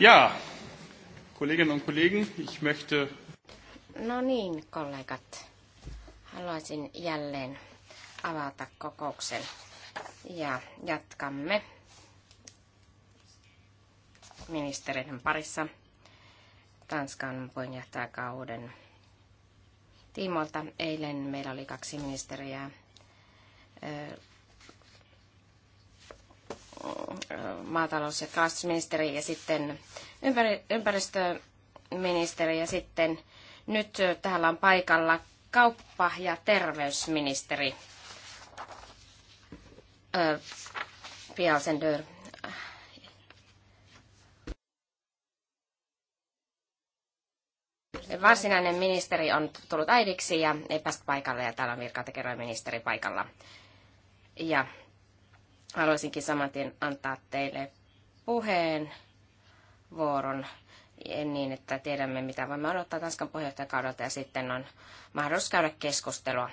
Ja, Kolleginnen und Kollegen, ich möchte... No niin, kollegat. Haluaisin jälleen avata kokouksen ja jatkamme ministereiden parissa Tanskan puheenjohtajakauden tiimoilta. Eilen meillä oli kaksi ministeriä maatalous- ja kalastusministeri ja sitten ympäristöministeri ja sitten nyt täällä on paikalla kauppa- ja terveysministeri Pialsendör. Varsinainen ministeri on tullut äidiksi ja ei päästä paikalle ja täällä on virkaa ministeri paikalla. Ja haluaisinkin samantien antaa teille puheen vuoron niin, että tiedämme, mitä voimme odottaa Tanskan puheenjohtajakaudelta ja sitten on mahdollisuus käydä keskustelua.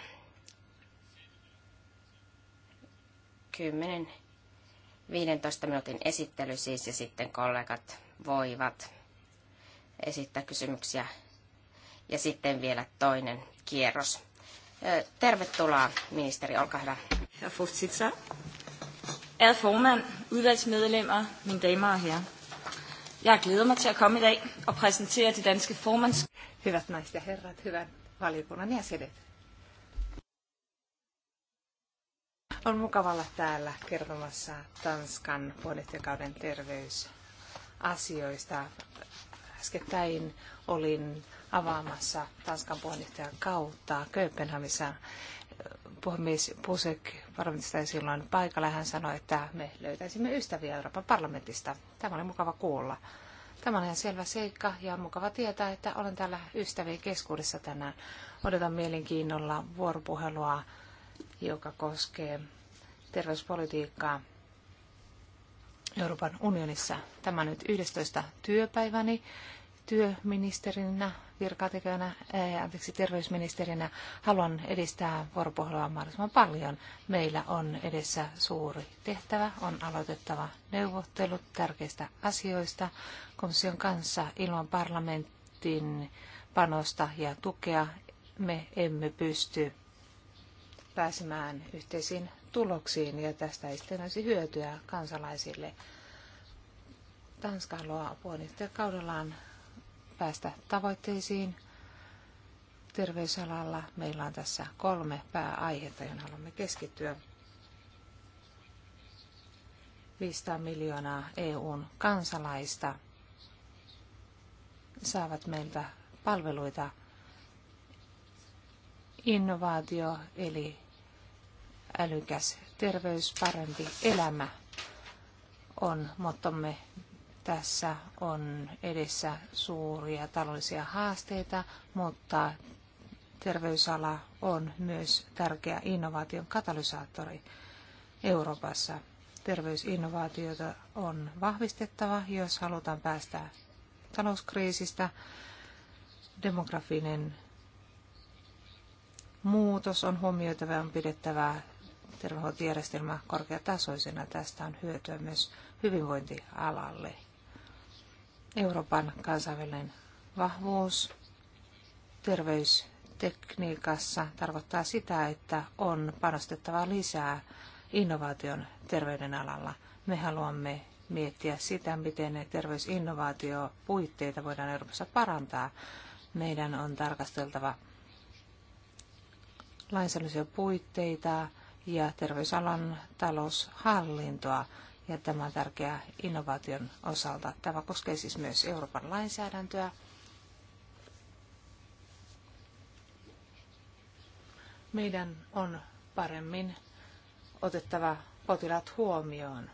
Kymmenen 15 minuutin esittely siis ja sitten kollegat voivat esittää kysymyksiä. Ja sitten vielä toinen kierros. Tervetuloa ministeri, olkaa hyvä. Herr Ærede formand, udvalgsmedlemmer, mine damer og herrer. Jeg glæder mig til at komme i dag og præsentere det danske formandskab. Hyvät naiset ja herrat, hyvät valiokunnan jäsenet. On mukava olla täällä kertomassa Tanskan puheenjohtajakauden terveysasioista. Äskettäin olin avaamassa Tanskan puheenjohtajan kautta Kööpenhamissa puhemies Pusek parlamentista ei silloin paikalla. Hän sanoi, että me löytäisimme ystäviä Euroopan parlamentista. Tämä oli mukava kuulla. Tämä on ihan selvä seikka ja on mukava tietää, että olen täällä ystävien keskuudessa tänään. Odotan mielenkiinnolla vuoropuhelua, joka koskee terveyspolitiikkaa Euroopan unionissa. Tämä on nyt 11. työpäiväni työministerinä virkatekijänä, eh, anteeksi, terveysministerinä haluan edistää vuoropuhelua mahdollisimman paljon. Meillä on edessä suuri tehtävä, on aloitettava neuvottelut tärkeistä asioista komission kanssa ilman parlamentin panosta ja tukea. Me emme pysty pääsemään yhteisiin tuloksiin ja tästä ei sitten olisi hyötyä kansalaisille. Tanska haluaa puheenjohtajakaudellaan päästä tavoitteisiin terveysalalla. Meillä on tässä kolme pääaihetta, joihin haluamme keskittyä. 500 miljoonaa EUn kansalaista saavat meiltä palveluita. Innovaatio eli älykäs terveys, parempi elämä on mottomme tässä on edessä suuria taloudellisia haasteita, mutta terveysala on myös tärkeä innovaation katalysaattori Euroopassa. Terveysinnovaatioita on vahvistettava, jos halutaan päästä talouskriisistä. Demografinen muutos on huomioitava ja on pidettävä terveydenhuoltojärjestelmä korkeatasoisena. Tästä on hyötyä myös hyvinvointialalle. Euroopan kansainvälinen vahvuus terveystekniikassa tarkoittaa sitä, että on panostettava lisää innovaation terveydenalalla. Me haluamme miettiä sitä, miten terveysinnovaatiopuitteita voidaan Euroopassa parantaa. Meidän on tarkasteltava lainsäädännöllisiä puitteita ja terveysalan taloushallintoa ja tämä on tärkeää innovaation osalta. Tämä koskee siis myös Euroopan lainsäädäntöä. Meidän on paremmin otettava potilaat huomioon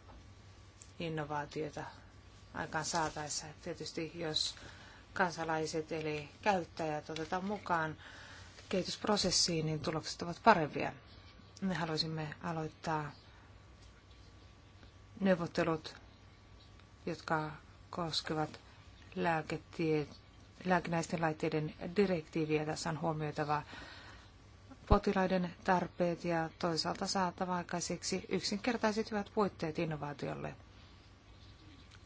innovaatioita aikaan saataessa. Tietysti jos kansalaiset eli käyttäjät otetaan mukaan kehitysprosessiin, niin tulokset ovat parempia. Me haluaisimme aloittaa neuvottelut, jotka koskevat lääketie, lääkinäisten laitteiden direktiiviä. Tässä on huomioitava potilaiden tarpeet ja toisaalta saatava aikaiseksi yksinkertaiset hyvät puitteet innovaatiolle.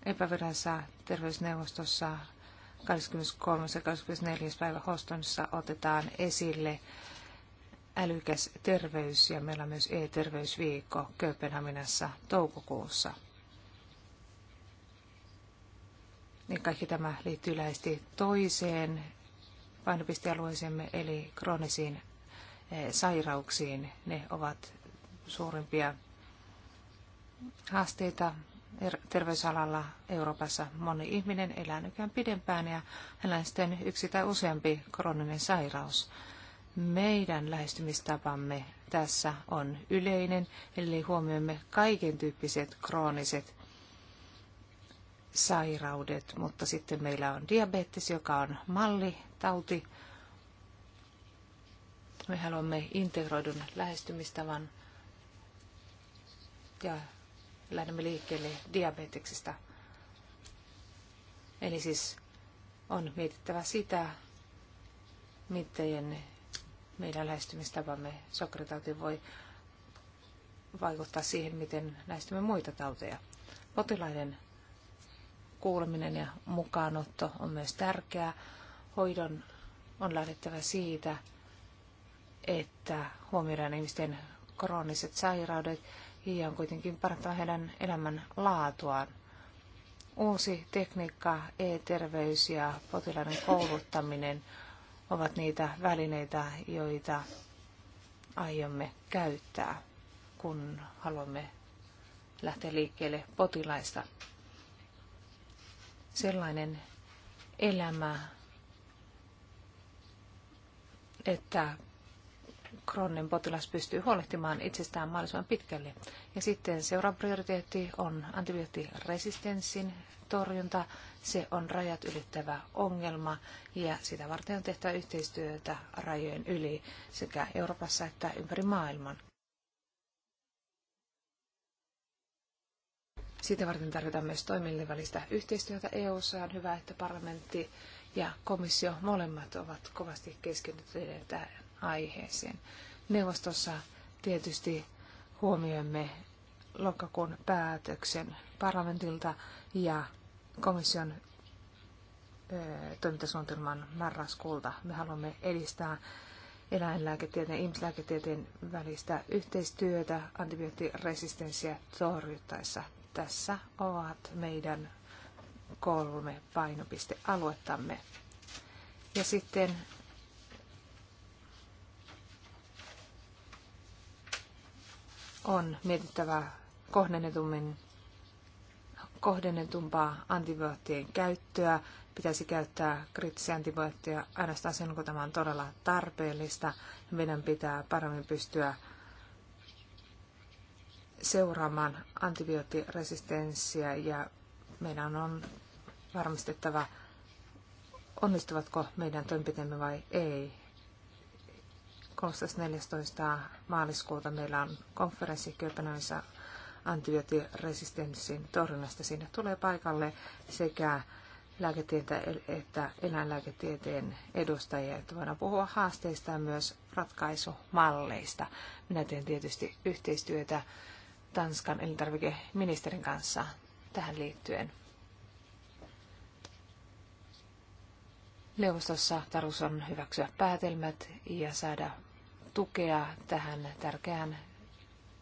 Epävirallisessa terveysneuvostossa 23. ja 24. päivä Hostonissa otetaan esille älykäs terveys ja meillä on myös e-terveysviikko Kööpenhaminassa toukokuussa. Niin kaikki tämä liittyy läheisesti toiseen painopistealueeseemme eli kroonisiin eh, sairauksiin. Ne ovat suurimpia haasteita er-, terveysalalla Euroopassa. Moni ihminen elää nykyään pidempään ja hänellä on sitten yksi tai useampi krooninen sairaus. Meidän lähestymistapamme tässä on yleinen, eli huomioimme kaiken tyyppiset krooniset sairaudet, mutta sitten meillä on diabetes, joka on tauti. Me haluamme integroidun lähestymistavan ja lähdemme liikkeelle diabeteksista. Eli siis on mietittävä sitä, miten meidän lähestymistapamme sokeritauti voi vaikuttaa siihen, miten lähestymme muita tauteja. Potilaiden kuuleminen ja mukaanotto on myös tärkeää. Hoidon on lähdettävä siitä, että huomioidaan ihmisten krooniset sairaudet ja on kuitenkin parantaa heidän elämän laatuaan. Uusi tekniikka, e-terveys ja potilaiden kouluttaminen – ovat niitä välineitä, joita aiomme käyttää, kun haluamme lähteä liikkeelle potilaista. Sellainen elämä, että krooninen potilas pystyy huolehtimaan itsestään mahdollisimman pitkälle. Ja sitten seuraava prioriteetti on antibioottiresistenssin torjunta, se on rajat ylittävä ongelma ja sitä varten on tehtävä yhteistyötä rajojen yli sekä Euroopassa että ympäri maailman. Sitä varten tarvitaan myös toimille välistä yhteistyötä EU:ssa on hyvä, että parlamentti ja komissio molemmat ovat kovasti keskittyneet tähän aiheeseen. Neuvostossa tietysti huomioimme lokakuun päätöksen parlamentilta ja komission toimintasuunnitelman marraskuulta. Me haluamme edistää eläinlääketieteen ja ihmislääketieteen välistä yhteistyötä antibioottiresistenssiä torjuttaessa. Tässä ovat meidän kolme painopistealuettamme. Ja sitten on mietittävä kohdennetummin kohdennetumpaa antibioottien käyttöä. Pitäisi käyttää kriittisiä antibiootteja ainoastaan sen, kun tämä on todella tarpeellista. Meidän pitää paremmin pystyä seuraamaan antibioottiresistenssiä ja meidän on varmistettava, onnistuvatko meidän toimenpiteemme vai ei. 13.14. maaliskuuta meillä on konferenssi Kööpenhaminassa antibioottiresistenssin torjunnasta. Sinne tulee paikalle sekä lääketieteen että eläinlääketieteen edustajia, että voidaan puhua haasteista ja myös ratkaisumalleista. Minä teen tietysti yhteistyötä Tanskan elintarvikeministerin kanssa tähän liittyen. Neuvostossa tarkoitus on hyväksyä päätelmät ja saada tukea tähän tärkeään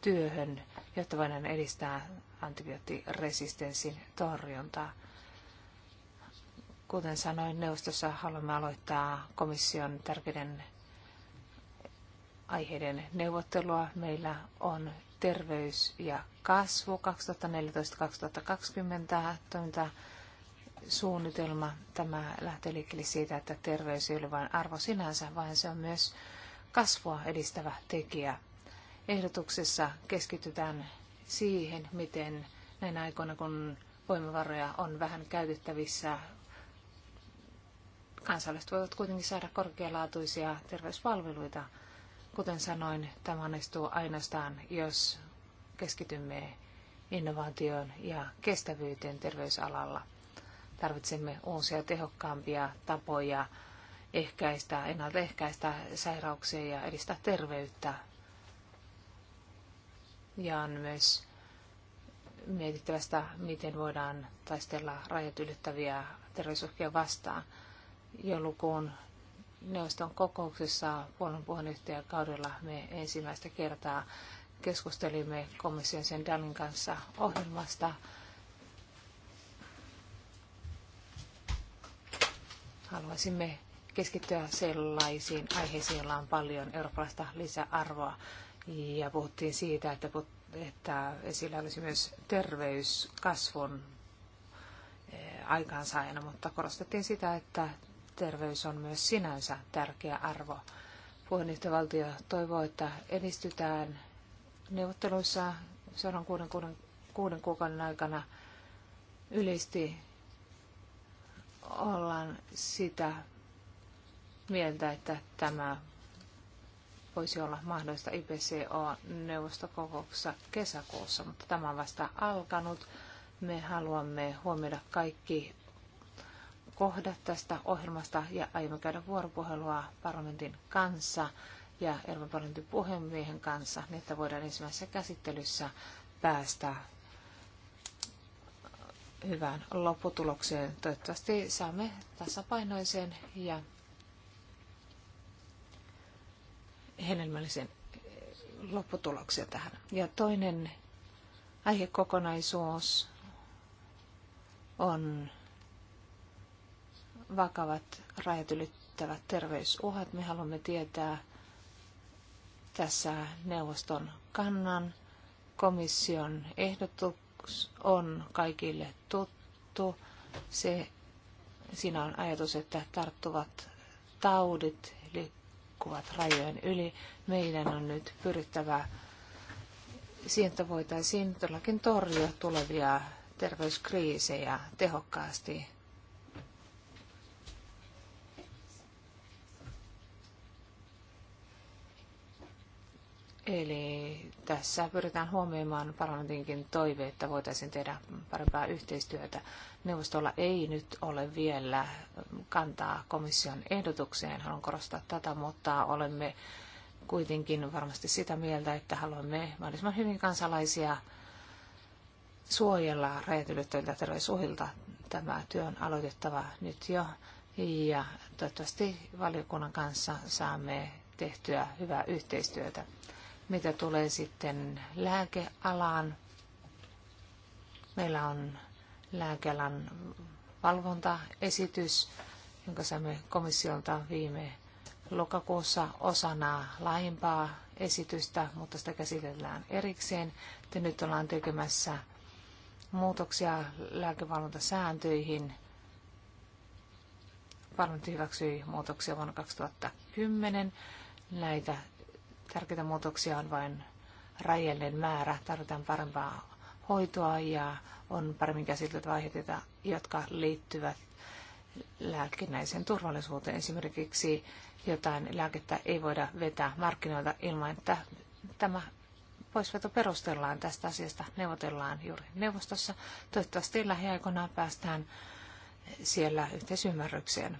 työhön jotta voidaan edistää antibioottiresistenssin torjuntaa. Kuten sanoin, neuvostossa haluamme aloittaa komission tärkeiden aiheiden neuvottelua. Meillä on terveys ja kasvu 2014-2020 toimintasuunnitelma. Tämä lähtee liikkeelle siitä, että terveys ei ole vain arvo sinänsä, vaan se on myös kasvua edistävä tekijä ehdotuksessa keskitytään siihen, miten näin aikoina, kun voimavaroja on vähän käytettävissä, kansalaiset voivat kuitenkin saada korkealaatuisia terveyspalveluita. Kuten sanoin, tämä onnistuu ainoastaan, jos keskitymme innovaatioon ja kestävyyteen terveysalalla. Tarvitsemme uusia tehokkaampia tapoja ehkäistä, ennaltaehkäistä sairauksia ja edistää terveyttä ja on myös mietittävästä, miten voidaan taistella rajat ylittäviä terveysuhkia vastaan. Joulukuun neuvoston kokouksessa puolen kaudella me ensimmäistä kertaa keskustelimme komission sen Danin kanssa ohjelmasta. Haluaisimme keskittyä sellaisiin aiheisiin, joilla on paljon eurooppalaista lisäarvoa ja puhuttiin siitä, että, että esillä olisi myös terveyskasvun eh, aikaansaajana, mutta korostettiin sitä, että terveys on myös sinänsä tärkeä arvo. Puheenjohtajavaltio toivoo, että edistytään neuvotteluissa seuraavan kuuden, kuuden, kuuden kuukauden aikana ylisti ollaan sitä mieltä, että tämä voisi olla mahdollista IPCO-neuvostokokouksessa kesäkuussa, mutta tämä on vasta alkanut. Me haluamme huomioida kaikki kohdat tästä ohjelmasta ja aiomme käydä vuoropuhelua parlamentin kanssa ja Euroopan parlamentin puhemiehen kanssa, niin että voidaan ensimmäisessä käsittelyssä päästä hyvään lopputulokseen. Toivottavasti saamme tasapainoisen ja hedelmällisen lopputuloksia tähän. Ja toinen aihekokonaisuus on vakavat rajat ylittävät terveysuhat. Me haluamme tietää tässä neuvoston kannan. Komission ehdotus on kaikille tuttu. Se, siinä on ajatus, että tarttuvat taudit liikkuvat rajojen yli. Meidän on nyt pyrittävä siihen, että voitaisiin todellakin torjua tulevia terveyskriisejä tehokkaasti Eli tässä pyritään huomioimaan parlamentinkin toive, että voitaisiin tehdä parempaa yhteistyötä. Neuvostolla ei nyt ole vielä kantaa komission ehdotukseen, haluan korostaa tätä, mutta olemme kuitenkin varmasti sitä mieltä, että haluamme mahdollisimman hyvin kansalaisia suojella rajatylyttäjiltä terveysuhilta. Tämä työ on aloitettava nyt jo ja toivottavasti valiokunnan kanssa saamme tehtyä hyvää yhteistyötä. Mitä tulee sitten lääkealaan, meillä on lääkealan valvontaesitys, jonka saimme komissiolta viime lokakuussa osana laajempaa esitystä, mutta sitä käsitellään erikseen. Te nyt ollaan tekemässä muutoksia lääkevalvontasääntöihin. Parlamentti hyväksyi muutoksia vuonna 2010. Näitä Tärkeitä muutoksia on vain rajallinen määrä. Tarvitaan parempaa hoitoa ja on paremmin käsiteltävä aiheita, jotka liittyvät lääkinnäiseen turvallisuuteen. Esimerkiksi jotain lääkettä ei voida vetää markkinoilta ilman, että tämä poisveto perustellaan. Tästä asiasta neuvotellaan juuri neuvostossa. Toivottavasti lähiaikoina päästään siellä yhteisymmärrykseen.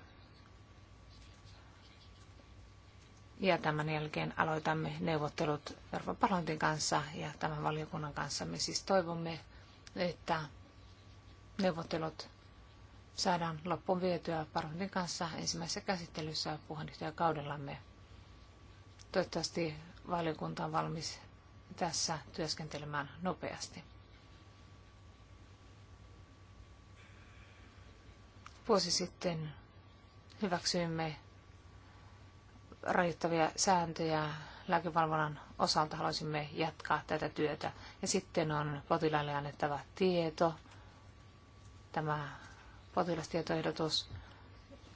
Ja tämän jälkeen aloitamme neuvottelut Euroopan parlamentin kanssa ja tämän valiokunnan kanssa. Me siis toivomme, että neuvottelut saadaan loppuun vietyä parlamentin kanssa ensimmäisessä käsittelyssä puheenjohtajakaudellamme. Toivottavasti valiokunta on valmis tässä työskentelemään nopeasti. Vuosi sitten hyväksyimme rajoittavia sääntöjä lääkevalvonnan osalta haluaisimme jatkaa tätä työtä. Ja sitten on potilaille annettava tieto, tämä potilastietoehdotus.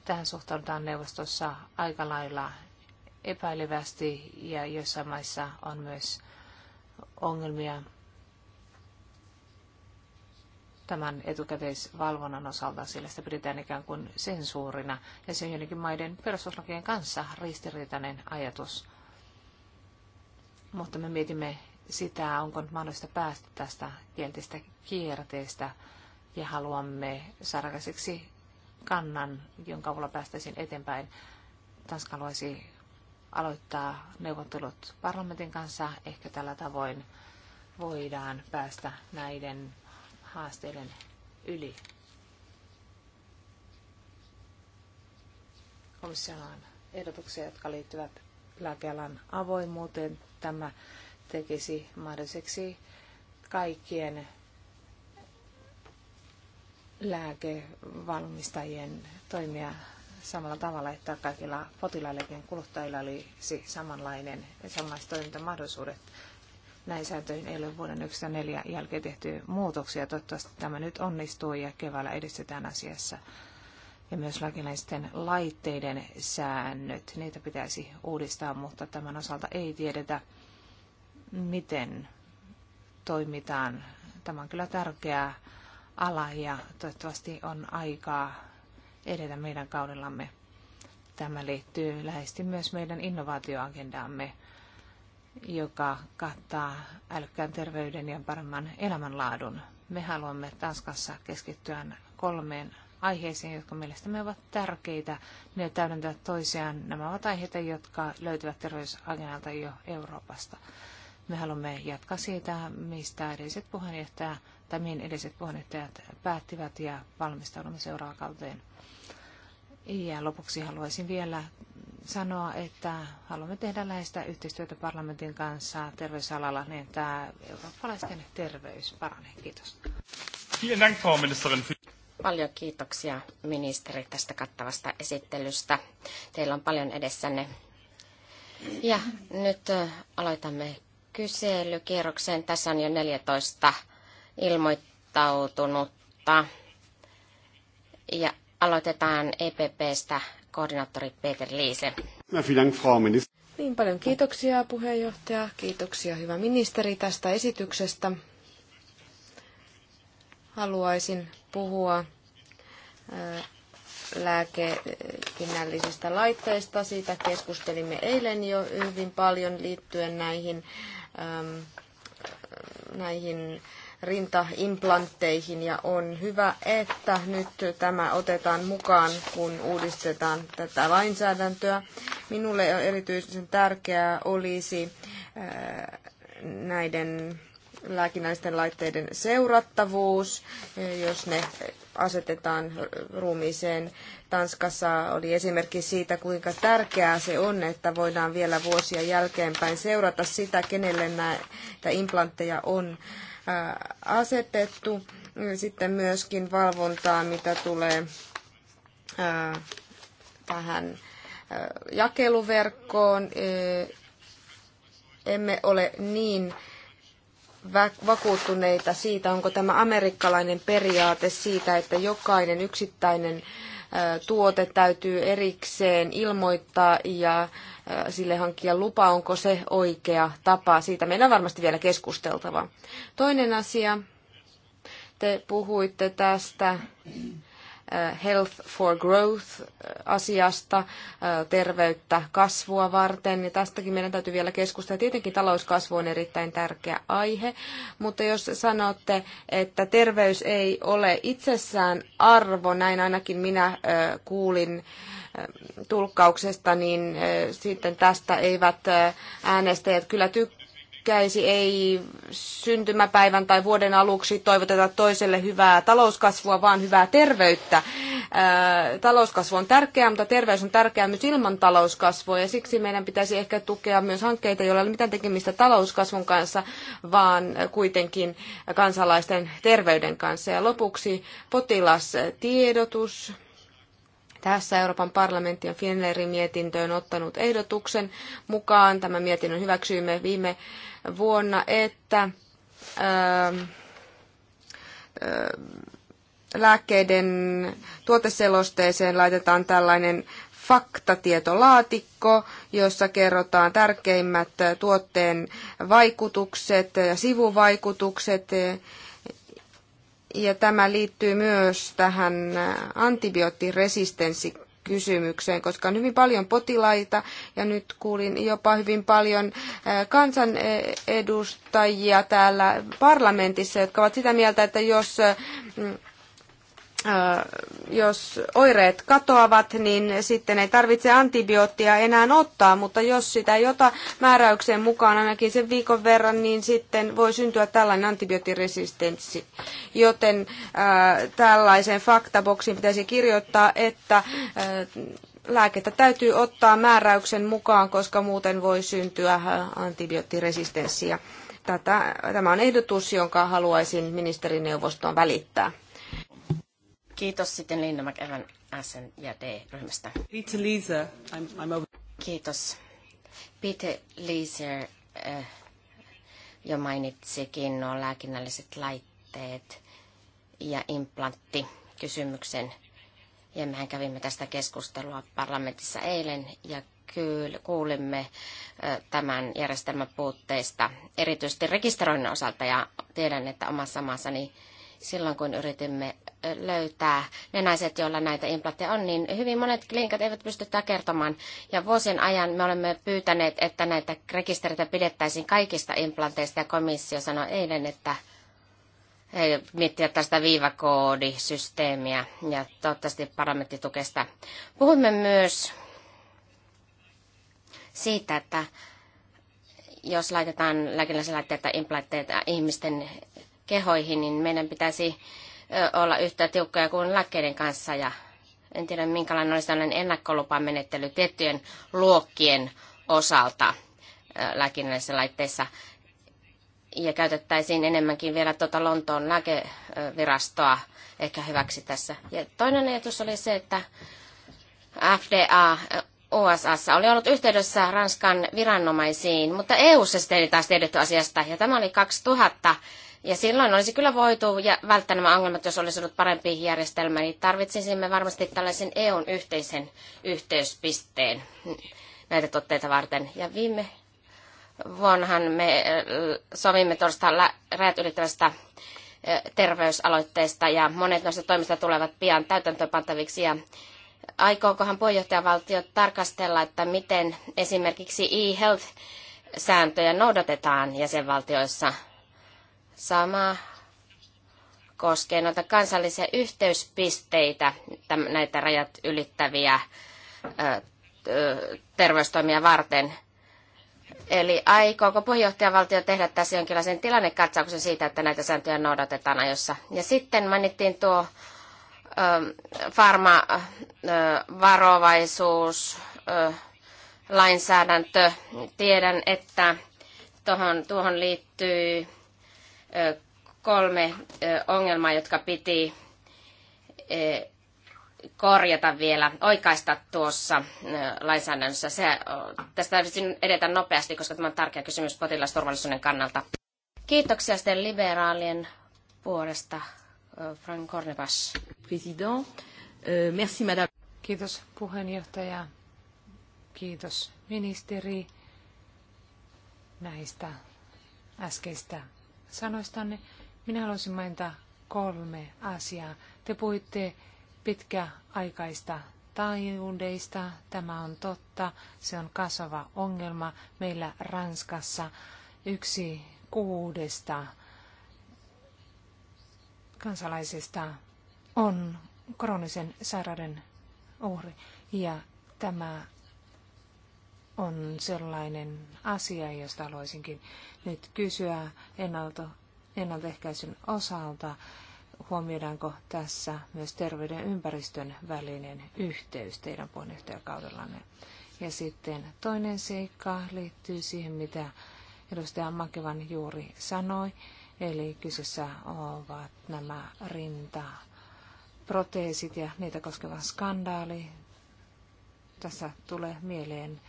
Tähän suhtaudutaan neuvostossa aika lailla epäilevästi ja joissain maissa on myös ongelmia tämän etukäteisvalvonnan osalta, sillä sitä pidetään ikään kuin sensuurina. Ja se on joidenkin maiden perustuslakien kanssa ristiriitainen ajatus. Mutta me mietimme sitä, onko nyt mahdollista päästä tästä kielteistä kierteestä ja haluamme saada käsiksi kannan, jonka avulla päästäisiin eteenpäin. Tanska haluaisi aloittaa neuvottelut parlamentin kanssa. Ehkä tällä tavoin voidaan päästä näiden haasteiden yli. Komission on ehdotuksia, jotka liittyvät lääkealan avoimuuteen. Tämä tekisi mahdolliseksi kaikkien lääkevalmistajien toimia samalla tavalla, että kaikilla potilaillekin kuluttajilla olisi samanlainen, samanlaiset toimintamahdollisuudet. Näin sääntöihin ei ole vuoden 1904 jälkeen tehty muutoksia. Toivottavasti tämä nyt onnistuu ja keväällä edistetään asiassa. Ja myös lakinaisten laitteiden säännöt, niitä pitäisi uudistaa, mutta tämän osalta ei tiedetä, miten toimitaan. Tämä on kyllä tärkeä ala ja toivottavasti on aikaa edetä meidän kaudellamme. Tämä liittyy läheisesti myös meidän innovaatioagendaamme joka kattaa älykkään terveyden ja paremman elämänlaadun. Me haluamme Tanskassa keskittyä kolmeen aiheisiin, jotka mielestämme ovat tärkeitä. Ne täydentävät toisiaan. Nämä ovat aiheita, jotka löytyvät terveysagendalta jo Euroopasta. Me haluamme jatkaa siitä, mistä edelliset puheenjohtaja, tai mihin edelliset puheenjohtajat päättivät ja valmistaudumme seuraavakauteen. Ja lopuksi haluaisin vielä sanoa, että haluamme tehdä läheistä yhteistyötä parlamentin kanssa terveysalalla, niin että eurooppalaisten terveys paranee. Kiitos. Paljon kiitoksia ministeri tästä kattavasta esittelystä. Teillä on paljon edessänne. Ja nyt aloitamme kyselykierroksen. Tässä on jo 14 ilmoittautunutta. Ja aloitetaan EPPstä koordinaattori Peter Liise. Niin paljon kiitoksia puheenjohtaja, kiitoksia hyvä ministeri tästä esityksestä. Haluaisin puhua lääkekinnällisistä laitteista. Siitä keskustelimme eilen jo hyvin paljon liittyen näihin, näihin rintaimplantteihin ja on hyvä, että nyt tämä otetaan mukaan, kun uudistetaan tätä lainsäädäntöä. Minulle erityisen tärkeää olisi äh, näiden lääkinnällisten laitteiden seurattavuus, jos ne asetetaan ruumiiseen. Tanskassa oli esimerkki siitä, kuinka tärkeää se on, että voidaan vielä vuosia jälkeenpäin seurata sitä, kenelle näitä implantteja on Äh, asetettu. Sitten myöskin valvontaa, mitä tulee äh, tähän äh, jakeluverkkoon. Emme ole niin vakuuttuneita siitä, onko tämä amerikkalainen periaate siitä, että jokainen yksittäinen tuote täytyy erikseen ilmoittaa ja sille hankkia lupa, onko se oikea tapa. Siitä meidän on varmasti vielä keskusteltava. Toinen asia, te puhuitte tästä Health for Growth-asiasta, terveyttä kasvua varten. Ja tästäkin meidän täytyy vielä keskustella. Tietenkin talouskasvu on erittäin tärkeä aihe, mutta jos sanotte, että terveys ei ole itsessään arvo, näin ainakin minä kuulin tulkkauksesta, niin sitten tästä eivät äänestäjät kyllä tykkäisi, ei syntymäpäivän tai vuoden aluksi toivoteta toiselle hyvää talouskasvua, vaan hyvää terveyttä. Talouskasvu on tärkeää, mutta terveys on tärkeää myös ilman talouskasvua, ja siksi meidän pitäisi ehkä tukea myös hankkeita, joilla ei ole mitään tekemistä talouskasvun kanssa, vaan kuitenkin kansalaisten terveyden kanssa. Ja lopuksi potilastiedotus tässä Euroopan parlamentti on Finleirin mietintöön ottanut ehdotuksen mukaan, tämän mietinnön hyväksyimme viime vuonna, että ähm, äh, lääkkeiden tuoteselosteeseen laitetaan tällainen faktatietolaatikko, jossa kerrotaan tärkeimmät tuotteen vaikutukset ja sivuvaikutukset ja tämä liittyy myös tähän antibioottiresistenssi kysymykseen, koska on hyvin paljon potilaita ja nyt kuulin jopa hyvin paljon kansanedustajia täällä parlamentissa, jotka ovat sitä mieltä, että jos Äh, jos oireet katoavat, niin sitten ei tarvitse antibioottia enää ottaa, mutta jos sitä ei ota määräykseen mukaan ainakin sen viikon verran, niin sitten voi syntyä tällainen antibioottiresistenssi. Joten ää, äh, tällaisen faktaboksiin pitäisi kirjoittaa, että ää, äh, lääkettä täytyy ottaa määräyksen mukaan, koska muuten voi syntyä antibioottiresistenssiä. Tätä, tämä on ehdotus, jonka haluaisin ministerineuvostoon välittää. Kiitos sitten Linda McEvan SN ja D-ryhmästä. Peter Leeser, I'm, I'm over. Kiitos. Peter Leeser äh, jo mainitsikin nuo lääkinnälliset laitteet ja implantti kysymyksen. Ja mehän kävimme tästä keskustelua parlamentissa eilen ja kyllä kuulimme eh, tämän järjestelmän puutteista, erityisesti rekisteroinnin osalta. Ja tiedän, että omassa maassani silloin, kun yritimme löytää ne naiset, joilla näitä implantteja on, niin hyvin monet klinikat eivät pysty tätä kertomaan. Ja vuosien ajan me olemme pyytäneet, että näitä rekisteritä pidettäisiin kaikista implanteista, ja komissio sanoi eilen, että he miettivät tästä viivakoodisysteemiä, ja toivottavasti parlamentti tukee sitä. Puhumme myös siitä, että jos laitetaan lääkinnällisiä laitteita, implantteita ihmisten kehoihin, niin meidän pitäisi olla yhtä tiukkoja kuin lääkkeiden kanssa ja en tiedä minkälainen olisi tällainen ennakkolupamenettely tiettyjen luokkien osalta lääkinnällisissä laitteissa. Ja käytettäisiin enemmänkin vielä tuota Lontoon lääkevirastoa ehkä hyväksi tässä. Ja toinen ajatus oli se, että FDA USA oli ollut yhteydessä Ranskan viranomaisiin, mutta EU-ssa sitten ei taas tiedetty asiasta. Ja tämä oli 2000 ja silloin olisi kyllä voitu ja välttää nämä ongelmat, jos olisi ollut parempi järjestelmä, niin tarvitsisimme varmasti tällaisen EUn yhteisen yhteyspisteen näitä tuotteita varten. Ja viime vuonnahan me äh, sovimme tuosta rajat ylittävästä äh, terveysaloitteesta ja monet noista toimista tulevat pian täytäntöönpantaviksi ja aikookohan puheenjohtajavaltio tarkastella, että miten esimerkiksi e-health-sääntöjä noudatetaan jäsenvaltioissa Sama koskee noita kansallisia yhteyspisteitä, näitä rajat ylittäviä terveystoimia varten. Eli aikooko puheenjohtajavaltio tehdä tässä jonkinlaisen tilannekatsauksen siitä, että näitä sääntöjä noudatetaan ajoissa? Ja sitten mainittiin tuo farmavarovaisuus, lainsäädäntö. Tiedän, että tuohon, tuohon liittyy kolme ongelmaa, jotka piti korjata vielä, oikaista tuossa lainsäädännössä. Se, tästä täytyy edetä nopeasti, koska tämä on tärkeä kysymys potilasturvallisuuden kannalta. Kiitoksia sitten liberaalien puolesta. Frank Kornepas. President, merci madame. Kiitos puheenjohtaja. Kiitos ministeri näistä äskeistä sanoistanne. Minä haluaisin mainita kolme asiaa. Te puhuitte pitkäaikaista taajuudeista. Tämä on totta. Se on kasvava ongelma meillä Ranskassa. Yksi kuudesta kansalaisista on kroonisen sairauden uhri. Ja tämä on sellainen asia, josta haluaisinkin nyt kysyä ennalto, ennaltaehkäisyn osalta. Huomioidaanko tässä myös terveyden ja ympäristön välinen yhteys teidän puheenjohtajakaudellanne? Ja sitten toinen seikka liittyy siihen, mitä edustaja Makevan juuri sanoi. Eli kyseessä ovat nämä rintaproteesit ja niitä koskeva skandaali. Tässä tulee mieleen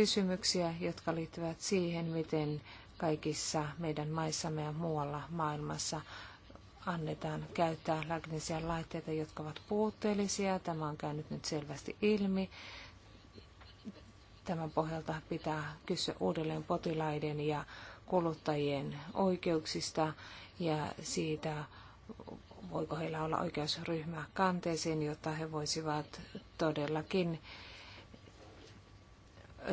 kysymyksiä, jotka liittyvät siihen, miten kaikissa meidän maissamme ja muualla maailmassa annetaan käyttää lääkinnällisiä laitteita, jotka ovat puutteellisia. Tämä on käynyt nyt selvästi ilmi. Tämän pohjalta pitää kysyä uudelleen potilaiden ja kuluttajien oikeuksista ja siitä, voiko heillä olla oikeusryhmä kanteeseen, jotta he voisivat todellakin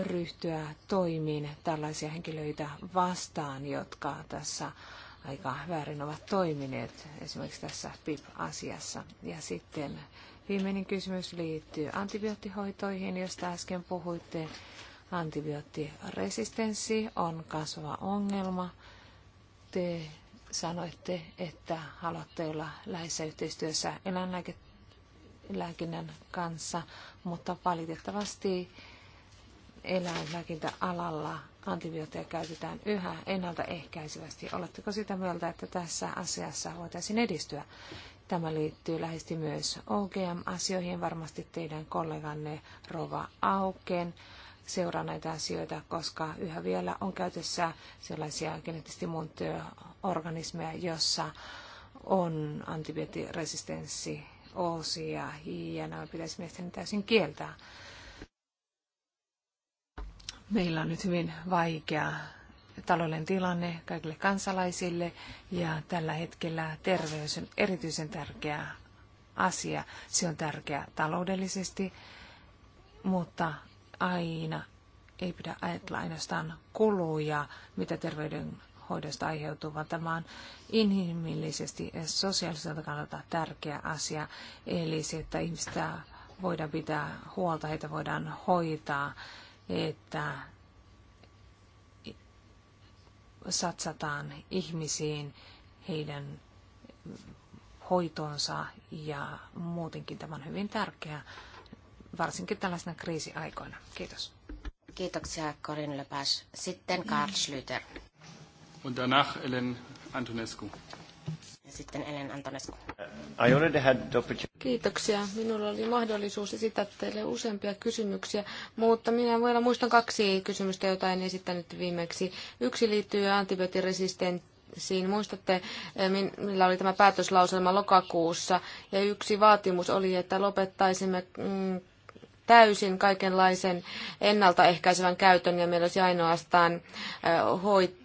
ryhtyä toimiin tällaisia henkilöitä vastaan, jotka tässä aika väärin ovat toimineet, esimerkiksi tässä PIP-asiassa. Ja sitten viimeinen kysymys liittyy antibioottihoitoihin, josta äsken puhuitte. Antibioottiresistenssi on kasvava ongelma. Te sanoitte, että haluatte olla läheisessä yhteistyössä eläinlääkinnän kanssa, mutta valitettavasti eläinlääkintäalalla antibiootteja käytetään yhä ennaltaehkäisevästi. Oletteko sitä mieltä, että tässä asiassa voitaisiin edistyä? Tämä liittyy lähesti myös OGM-asioihin. Varmasti teidän kolleganne Rova Auken seuraa näitä asioita, koska yhä vielä on käytössä sellaisia geneettisesti muuntuja organismeja, jossa on antibioottiresistenssi osia ja nämä pitäisi mielestäni täysin kieltää. Meillä on nyt hyvin vaikea talouden tilanne kaikille kansalaisille ja tällä hetkellä terveys on erityisen tärkeä asia. Se on tärkeä taloudellisesti, mutta aina ei pidä ajatella ainoastaan kuluja, mitä terveydenhoidosta aiheutuu, vaan tämä on inhimillisesti ja sosiaaliselta kannalta tärkeä asia. Eli se, että ihmistä voidaan pitää huolta, heitä voidaan hoitaa että satsataan ihmisiin heidän hoitonsa ja muutenkin tämä on hyvin tärkeää, varsinkin tällaisena kriisiaikoina. Kiitos. Kiitoksia Karin Lepas. Sitten Karl Schlüter. Und danach Ellen Antonescu sitten Elen Antonescu. Kiitoksia. Minulla oli mahdollisuus esittää teille useampia kysymyksiä, mutta minä vielä muistan kaksi kysymystä, joita en esittänyt viimeksi. Yksi liittyy antibiotiresistenttiin. siinä. Muistatte, eh, millä oli tämä päätöslauselma lokakuussa, ja yksi vaatimus oli, että lopettaisimme mm, täysin kaikenlaisen ennaltaehkäisevän käytön, ja meillä olisi ainoastaan eh, hoit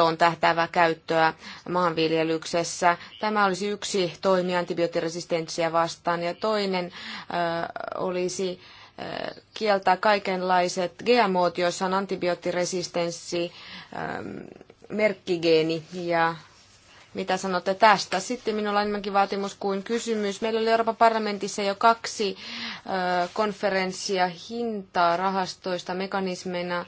ilmastoon tähtäävää käyttöä maanviljelyksessä. Tämä olisi yksi toimi antibioottiresistenssiä vastaan ja toinen äh, olisi äh, kieltää kaikenlaiset GMOt, joissa on antibioottiresistenssi ähm, merkkigeeni ja mitä sanotte tästä? Sitten minulla on enemmänkin vaatimus kuin kysymys. Meillä oli Euroopan parlamentissa jo kaksi äh, konferenssia hintaa rahastoista mekanismeina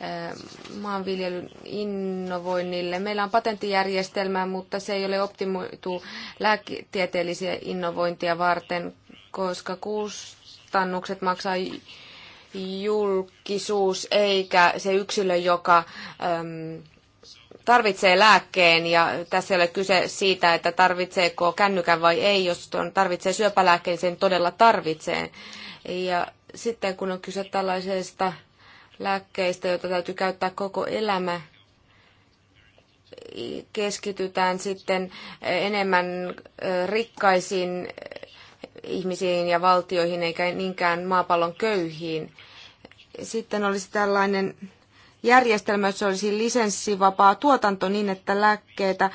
Eh, maanviljelyn innovoinnille. Meillä on patenttijärjestelmä, mutta se ei ole optimoitu lääketieteellisiä innovointia varten, koska kustannukset maksaa julkisuus eikä se yksilö, joka ehm, tarvitsee lääkkeen ja tässä ei ole kyse siitä, että tarvitseeko kännykän vai ei. Jos on, tarvitsee syöpälääkkeen, sen todella tarvitsee. Ja sitten kun on kyse tällaisesta lääkkeistä, joita täytyy käyttää koko elämä, keskitytään sitten enemmän rikkaisiin ihmisiin ja valtioihin eikä niinkään maapallon köyhiin. Sitten olisi tällainen järjestelmä, jossa olisi lisenssivapaa tuotanto niin, että lääkkeitä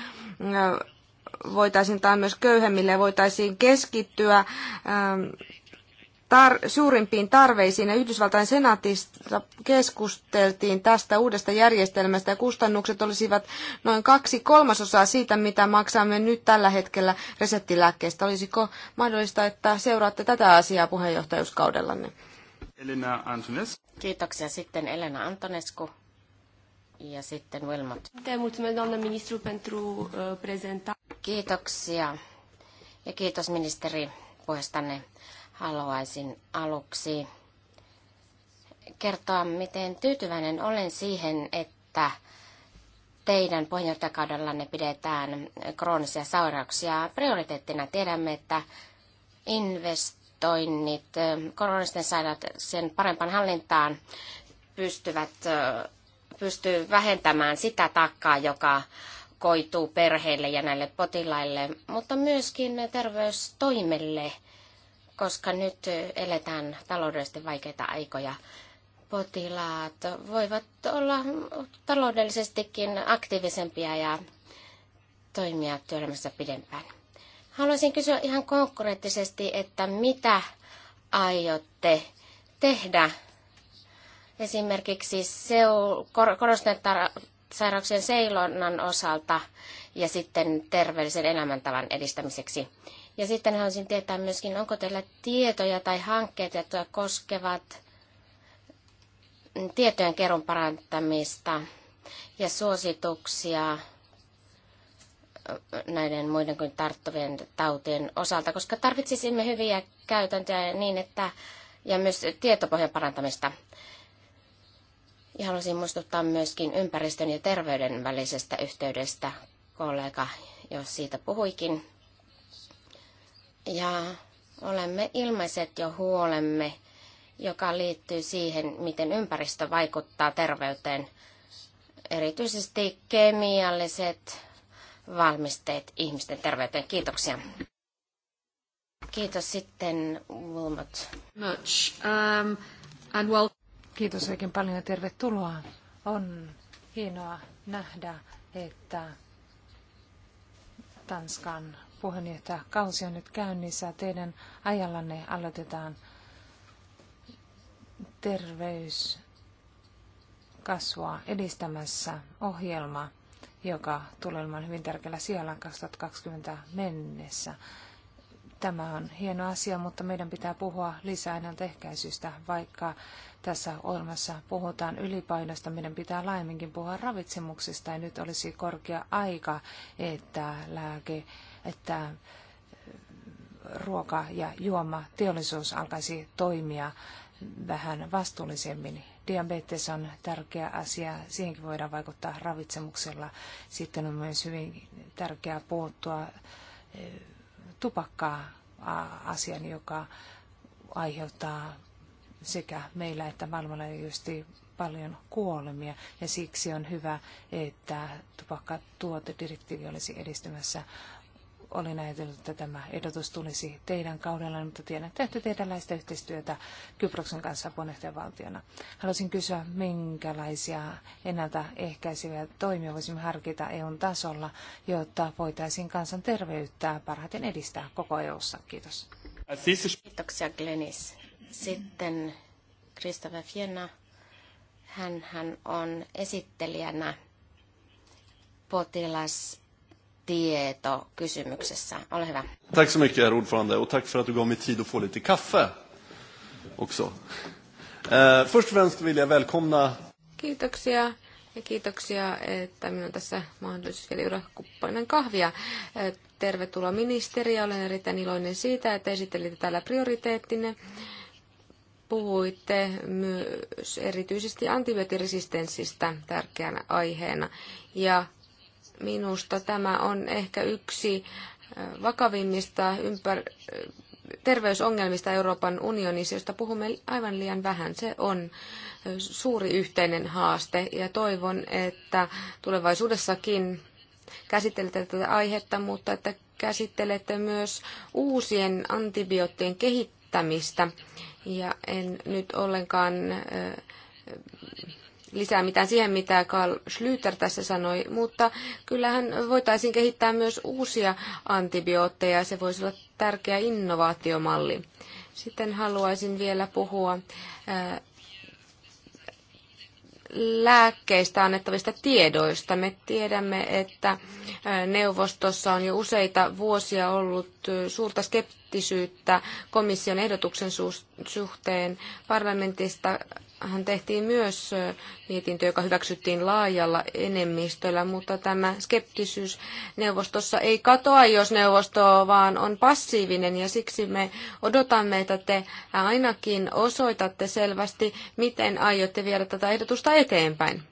voitaisiin tai myös köyhemmille voitaisiin keskittyä tar- suurimpiin tarveisiin ja Yhdysvaltain senaatissa keskusteltiin tästä uudesta järjestelmästä ja kustannukset olisivat noin kaksi kolmasosaa siitä, mitä maksamme nyt tällä hetkellä reseptilääkkeestä. Olisiko mahdollista, että seuraatte tätä asiaa puheenjohtajuuskaudellanne? Elena Antonescu. Kiitoksia sitten Elena Antonescu ja sitten Wilmot. Uh, Kiitoksia ja kiitos ministeri puheestanne. Haluaisin aluksi kertoa, miten tyytyväinen olen siihen, että teidän puheenjohtajakaudellanne pidetään kroonisia sairauksia prioriteettina. Tiedämme, että investoinnit kroonisten sairauksien parempaan hallintaan pystyvät, pystyy vähentämään sitä takkaa, joka koituu perheille ja näille potilaille, mutta myöskin terveystoimelle – koska nyt eletään taloudellisesti vaikeita aikoja. Potilaat voivat olla taloudellisestikin aktiivisempia ja toimia työelämässä pidempään. Haluaisin kysyä ihan konkreettisesti, että mitä aiotte tehdä esimerkiksi seu, sairauksien seilonnan osalta ja sitten terveellisen elämäntavan edistämiseksi. Ja sitten haluaisin tietää myöskin, onko teillä tietoja tai hankkeita, jotka koskevat tietojen kerron parantamista ja suosituksia näiden muiden kuin tarttuvien tautien osalta, koska tarvitsisimme hyviä käytäntöjä niin, että, ja myös tietopohjan parantamista. Ja haluaisin muistuttaa myöskin ympäristön ja terveyden välisestä yhteydestä. Kollega jo siitä puhuikin. Ja olemme ilmaiset jo huolemme, joka liittyy siihen, miten ympäristö vaikuttaa terveyteen. Erityisesti kemialliset valmisteet ihmisten terveyteen. Kiitoksia. Kiitos sitten Wilmot. Much. Um, and well... Kiitos oikein paljon ja tervetuloa. On hienoa nähdä, että Tanskan puheenjohtajakausi on nyt käynnissä. Teidän ajallanne aloitetaan terveyskasvua edistämässä ohjelma, joka tulee olemaan hyvin tärkeällä sijalla 2020 mennessä. Tämä on hieno asia, mutta meidän pitää puhua lisää ennaltaehkäisystä, vaikka tässä ohjelmassa puhutaan ylipainosta, meidän pitää laajemminkin puhua ravitsemuksista, ja nyt olisi korkea aika, että lääke että äh, ruoka- ja juoma teollisuus alkaisi toimia vähän vastuullisemmin. Diabetes on tärkeä asia, siihenkin voidaan vaikuttaa ravitsemuksella. Sitten on myös hyvin tärkeää puuttua äh, tupakkaa asian, joka aiheuttaa sekä meillä että maailmalla juuri paljon kuolemia ja siksi on hyvä, että tupakkatuotedirektiivi olisi edistymässä Olin ajatellut, että tämä ehdotus tulisi teidän kaudella, mutta tiedän, että ette tehdä yhteistyötä Kyproksen kanssa puheenjohtajavaltiona. Haluaisin kysyä, minkälaisia ennaltaehkäiseviä toimia voisimme harkita EUn tasolla, jotta voitaisiin kansanterveyttä parhaiten edistää koko EUssa. Kiitos. Kiitoksia Glenis. Sitten Kristoffer Fienna. Hän, hän on esittelijänä potilas tieto kysymyksessä. Ole hyvä. Tack så mycket, herr ordförande, och tack för att du gav mig tid att få lite kaffe också. Eh, först och främst vill jag välkomna... Kiitoksia. Ja kiitoksia, että minulla on tässä mahdollisuus vielä juoda kuppainen kahvia. Eh, tervetuloa ministeri, olen erittäin iloinen siitä, että esittelitte täällä prioriteettinne. Puhuitte myös erityisesti antibiotiresistenssistä tärkeänä aiheena. Ja Minusta tämä on ehkä yksi vakavimmista ympär- terveysongelmista Euroopan unionissa, josta puhumme aivan liian vähän. Se on suuri yhteinen haaste ja toivon, että tulevaisuudessakin käsittelette tätä aihetta, mutta että käsittelette myös uusien antibioottien kehittämistä. Ja en nyt ollenkaan lisää mitään siihen, mitä Karl Schlüter tässä sanoi, mutta kyllähän voitaisiin kehittää myös uusia antibiootteja. Se voisi olla tärkeä innovaatiomalli. Sitten haluaisin vielä puhua äh, lääkkeistä annettavista tiedoista. Me tiedämme, että äh, neuvostossa on jo useita vuosia ollut äh, suurta skeptisyyttä komission ehdotuksen suhteen. Parlamentista hän tehtiin myös mietintö, joka hyväksyttiin laajalla enemmistöllä, mutta tämä skeptisyys neuvostossa ei katoa, jos neuvosto vaan on passiivinen ja siksi me odotamme, että te ainakin osoitatte selvästi, miten aiotte viedä tätä ehdotusta eteenpäin.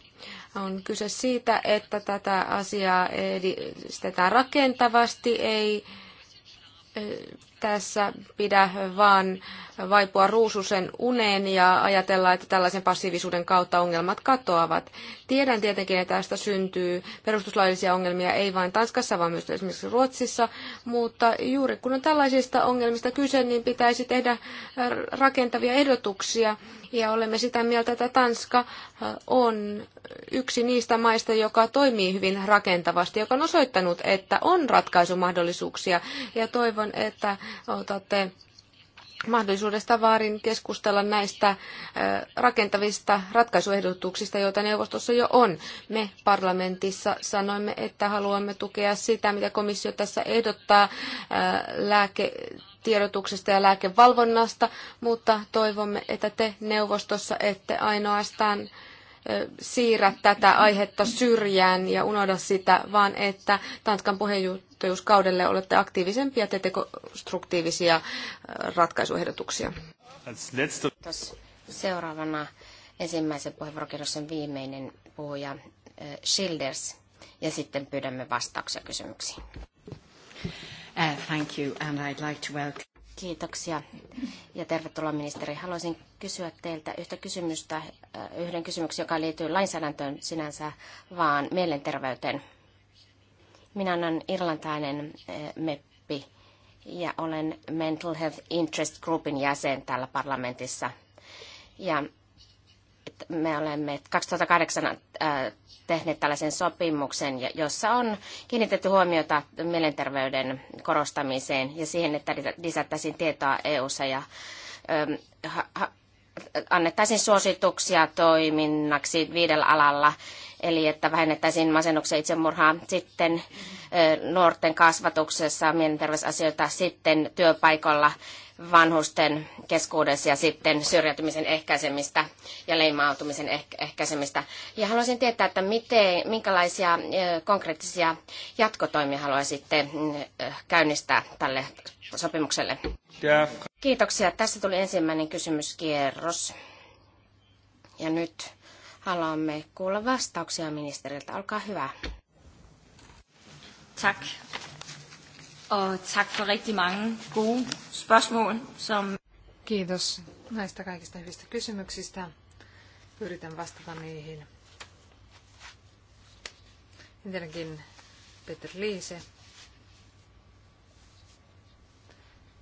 On kyse siitä, että tätä asiaa edistetään rakentavasti, ei tässä pidä vaan vaipua ruususen uneen ja ajatella, että tällaisen passiivisuuden kautta ongelmat katoavat. Tiedän tietenkin, että tästä syntyy perustuslaillisia ongelmia ei vain Tanskassa, vaan myös esimerkiksi Ruotsissa, mutta juuri kun on tällaisista ongelmista kyse, niin pitäisi tehdä rakentavia ehdotuksia ja olemme sitä mieltä, että Tanska äh, on yksi niistä maista, joka toimii hyvin rakentavasti, joka on osoittanut, että on ratkaisumahdollisuuksia ja toivon, että otatte mahdollisuudesta vaarin keskustella näistä äh, rakentavista ratkaisuehdotuksista, joita neuvostossa jo on. Me parlamentissa sanoimme, että haluamme tukea sitä, mitä komissio tässä ehdottaa äh, lääke tiedotuksesta ja lääkevalvonnasta, mutta toivomme, että te neuvostossa ette ainoastaan siirrä tätä aihetta syrjään ja unohda sitä, vaan että Tanskan puheenjohtajuuskaudelle olette aktiivisempia ja teette konstruktiivisia ratkaisuehdotuksia. Seuraavana ensimmäisen puheenvuorokierroksen viimeinen puhuja Schilders ja sitten pyydämme vastauksia kysymyksiin. Uh, thank you, and I'd like to welcome... Kiitoksia ja tervetuloa ministeri. Haluaisin kysyä teiltä yhtä kysymystä, uh, yhden kysymyksen, joka liittyy lainsäädäntöön sinänsä, vaan mielenterveyteen. Minä olen irlantainen uh, meppi ja olen Mental Health Interest Groupin jäsen täällä parlamentissa. Ja me olemme 2008 äh, tehneet tällaisen sopimuksen, jossa on kiinnitetty huomiota mielenterveyden korostamiseen ja siihen, että lisättäisiin tietoa EU-ssa ja ähm, annettaisiin suosituksia toiminnaksi viidellä alalla, eli että vähennettäisiin masennuksen itsemurhaa, sitten äh, nuorten kasvatuksessa mielenterveysasioita, sitten työpaikalla vanhusten keskuudessa ja sitten syrjäytymisen ehkäisemistä ja leimautumisen ehkäisemistä. Ja haluaisin tietää, että miten, minkälaisia konkreettisia jatkotoimia haluaisitte mm, käynnistää tälle sopimukselle. Kiitoksia. Tässä tuli ensimmäinen kysymyskierros. Ja nyt haluamme kuulla vastauksia ministeriltä. Olkaa hyvä. Tack. Og tak for rigtig mange gode spørgsmål, som... Kiitos näistä kaikista hyvistä kysymyksistä. Yritän vastata niihin. Ensinnäkin Peter Liise.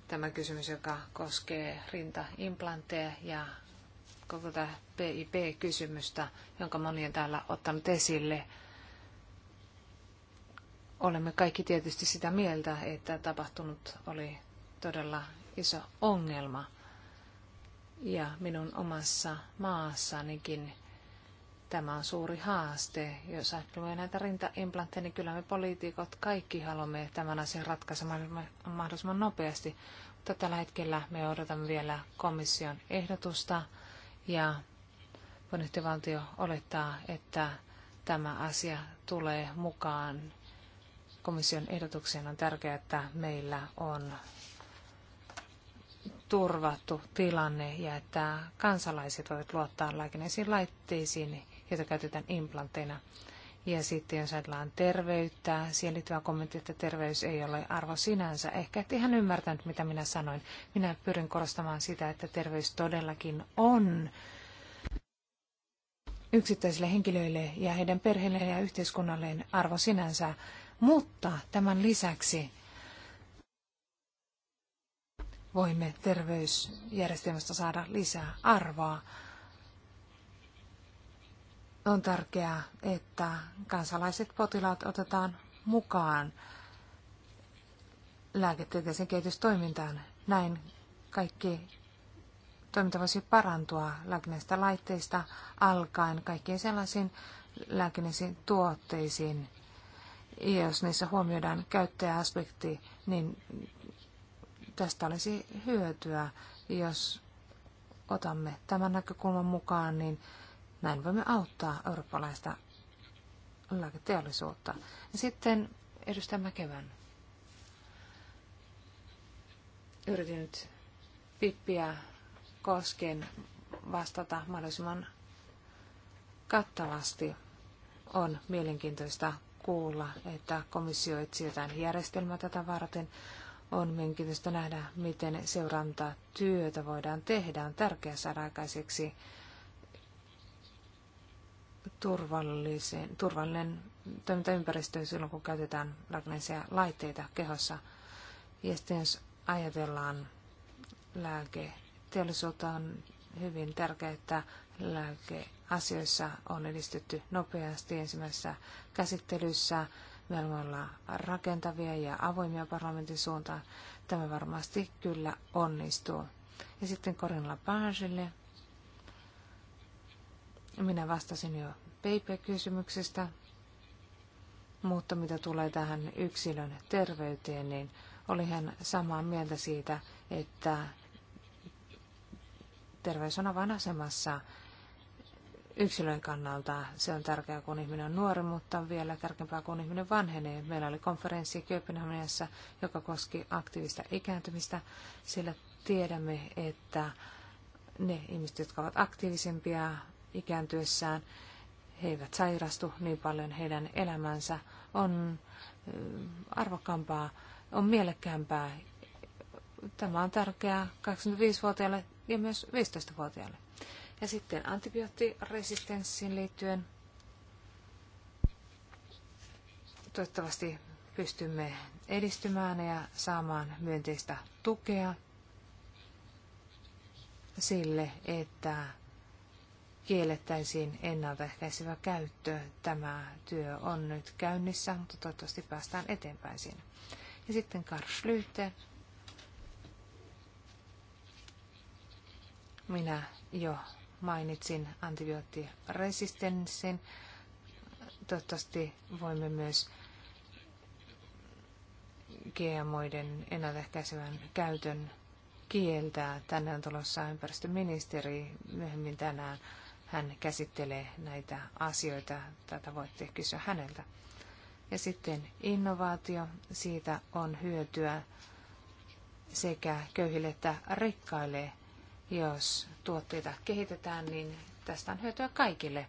Tämä kysymys, joka koskee rintaimplantteja ja koko tätä PIP-kysymystä, jonka moni on täällä ottanut esille – olemme kaikki tietysti sitä mieltä, että tapahtunut oli todella iso ongelma. Ja minun omassa maassanikin tämä on suuri haaste. Jos ajattelemme näitä rintaimplantteja, niin kyllä me poliitikot kaikki haluamme tämän asian ratkaisemaan mahdollisimman nopeasti. Mutta tällä hetkellä me odotamme vielä komission ehdotusta ja valtio olettaa, että tämä asia tulee mukaan komission ehdotukseen on tärkeää, että meillä on turvattu tilanne ja että kansalaiset voivat luottaa lääkinnäisiin laitteisiin, joita käytetään implanteina. Ja sitten jos ajatellaan terveyttä, siihen liittyvä kommentti, että terveys ei ole arvo sinänsä. Ehkä et ihan ymmärtänyt, mitä minä sanoin. Minä pyrin korostamaan sitä, että terveys todellakin on yksittäisille henkilöille ja heidän perheilleen ja yhteiskunnalleen arvo sinänsä. Mutta tämän lisäksi voimme terveysjärjestelmästä saada lisää arvoa. On tärkeää, että kansalaiset potilaat otetaan mukaan lääketieteelliseen kehitystoimintaan. Näin kaikki toiminta voisi parantua lääkinnäistä laitteista alkaen kaikkiin sellaisiin lääkinnäisiin tuotteisiin, jos niissä huomioidaan käyttäjäaspekti, niin tästä olisi hyötyä, jos otamme tämän näkökulman mukaan, niin näin voimme auttaa eurooppalaista lääketeollisuutta. Ja sitten edustaja Mäkevän. Yritin nyt pippiä koskien vastata mahdollisimman kattavasti. On mielenkiintoista kuulla, että komissio etsii jotain järjestelmää tätä varten. On mielenkiintoista nähdä, miten seuranta työtä voidaan tehdä. On tärkeää saada aikaiseksi turvallisen, turvallinen toimintaympäristö silloin, kun käytetään lääkinnällisiä laitteita kehossa. Ja sitten jos ajatellaan lääketeollisuutta, on hyvin tärkeää, että lääkeasioissa on edistytty nopeasti ensimmäisessä käsittelyssä. Me ollaan rakentavia ja avoimia parlamentin suuntaan. Tämä varmasti kyllä onnistuu. Ja sitten korinla Lapagelle. Minä vastasin jo PIP-kysymyksestä, mutta mitä tulee tähän yksilön terveyteen, niin oli hän samaa mieltä siitä, että terveys on avainasemassa yksilön kannalta. Se on tärkeää, kun ihminen on nuori, mutta vielä tärkeämpää, kun ihminen vanhenee. Meillä oli konferenssi Kööpenhaminassa, joka koski aktiivista ikääntymistä, sillä tiedämme, että ne ihmiset, jotka ovat aktiivisempia ikääntyessään, he eivät sairastu niin paljon, heidän elämänsä on äh, arvokkaampaa, on mielekkäämpää. Tämä on tärkeää 25-vuotiaille ja myös 15-vuotiaille. Ja sitten antibioottiresistenssiin liittyen toivottavasti pystymme edistymään ja saamaan myönteistä tukea sille, että kiellettäisiin ennaltaehkäisevä käyttö. Tämä työ on nyt käynnissä, mutta toivottavasti päästään eteenpäin siinä. Ja sitten Karslyyte. Minä jo mainitsin antibioottiresistenssin. Toivottavasti voimme myös GMOiden ennaltaehkäisevän käytön kieltää. Tänne on tulossa ympäristöministeri myöhemmin tänään. Hän käsittelee näitä asioita. Tätä voitte kysyä häneltä. Ja sitten innovaatio. Siitä on hyötyä sekä köyhille että rikkaille jos tuotteita kehitetään, niin tästä on hyötyä kaikille.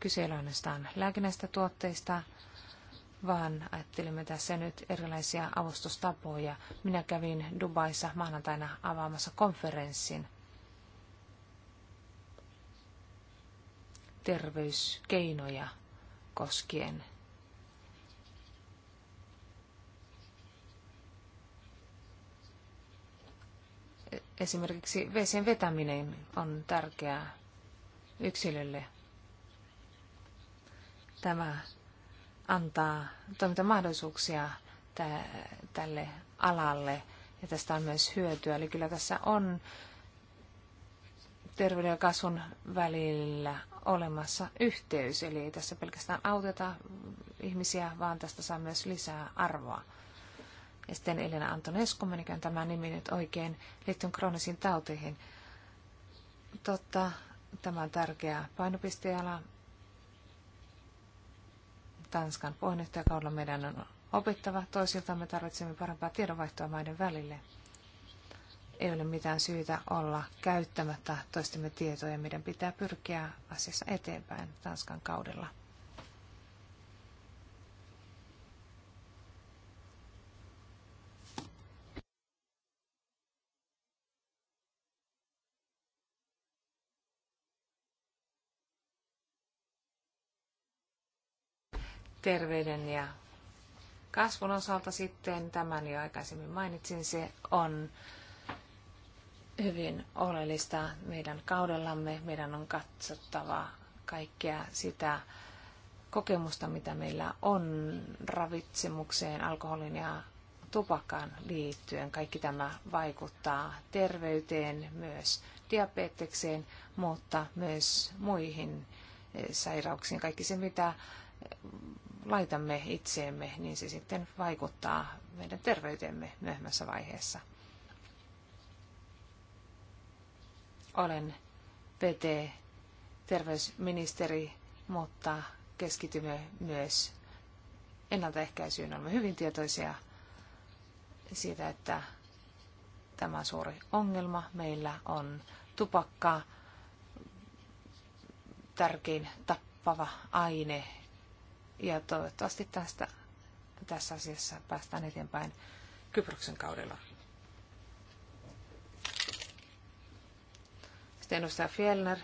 Kyse ei ainoastaan lääkinnäistä tuotteista, vaan ajattelimme tässä nyt erilaisia avustustapoja. Minä kävin Dubaissa maanantaina avaamassa konferenssin terveyskeinoja koskien Esimerkiksi vesien vetäminen on tärkeää yksilölle. Tämä antaa toimintamahdollisuuksia tälle alalle ja tästä on myös hyötyä. Eli kyllä tässä on terveyden ja kasvun välillä olemassa yhteys. Eli ei tässä pelkästään auteta ihmisiä, vaan tästä saa myös lisää arvoa ja sitten Elena Antonescu, menikään tämä nimi nyt oikein, liittyen kroonisiin tauteihin. Totta, tämä on tärkeä painopisteala. Tanskan puheenjohtajakaudella meidän on opittava Toisiltaan me tarvitsemme parempaa tiedonvaihtoa maiden välille. Ei ole mitään syytä olla käyttämättä toistemme tietoja, meidän pitää pyrkiä asiassa eteenpäin Tanskan kaudella. terveyden ja kasvun osalta sitten, tämän jo aikaisemmin mainitsin, se on hyvin oleellista meidän kaudellamme. Meidän on katsottava kaikkea sitä kokemusta, mitä meillä on ravitsemukseen, alkoholin ja tupakan liittyen. Kaikki tämä vaikuttaa terveyteen, myös diabetekseen, mutta myös muihin eh, sairauksiin. Kaikki se, mitä laitamme itseemme, niin se sitten vaikuttaa meidän terveyteemme myöhemmässä vaiheessa. Olen PT terveysministeri, mutta keskitymme myös ennaltaehkäisyyn. Olemme hyvin tietoisia siitä, että tämä on suuri ongelma. Meillä on tupakka tärkein tappava aine ja toivottavasti tästä, tässä asiassa päästään eteenpäin Kyproksen kaudella. Sitten edustaja Fjellner,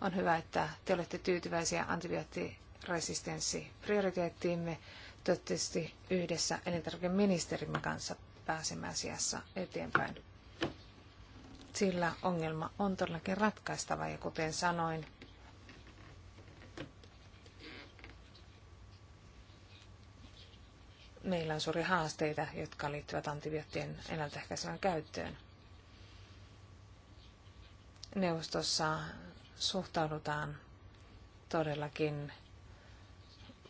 on hyvä, että te olette tyytyväisiä antibioottiresistenssiprioriteettiimme. Toivottavasti yhdessä elintarvikeministerimme kanssa pääsemme asiassa eteenpäin. Sillä ongelma on todellakin ratkaistava ja kuten sanoin, meillä on suuria haasteita, jotka liittyvät antibioottien ennaltaehkäisevään käyttöön. Neuvostossa suhtaudutaan todellakin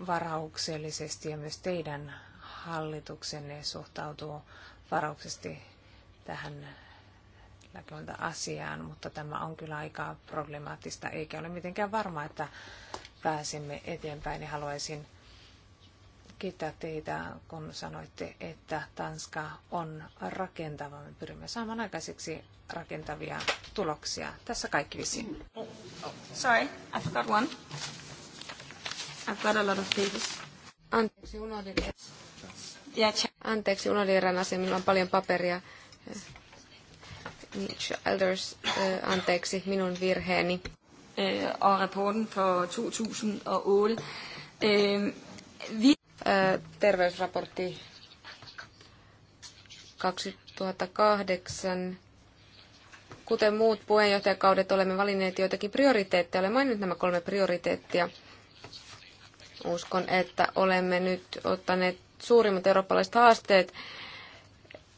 varauksellisesti ja myös teidän hallituksenne suhtautuu varauksesti tähän lääkevalta asiaan, mutta tämä on kyllä aika problemaattista, eikä ole mitenkään varma, että pääsemme eteenpäin. Ja haluaisin kiittää teitä, kun sanoitte, että Tanska on rakentava. Me pyrimme saamaan aikaiseksi rakentavia tuloksia. Tässä kaikki visi. Oh, Sorry, I've got one. I've got a lot of pages. Anteeksi, unohdin. Anteeksi, unohdin erään asian. Minulla on paljon paperia. Elders, eh, anteeksi, minun virheeni. Eh, og rapporten for 2008. Eh, vi terveysraportti 2008. Kuten muut puheenjohtajakaudet olemme valinneet joitakin prioriteetteja. Olen maininnut nämä kolme prioriteettia. Uskon, että olemme nyt ottaneet suurimmat eurooppalaiset haasteet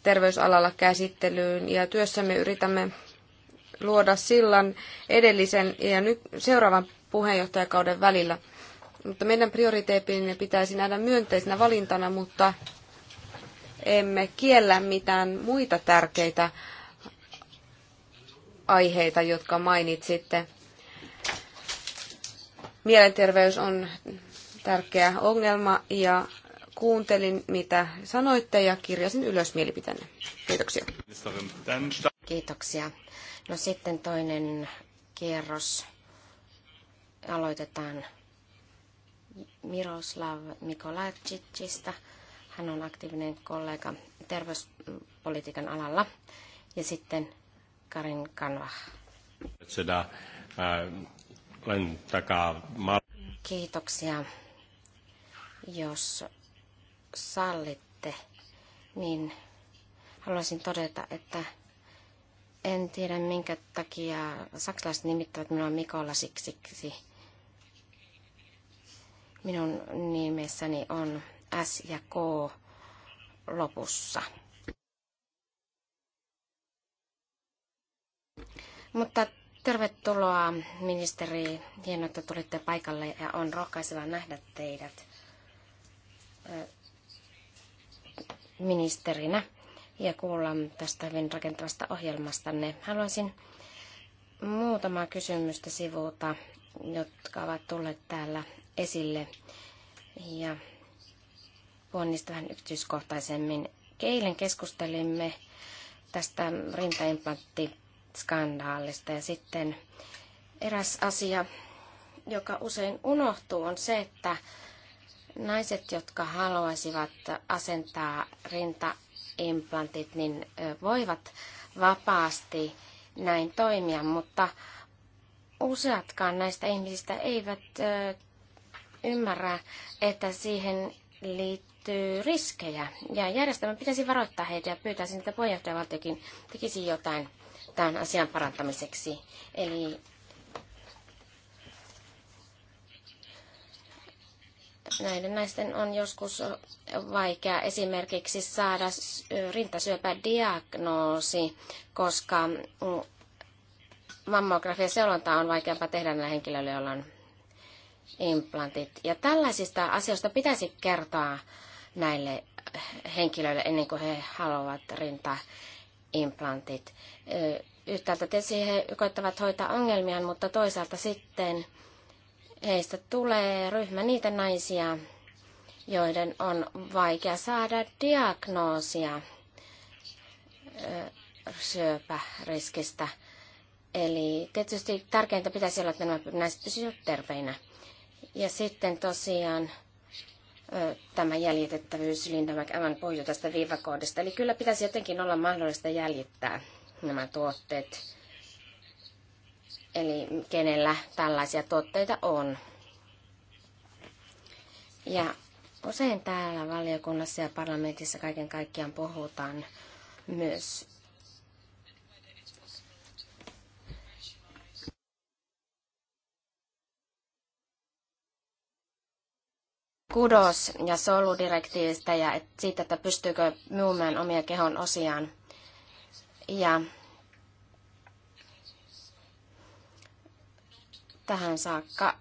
terveysalalla käsittelyyn ja työssämme yritämme luoda sillan edellisen ja nyt seuraavan puheenjohtajakauden välillä mutta meidän prioriteettimme pitäisi nähdä myönteisenä valintana, mutta emme kiellä mitään muita tärkeitä aiheita, jotka mainitsitte. Mielenterveys on tärkeä ongelma ja kuuntelin, mitä sanoitte ja kirjasin ylös mielipiteenne. Kiitoksia. Kiitoksia. No sitten toinen kierros. Aloitetaan Miroslav Mikolajicista. Hän on aktiivinen kollega terveyspolitiikan alalla. Ja sitten Karin Kanva. Eh, Kiitoksia. Jos sallitte, niin haluaisin todeta, että en tiedä minkä takia saksalaiset nimittävät minua Mikola Minun nimessäni on S ja K lopussa. Mutta tervetuloa ministeri. Hienoa, että tulitte paikalle ja on rohkaiseva nähdä teidät ministerinä ja kuulla tästä hyvin rakentavasta ohjelmastanne. Haluaisin muutamaa kysymystä sivuuta, jotka ovat tulleet täällä esille ja ponnista vähän yksityiskohtaisemmin. Keilen keskustelimme tästä rintaimplanttiskandaalista ja sitten eräs asia, joka usein unohtuu, on se, että naiset, jotka haluaisivat asentaa rintaimplantit, niin voivat vapaasti näin toimia, mutta useatkaan näistä ihmisistä eivät ymmärrä, että siihen liittyy riskejä. Ja järjestelmän pitäisi varoittaa heitä ja pyytäisin, että puheenjohtajavaltiokin tekisi jotain tämän asian parantamiseksi. Eli näiden naisten on joskus vaikea esimerkiksi saada rintasyöpädiagnoosi, koska mm, mammografia seulontaa on vaikeampaa tehdä näillä henkilöillä, joilla on implantit. Ja tällaisista asioista pitäisi kertoa näille henkilöille ennen kuin he haluavat rintaimplantit. Yhtäältä tietysti he koettavat hoitaa ongelmia, mutta toisaalta sitten heistä tulee ryhmä niitä naisia, joiden on vaikea saada diagnoosia syöpäriskistä. Eli tietysti tärkeintä pitäisi olla, että nämä naiset pysyvät terveinä. Ja sitten tosiaan tämä jäljitettävyys, Linda McAvan puhui tästä viivakoodista. Eli kyllä pitäisi jotenkin olla mahdollista jäljittää nämä tuotteet. Eli kenellä tällaisia tuotteita on. Ja usein täällä valiokunnassa ja parlamentissa kaiken kaikkiaan puhutaan myös kudos- ja soludirektiivistä ja siitä, että pystyykö myymään omia kehon osiaan. Ja tähän saakka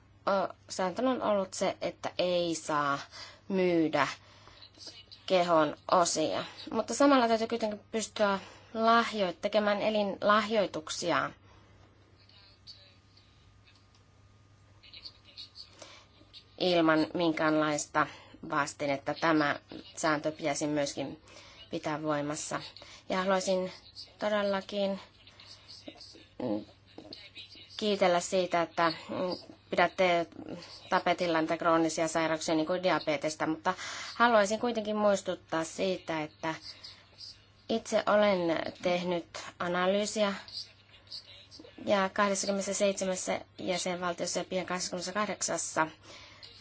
sääntö on ollut se, että ei saa myydä kehon osia. Mutta samalla täytyy kuitenkin pystyä lahjo- tekemään elinlahjoituksia ilman minkäänlaista vastin, että Tämä sääntö pitäisi myöskin pitää voimassa. Ja haluaisin todellakin kiitellä siitä, että pidätte tapetilla näitä kroonisia sairauksia niin kuin diabetesta, mutta haluaisin kuitenkin muistuttaa siitä, että itse olen tehnyt analyysiä ja 27 jäsenvaltiossa ja pian 28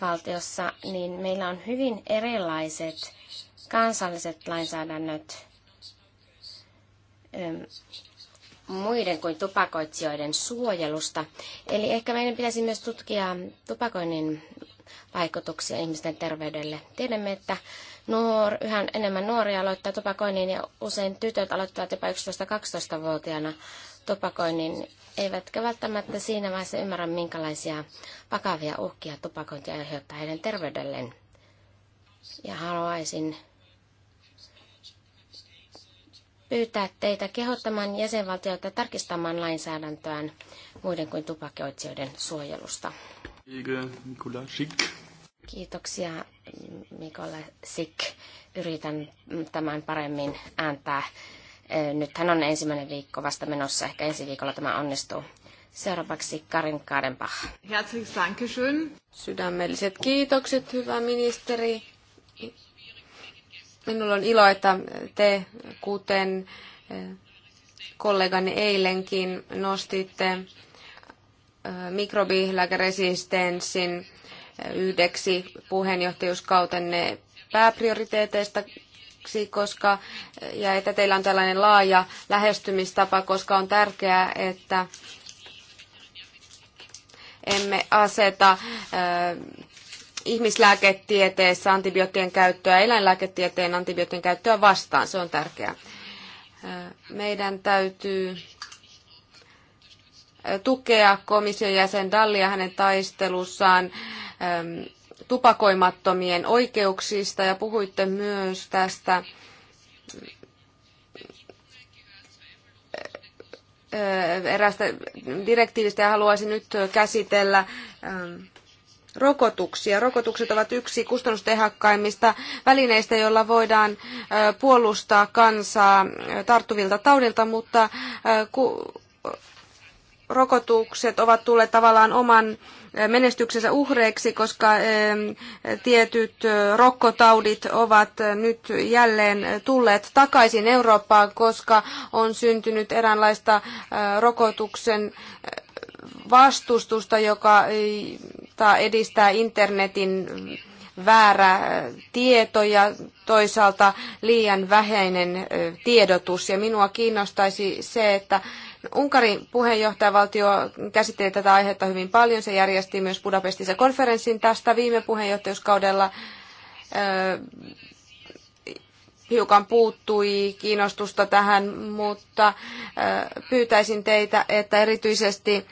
valtiossa, niin meillä on hyvin erilaiset kansalliset lainsäädännöt muiden kuin tupakoitsijoiden suojelusta. Eli ehkä meidän pitäisi myös tutkia tupakoinnin vaikutuksia ihmisten terveydelle. Tiedämme, että nuor, yhä enemmän nuoria aloittaa tupakoinnin ja usein tytöt aloittavat jopa 11-12-vuotiaana tupakoinnin, eivätkä välttämättä siinä vaiheessa ymmärrä, minkälaisia vakavia uhkia tupakointi aiheuttaa heidän terveydelleen. Ja haluaisin pyytää teitä kehottamaan jäsenvaltioita tarkistamaan lainsäädäntöään muiden kuin tupakoitsijoiden suojelusta. Kiitoksia, Mikola Sik. Yritän tämän paremmin ääntää. Nythän on ensimmäinen viikko vasta menossa, ehkä ensi viikolla tämä onnistuu. Seuraavaksi Karin Kadenbach. Herzlich Sydämelliset kiitokset, hyvä ministeri. Minulla on ilo, että te, kuten kollegani eilenkin, nostitte mikrobilääkeresistenssin yhdeksi puheenjohtajuuskautenne pääprioriteeteista esimerkiksi, koska, ja että teillä on tällainen laaja lähestymistapa, koska on tärkeää, että emme aseta ihmislääketieteessä antibioottien käyttöä, eläinlääketieteen antibioottien käyttöä vastaan. Se on tärkeää. Meidän täytyy tukea komission jäsen Dallia hänen taistelussaan tupakoimattomien oikeuksista ja puhuitte myös tästä eh, eräästä direktiivistä ja haluaisin nyt käsitellä eh, rokotuksia. Rokotukset ovat yksi kustannustehakkaimmista välineistä, joilla voidaan eh, puolustaa kansaa tarttuvilta taudilta, mutta rokotukset ovat tulleet tavallaan oman menestyksensä uhreiksi, koska eh, tietyt eh, rokkotaudit ovat eh, nyt jälleen tulleet takaisin Eurooppaan, koska on syntynyt eräänlaista rokotuksen vastustusta, joka edistää internetin väärä tieto ja toisaalta liian vähäinen tiedotus. Ja minua kiinnostaisi se, että Unkarin puheenjohtajavaltio käsitteli tätä aihetta hyvin paljon. Se järjesti myös Budapestissa konferenssin tästä viime puheenjohtajuuskaudella. Hiukan puuttui kiinnostusta tähän, mutta pyytäisin teitä, että erityisesti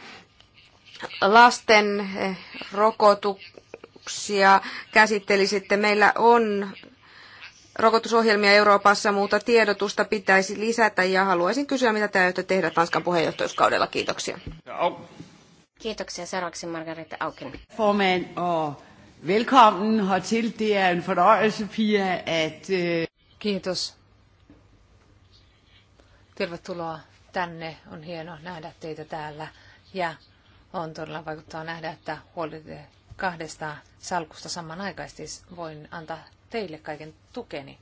lasten eh, rokotuksia käsittelisitte. Meillä on rokotusohjelmia Euroopassa, mutta tiedotusta pitäisi lisätä ja haluaisin kysyä, mitä te aiotte tehdä Tanskan puheenjohtajuuskaudella. Kiitoksia. Kiitoksia. Seuraavaksi Margareta Auken. Formen, og velkommen hertil. Det er en fornøjelse, Pia, at... Øh, Kiitos. Tervetuloa tänne. On hieno nähdä teitä täällä ja on todella vaikuttaa nähdä, että huolehditte kahdesta salkusta samanaikaisesti. Voin antaa teille kaiken tukeni.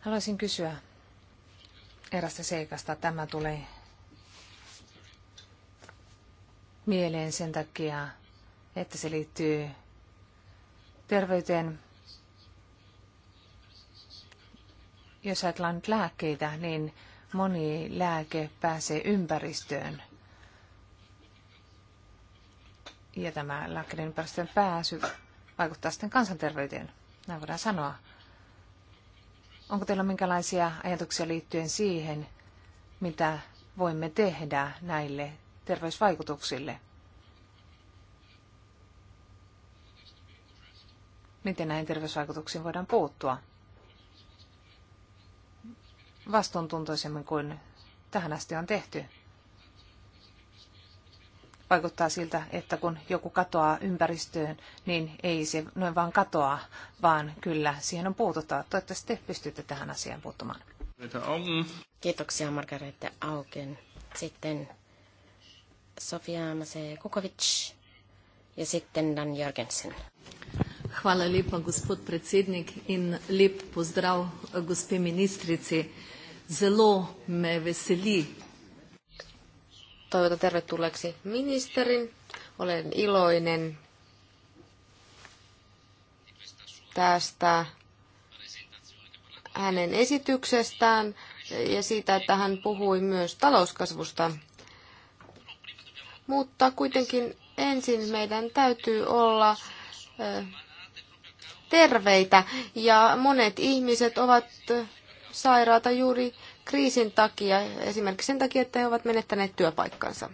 Haluaisin kysyä erästä seikasta. Tämä tulee mieleen sen takia, että se liittyy terveyteen. Jos ajatellaan nyt lääkkeitä, niin moni lääke pääsee ympäristöön. Ja tämä lääkkeiden ympäristöön pääsy vaikuttaa sitten kansanterveyteen. Näin voidaan sanoa. Onko teillä minkälaisia ajatuksia liittyen siihen, mitä voimme tehdä näille terveysvaikutuksille? Miten näihin terveysvaikutuksiin voidaan puuttua? Vastuuntuntoisemmin kuin tähän asti on tehty vaikuttaa siltä, että kun joku katoaa ympäristöön, niin ei se noin vaan katoa, vaan kyllä siihen on puututtava. Toivottavasti te pystytte tähän asiaan puuttumaan. Kiitoksia Margarete Auken. Sitten Sofia Kukovic ja sitten Dan Jorgensen. Hvala lepa, gospod predsednik, in lep pozdrav gospe ministrici. Zelo me veseli, Toivotan tervetulleeksi ministerin. Olen iloinen tästä hänen esityksestään ja siitä, että hän puhui myös talouskasvusta. Mutta kuitenkin ensin meidän täytyy olla terveitä ja monet ihmiset ovat sairaata juuri kriisin takia, esimerkiksi sen takia, että he ovat menettäneet työpaikkansa.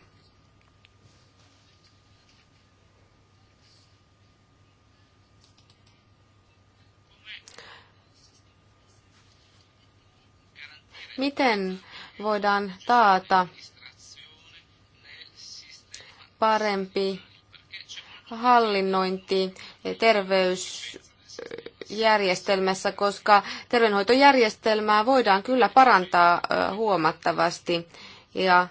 Miten voidaan taata parempi hallinnointi terveys- järjestelmässä, koska terveydenhoitojärjestelmää voidaan kyllä parantaa huomattavasti. Ja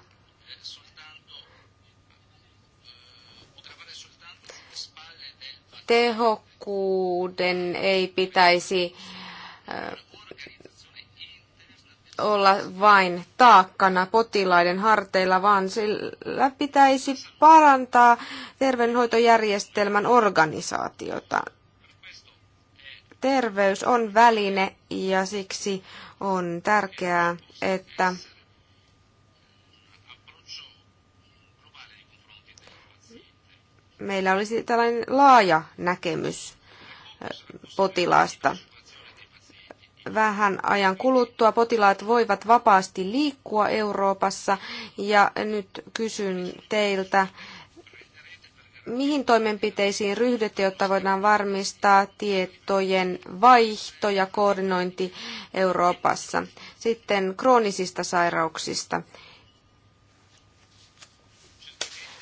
tehokkuuden ei pitäisi olla vain taakkana potilaiden harteilla, vaan sillä pitäisi parantaa terveydenhoitojärjestelmän organisaatiota terveys on väline ja siksi on tärkeää, että meillä olisi tällainen laaja näkemys potilaasta. Vähän ajan kuluttua potilaat voivat vapaasti liikkua Euroopassa ja nyt kysyn teiltä, mihin toimenpiteisiin ryhdytte, jotta voidaan varmistaa tietojen vaihto ja koordinointi Euroopassa? Sitten kroonisista sairauksista.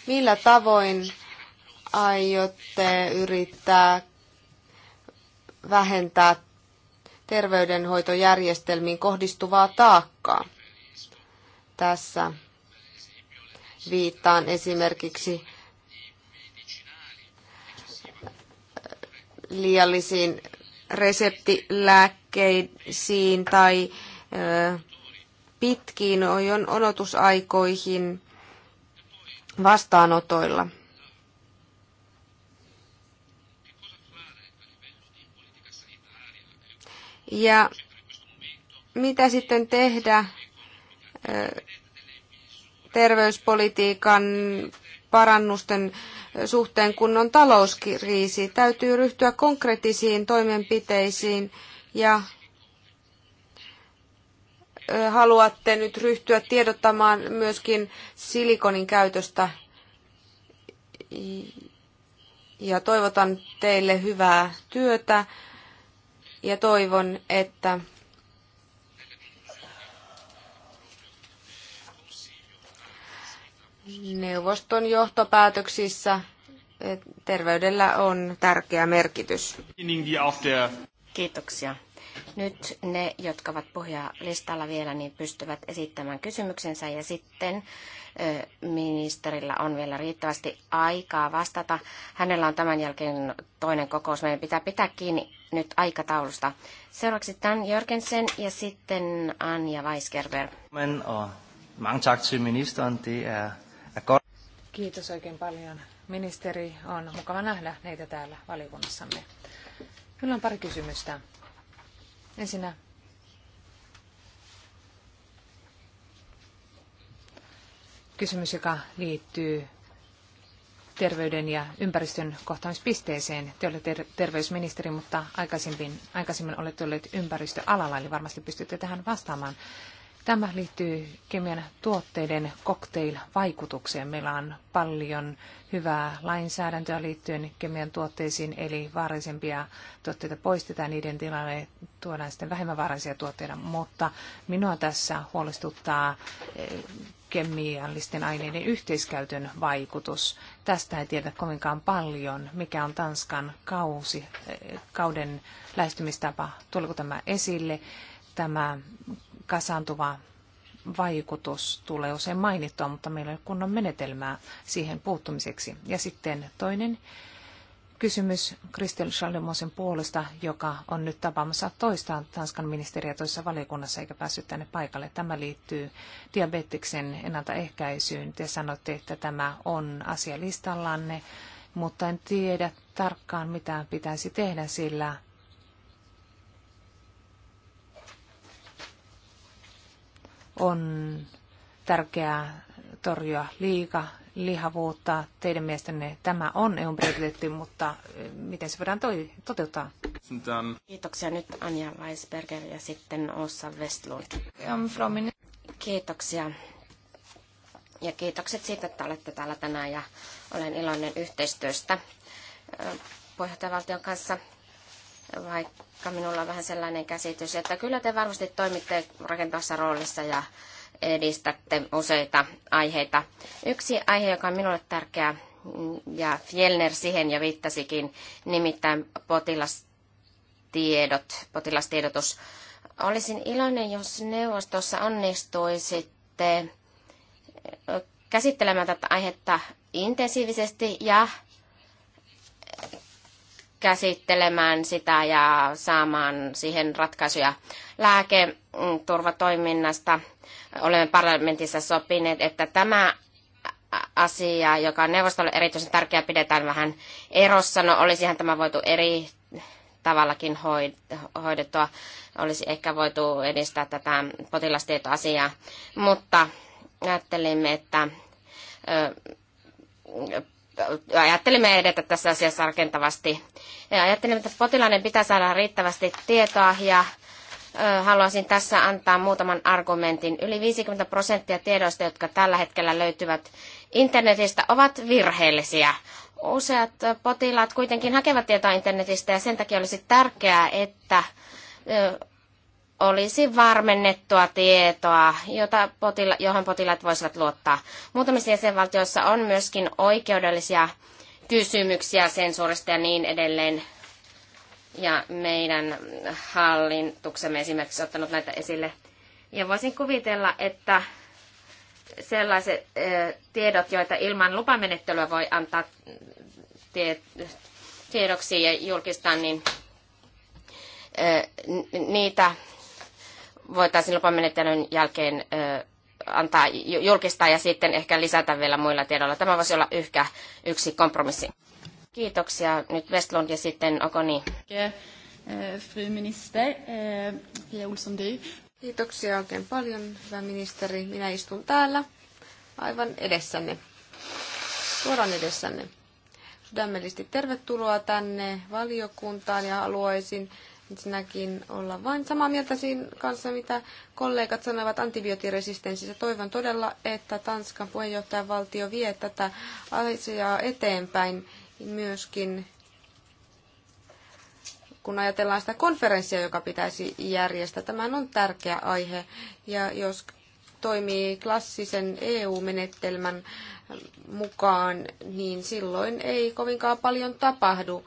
Millä tavoin aiotte yrittää vähentää terveydenhoitojärjestelmiin kohdistuvaa taakkaa? Tässä viittaan esimerkiksi liiallisiin reseptilääkkeisiin tai pitkiin odotusaikoihin vastaanotoilla. Ja mitä sitten tehdä terveyspolitiikan parannusten suhteen, kun on talouskriisi. Täytyy ryhtyä konkreettisiin toimenpiteisiin ja haluatte nyt ryhtyä tiedottamaan myöskin silikonin käytöstä. Ja toivotan teille hyvää työtä ja toivon, että neuvoston johtopäätöksissä terveydellä on tärkeä merkitys. Kiitoksia. Nyt ne, jotka ovat pohjalistalla listalla vielä, niin pystyvät esittämään kysymyksensä ja sitten ministerillä on vielä riittävästi aikaa vastata. Hänellä on tämän jälkeen toinen kokous. Meidän pitää pitää kiinni nyt aikataulusta. Seuraavaksi Dan Jörgensen ja sitten Anja Weisgerber. Men, oh, mange tak til Det er Kiitos oikein paljon. Ministeri, on mukava nähdä neitä täällä valiokunnassamme. Kyllä on pari kysymystä. Ensinnä kysymys, joka liittyy terveyden ja ympäristön kohtaamispisteeseen. Te olette terveysministeri, mutta aikaisemmin, aikaisemmin olette olleet ympäristöalalla, eli varmasti pystytte tähän vastaamaan. Tämä liittyy kemian tuotteiden cocktail-vaikutukseen. Meillä on paljon hyvää lainsäädäntöä liittyen kemian tuotteisiin, eli vaarallisempia tuotteita poistetaan, niiden tilalle tuodaan sitten vähemmän vaarallisia tuotteita, mutta minua tässä huolestuttaa eh, kemiallisten aineiden yhteiskäytön vaikutus. Tästä ei tiedä kovinkaan paljon, mikä on Tanskan kausi, eh, kauden lähestymistapa. Tuliko tämä esille? Tämä kasaantuva vaikutus tulee usein mainittua, mutta meillä on kunnon menetelmää siihen puuttumiseksi. Ja sitten toinen kysymys Kristel Schallemosen puolesta, joka on nyt tapaamassa toista Tanskan ministeriä toisessa valiokunnassa eikä päässyt tänne paikalle. Tämä liittyy diabetiksen ennaltaehkäisyyn. Te sanotte, että tämä on asia listallanne, mutta en tiedä tarkkaan mitä pitäisi tehdä, sillä on tärkeää torjua liika lihavuutta. Teidän mielestänne tämä on EUn prioriteetti, mutta eh, miten se voidaan toi, toteuttaa? Kiitoksia nyt Anja Weisberger ja sitten Ossa Westlund. Kiitoksia. Ja kiitokset siitä, että olette täällä tänään ja olen iloinen yhteistyöstä eh, puheenjohtajavaltion kanssa vaikka minulla on vähän sellainen käsitys, että kyllä te varmasti toimitte rakentavassa roolissa ja edistätte useita aiheita. Yksi aihe, joka on minulle tärkeä, ja Fjellner siihen jo viittasikin, nimittäin potilastiedot, potilastiedotus. Olisin iloinen, jos neuvostossa onnistuisitte käsittelemään tätä aihetta intensiivisesti ja käsittelemään sitä ja saamaan siihen ratkaisuja lääketurvatoiminnasta. Olemme parlamentissa sopineet, että tämä asia, joka on neuvostolle erityisen tärkeä, pidetään vähän erossa. No olisihan tämä voitu eri tavallakin hoidettua. Olisi ehkä voitu edistää tätä potilastietoasiaa, mutta ajattelimme, että ajattelimme edetä tässä asiassa rakentavasti. Ja ajattelimme, että potilainen pitää saada riittävästi tietoa ja haluaisin tässä antaa muutaman argumentin. Yli 50 prosenttia tiedoista, jotka tällä hetkellä löytyvät internetistä, ovat virheellisiä. Useat potilaat kuitenkin hakevat tietoa internetistä ja sen takia olisi tärkeää, että olisi varmennettua tietoa, jota potila, johon potilaat voisivat luottaa. Muutamissa jäsenvaltioissa on myöskin oikeudellisia kysymyksiä sensuurista ja niin edelleen. Ja meidän hallituksemme esimerkiksi ottanut näitä esille. Ja voisin kuvitella, että sellaiset tiedot, joita ilman lupamenettelyä voi antaa tiedoksi ja julkistaa, niin niitä voitaisiin lupamenettelyn jälkeen antaa julkistaa ja sitten ehkä lisätä vielä muilla tiedoilla. Tämä voisi olla yhkä yksi kompromissi. Kiitoksia. Nyt Westlund ja sitten Okoni. Fru minister, Pia Olsson Kiitoksia oikein paljon, hyvä ministeri. Minä istun täällä aivan edessänne, suoraan edessänne. Sydämellisesti tervetuloa tänne valiokuntaan ja haluaisin ensinnäkin olla vain samaa mieltä siinä kanssa, mitä kollegat sanoivat antibioottiresistenssissä. Toivon todella, että Tanskan puheenjohtajavaltio vie tätä asiaa eteenpäin myöskin kun ajatellaan sitä konferenssia, joka pitäisi järjestää. Tämä on tärkeä aihe ja jos toimii klassisen EU-menettelmän mukaan, niin silloin ei kovinkaan paljon tapahdu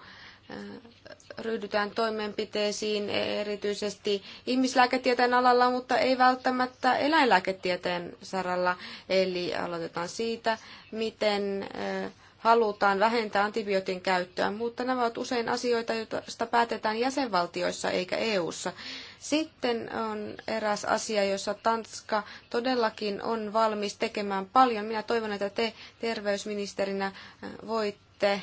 ryhdytään toimenpiteisiin erityisesti ihmislääketieteen alalla, mutta ei välttämättä eläinlääketieteen saralla. Eli aloitetaan siitä, miten eh, halutaan vähentää antibiootin käyttöä, mutta nämä ovat usein asioita, joista päätetään jäsenvaltioissa eikä EU:ssa. Sitten on eräs asia, jossa Tanska todellakin on valmis tekemään paljon. Minä toivon, että te terveysministerinä eh, voitte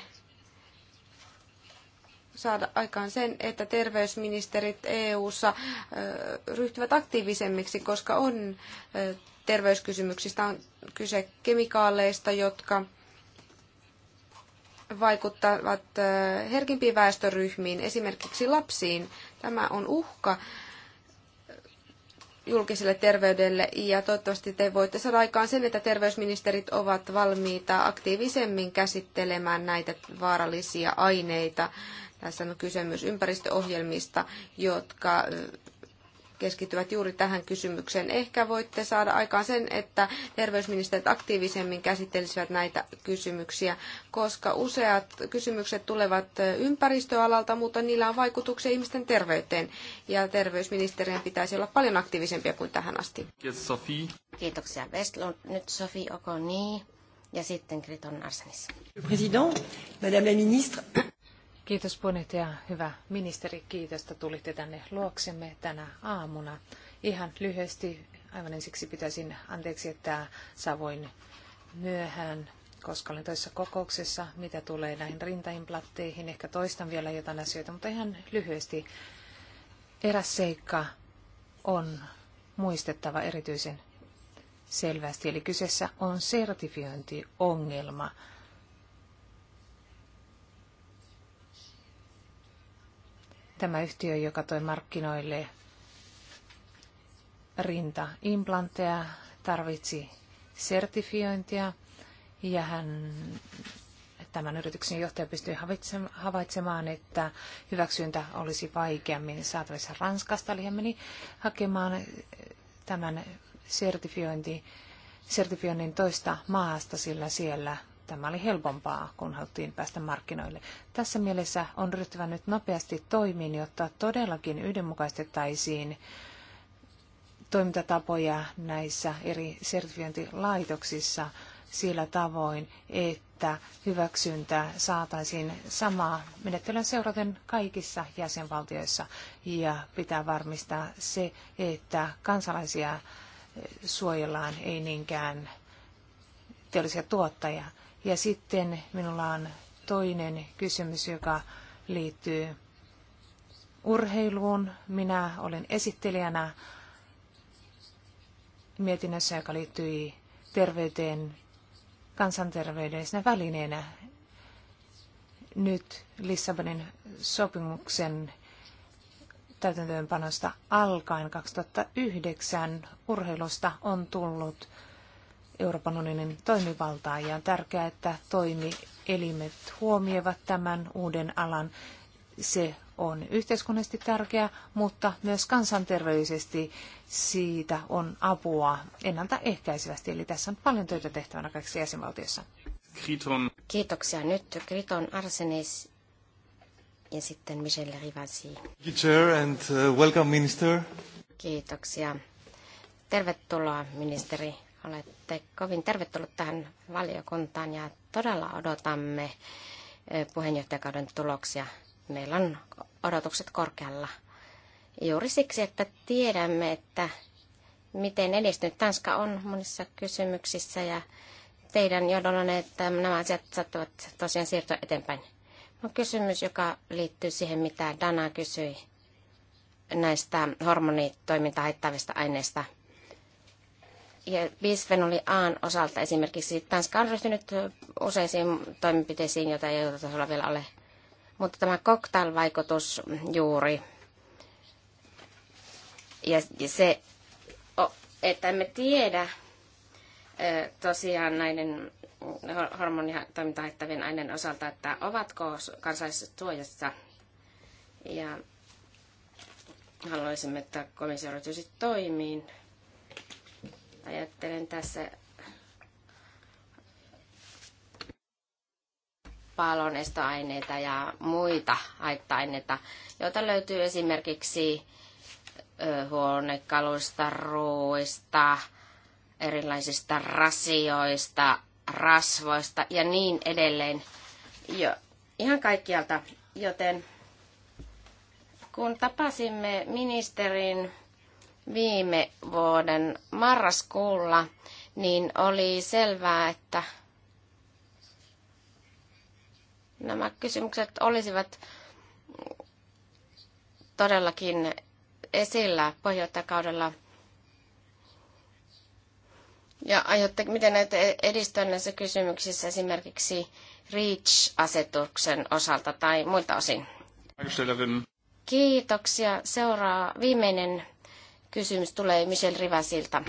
saada aikaan sen, että terveysministerit EU-ssa ryhtyvät aktiivisemmiksi, koska on terveyskysymyksistä on kyse kemikaaleista, jotka vaikuttavat herkimpiin väestöryhmiin, esimerkiksi lapsiin. Tämä on uhka julkiselle terveydelle ja toivottavasti te voitte saada aikaan sen, että terveysministerit ovat valmiita aktiivisemmin käsittelemään näitä vaarallisia aineita tässä on kyse myös ympäristöohjelmista, jotka keskittyvät juuri tähän kysymykseen. Ehkä voitte saada aikaan sen, että terveysministerit aktiivisemmin käsittelisivät näitä kysymyksiä, koska useat kysymykset tulevat ympäristöalalta, mutta niillä on vaikutuksia ihmisten terveyteen, ja terveysministerien pitäisi olla paljon aktiivisempia kuin tähän asti. Kiitos Sofi. Kiitoksia Westlund. Nyt Sofi Okoni ja sitten Kriton Arsenis. President, Madame la Ministre. Kiitos ja Hyvä ministeri, kiitos, että tulitte tänne luoksemme tänä aamuna. Ihan lyhyesti, aivan ensiksi pitäisin anteeksi, että savoin myöhään, koska olen toisessa kokouksessa, mitä tulee näihin rintaimplatteihin. Ehkä toistan vielä jotain asioita, mutta ihan lyhyesti. Eräs seikka on muistettava erityisen selvästi, eli kyseessä on sertifiointiongelma. Tämä yhtiö, joka toi markkinoille rintaimplantteja, tarvitsi sertifiointia ja hän, tämän yrityksen johtaja pystyi havaitsemaan, että hyväksyntä olisi vaikeammin saatavissa Ranskasta. Eli hän meni hakemaan tämän sertifiointi, sertifioinnin toista maasta, sillä siellä Tämä oli helpompaa, kun haluttiin päästä markkinoille. Tässä mielessä on ryhtyvä nyt nopeasti toimiin, jotta todellakin yhdenmukaistettaisiin toimintatapoja näissä eri sertifiointilaitoksissa sillä tavoin, että hyväksyntä saataisiin samaa menettelyä seuraten kaikissa jäsenvaltioissa ja pitää varmistaa se, että kansalaisia suojellaan ei niinkään teollisia tuottajia. Ja sitten minulla on toinen kysymys, joka liittyy urheiluun. Minä olin esittelijänä mietinnössä, joka liittyi terveyteen kansanterveydellisenä välineenä. Nyt Lissabonin sopimuksen täytäntöönpanosta alkaen 2009 urheilusta on tullut Euroopan unionin toimivaltaa ja on tärkeää, että toimielimet huomioivat tämän uuden alan. Se on yhteiskunnallisesti tärkeä, mutta myös kansanterveellisesti siitä on apua ennaltaehkäisevästi. Eli tässä on paljon töitä tehtävänä kaikissa jäsenvaltiossa. Kriton. Kiitoksia. Nyt Kriton Arsenis ja sitten Michelle Rivasi. and uh, welcome minister. Kiitoksia. Tervetuloa ministeri Olette kovin tervetullut tähän valiokuntaan ja todella odotamme eh, puheenjohtajakauden tuloksia. Meillä on odotukset korkealla juuri siksi, että tiedämme, että miten edistynyt Tanska on monissa kysymyksissä ja teidän johdollanne, että nämä asiat saattavat tosiaan siirtyä eteenpäin. On kysymys, joka liittyy siihen, mitä Dana kysyi näistä hormonitoimintaa haittaavista aineista – ja bisfenoli Aan osalta esimerkiksi Tanska on ryhtynyt useisiin toimenpiteisiin, joita ei tasolla vielä ole. Mutta tämä cocktail-vaikutus juuri ja se, että emme tiedä tosiaan näiden hormonitoimintaa haittavien aineiden osalta, että ovatko kansallisessa tuojassa. Ja haluaisimme, että komissio ryhtyisi toimiin. Ajattelen tässä palonestoaineita ja muita haitta-aineita, joita löytyy esimerkiksi huonekaluista, ruoista, erilaisista rasioista, rasvoista ja niin edelleen. Jo, ihan kaikkialta, joten kun tapasimme ministerin viime vuoden marraskuulla, niin oli selvää, että nämä kysymykset olisivat todellakin esillä pohjoittakaudella. Ja aiotte, miten näitä edistää näissä kysymyksissä esimerkiksi REACH-asetuksen osalta tai muilta osin? Kiitoksia. Seuraa viimeinen kysymys tulee Michel Rivasilta.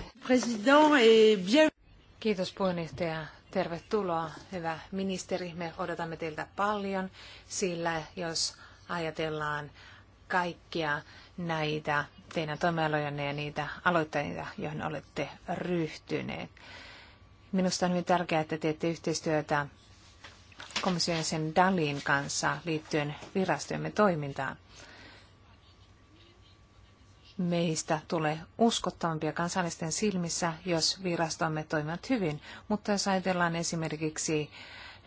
Kiitos puheenjohtaja. Tervetuloa, hyvä ministeri. Me odotamme teiltä paljon, sillä jos ajatellaan kaikkia näitä teidän toimialojanne ja niitä aloittajia, joihin olette ryhtyneet. Minusta on hyvin tärkeää, että teette yhteistyötä komission sen Dalin kanssa liittyen virastojemme toimintaan meistä tulee uskottavampia kansallisten silmissä, jos virastomme toimivat hyvin. Mutta jos ajatellaan esimerkiksi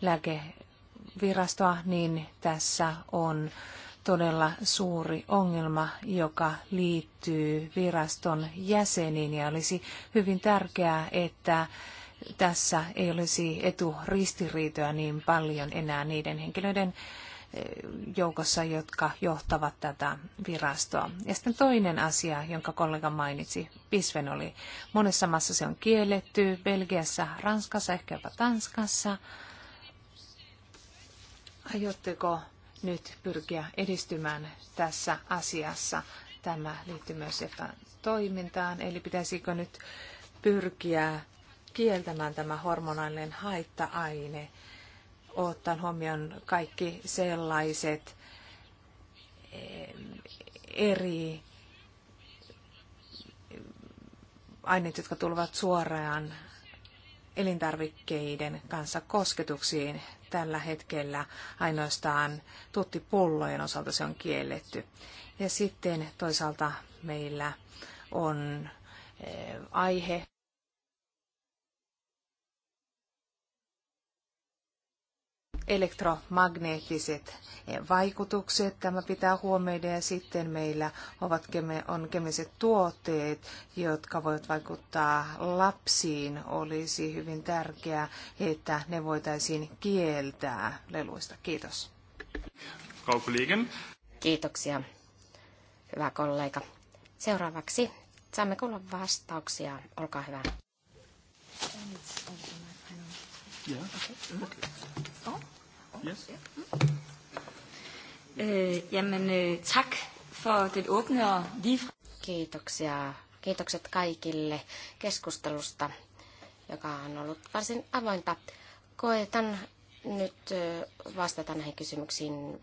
lääkevirastoa, niin tässä on todella suuri ongelma, joka liittyy viraston jäseniin ja olisi hyvin tärkeää, että tässä ei olisi eturistiriitoja niin paljon enää niiden henkilöiden joukossa, jotka johtavat tätä virastoa. Ja sitten toinen asia, jonka kollega mainitsi, bisfenoli. Monessa maassa se on kielletty, Belgiassa, Ranskassa, ehkä jopa Tanskassa. Aiotteko nyt pyrkiä edistymään tässä asiassa? Tämä liittyy myös toimintaan, eli pitäisikö nyt pyrkiä kieltämään tämä hormonaalinen haitta-aine ottaen huomioon kaikki sellaiset eh, eri aineet, jotka tulevat suoraan elintarvikkeiden kanssa kosketuksiin. Tällä hetkellä ainoastaan tuttipullojen osalta se on kielletty. Ja sitten toisaalta meillä on eh, aihe, elektromagneettiset vaikutukset. Tämä pitää huomioida ja sitten meillä ovat, on kemiset tuotteet, jotka voivat vaikuttaa lapsiin. Olisi hyvin tärkeää, että ne voitaisiin kieltää leluista. Kiitos. Kiitoksia, hyvä kollega. Seuraavaksi saamme kuulla vastauksia. Olkaa hyvä. Yeah. Okay. Okay. Yes. Øh, jamen, øh, tak for den åbne og lige... Kiitoksia. Kiitokset kaikille keskustelusta, joka on ollut varsin avointa. Koetan nyt vastata näihin kysymyksiin.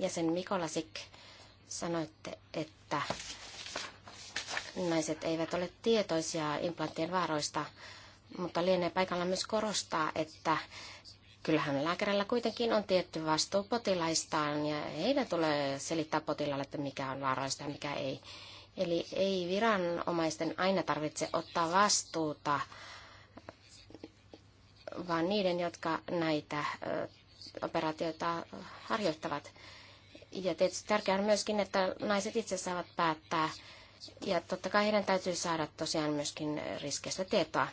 Jäsen Mikolasik, sanoitte, että naiset eivät ole tietoisia implanttien vaaroista, mutta lienee paikalla myös korostaa, että Kyllähän lääkärillä kuitenkin on tietty vastuu potilaistaan ja heidän tulee selittää potilaalle, että mikä on vaarallista ja mikä ei. Eli ei viranomaisten aina tarvitse ottaa vastuuta, vaan niiden, jotka näitä operaatioita harjoittavat. Ja tietysti tärkeää on myöskin, että naiset itse saavat päättää. Ja totta kai heidän täytyy saada tosiaan myöskin riskeistä tietoa.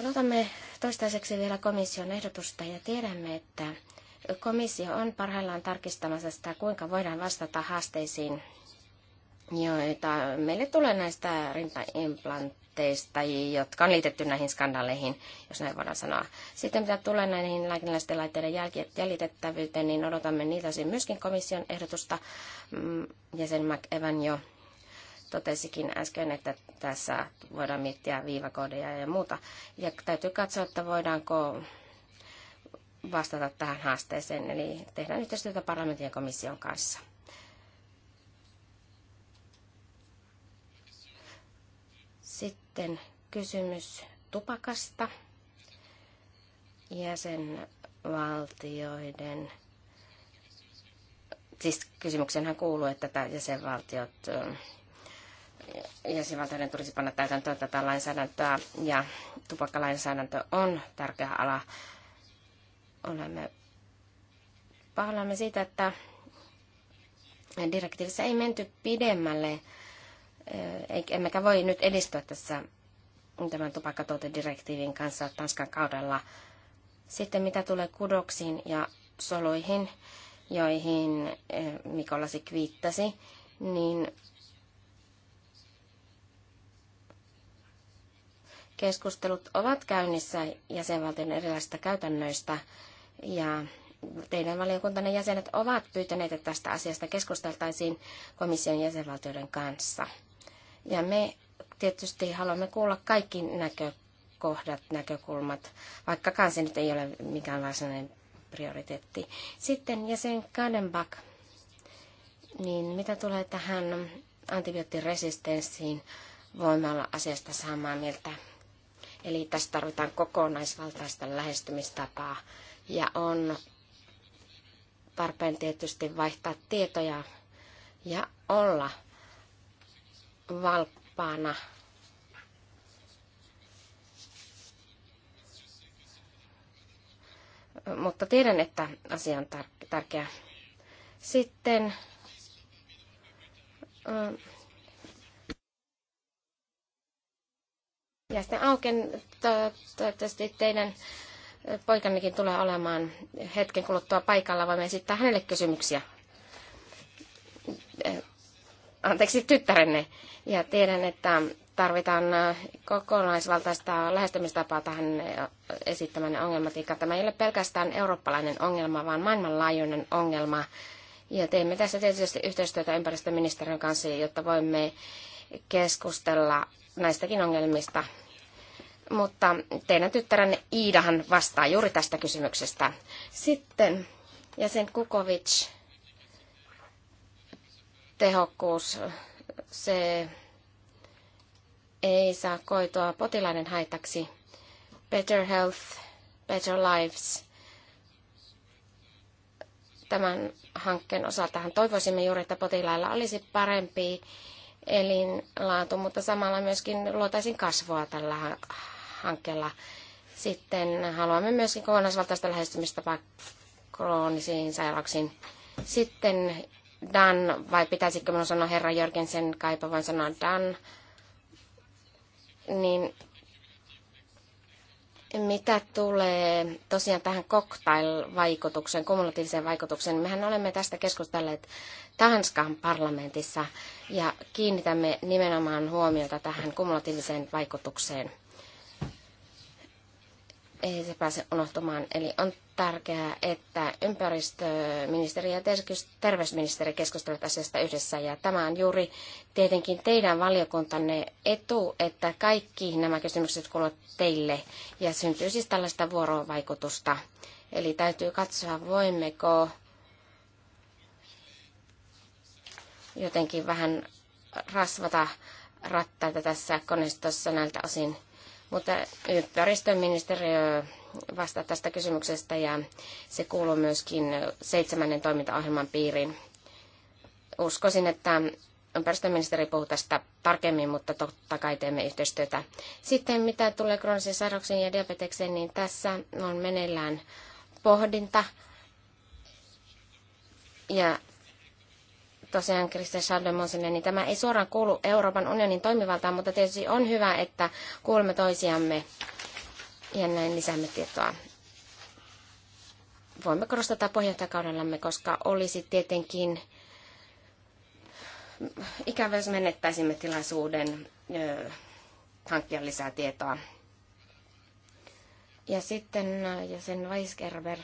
Odotamme toistaiseksi vielä komission ehdotusta ja tiedämme, että komissio on parhaillaan tarkistamassa sitä, kuinka voidaan vastata haasteisiin, joita meille tulee näistä rintaimplantteista, jotka on liitetty näihin skandaaleihin, jos näin voidaan sanoa. Sitten mitä tulee näihin lääkinnällisten laitteiden jäljitettävyyteen, niin odotamme niitä myöskin komission ehdotusta. Mm, jäsen McEvan jo totesikin äsken, että tässä voidaan miettiä viivakoodeja ja muuta. Ja täytyy katsoa, että voidaanko vastata tähän haasteeseen, eli tehdään yhteistyötä parlamentin ja komission kanssa. Sitten kysymys tupakasta. Jäsenvaltioiden siis kysymyksenhän kuuluu, että jäsenvaltiot jäsenvaltioiden tulisi panna täytäntöön tätä lainsäädäntöä ja tupakkalainsäädäntö on tärkeä ala. Olemme pahoillamme siitä, että direktiivissä ei menty pidemmälle, emmekä voi nyt edistyä tässä tämän tupakkatuotedirektiivin kanssa Tanskan kaudella. Sitten mitä tulee kudoksiin ja soluihin, joihin Mikolasi viittasi, niin Keskustelut ovat käynnissä jäsenvaltion erilaisista käytännöistä ja teidän valiokuntanne jäsenet ovat pyytäneet, että tästä asiasta keskusteltaisiin komission jäsenvaltioiden kanssa. Ja me tietysti haluamme kuulla kaikki näkökohdat, näkökulmat, vaikkakaan se nyt ei ole mikään varsinainen prioriteetti. Sitten jäsen Kadenbach, niin mitä tulee tähän antibioottiresistenssiin, voimme olla asiasta samaa mieltä. Eli tässä tarvitaan kokonaisvaltaista lähestymistapaa ja on tarpeen tietysti vaihtaa tietoja ja olla valppaana. Mutta tiedän, että asia on tärkeä. Sitten Ja sitten Auken, toivottavasti teidän poikannekin tulee olemaan hetken kuluttua paikalla. Voimme esittää hänelle kysymyksiä. Anteeksi, tyttärenne. Ja tiedän, että tarvitaan kokonaisvaltaista lähestymistapaa tähän esittämään ongelmatiikkaan. Tämä ei ole pelkästään eurooppalainen ongelma, vaan maailmanlaajuinen ongelma. Ja teemme tässä tietysti yhteistyötä ympäristöministeriön kanssa, jotta voimme keskustella näistäkin ongelmista mutta teidän tyttäränne Iidahan vastaa juuri tästä kysymyksestä. Sitten jäsen Kukovic, tehokkuus, se ei saa koitua potilaiden haitaksi. Better Health, Better Lives. Tämän hankkeen osaltahan toivoisimme juuri, että potilailla olisi parempi elinlaatu, mutta samalla myöskin luotaisin kasvua tällä hankkeella. Sitten haluamme myöskin kokonaisvaltaista lähestymistapaa kroonisiin sairauksiin. Sitten Dan, vai pitäisikö minun sanoa herra Jörgensen, kaipa voin sanoa Dan, niin mitä tulee tosiaan tähän cocktail-vaikutukseen, kumulatiiviseen vaikutukseen, niin mehän olemme tästä keskustelleet Tanskan parlamentissa ja kiinnitämme nimenomaan huomiota tähän kumulatiiviseen vaikutukseen ei se pääse unohtumaan. Eli on tärkeää, että ympäristöministeri ja terveysministeri keskustelevat asiasta yhdessä. Ja tämä on juuri tietenkin teidän valiokuntanne etu, että kaikki nämä kysymykset kuuluvat teille. Ja syntyy siis tällaista vuorovaikutusta. Eli täytyy katsoa, voimmeko jotenkin vähän rasvata rattaita tässä koneistossa näiltä osin. Mutta ympäristöministeriö vastaa tästä kysymyksestä ja se kuuluu myöskin seitsemännen toimintaohjelman piiriin. Uskoisin, että ympäristöministeri puhuu tästä tarkemmin, mutta totta kai teemme yhteistyötä. Sitten mitä tulee kroonisiin sairauksiin ja diabetekseen, niin tässä on meneillään pohdinta. Ja tosiaan Kristen Schaldemonsille, niin tämä ei suoraan kuulu Euroopan unionin toimivaltaan, mutta tietysti on hyvä, että kuulemme toisiamme ja näin lisäämme tietoa. Voimme korostaa tätä puheenjohtajakaudellamme, koska olisi tietenkin ikävä, jos menettäisimme tilaisuuden ö, hankkia lisää tietoa. Ja sitten jäsen Weisgerber.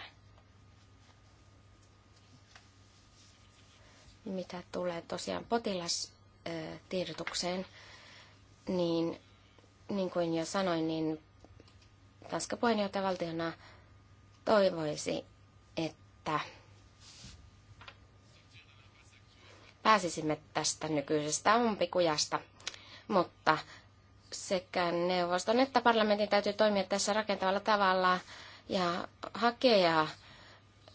mitä tulee tosiaan potilastiedotukseen, niin niin kuin jo sanoin, niin Tanska puheenjohtajavaltiona toivoisi, että pääsisimme tästä nykyisestä umpikujasta, mutta sekä neuvoston että parlamentin täytyy toimia tässä rakentavalla tavalla ja hakea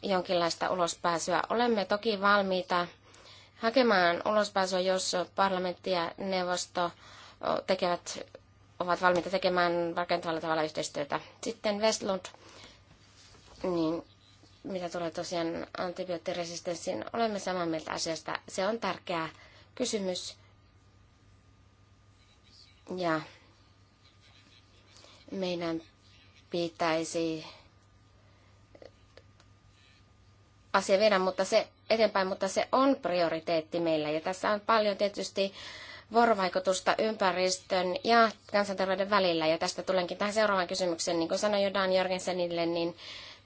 jonkinlaista ulospääsyä. Olemme toki valmiita hakemaan ulospääsyä, jos parlamentti ja neuvosto tekevät, ovat valmiita tekemään rakentavalla tavalla yhteistyötä. Sitten Westlund, niin mitä tulee tosiaan antibioottiresistenssiin, olemme samaa mieltä asiasta. Se on tärkeä kysymys. Ja meidän pitäisi asia viedä, mutta se eteenpäin, mutta se on prioriteetti meillä. Ja tässä on paljon tietysti vuorovaikutusta ympäristön ja kansanterveyden välillä. Ja tästä tulenkin tähän seuraavaan kysymykseen. Niin kuin sanoin jo Dan Jorgensenille, niin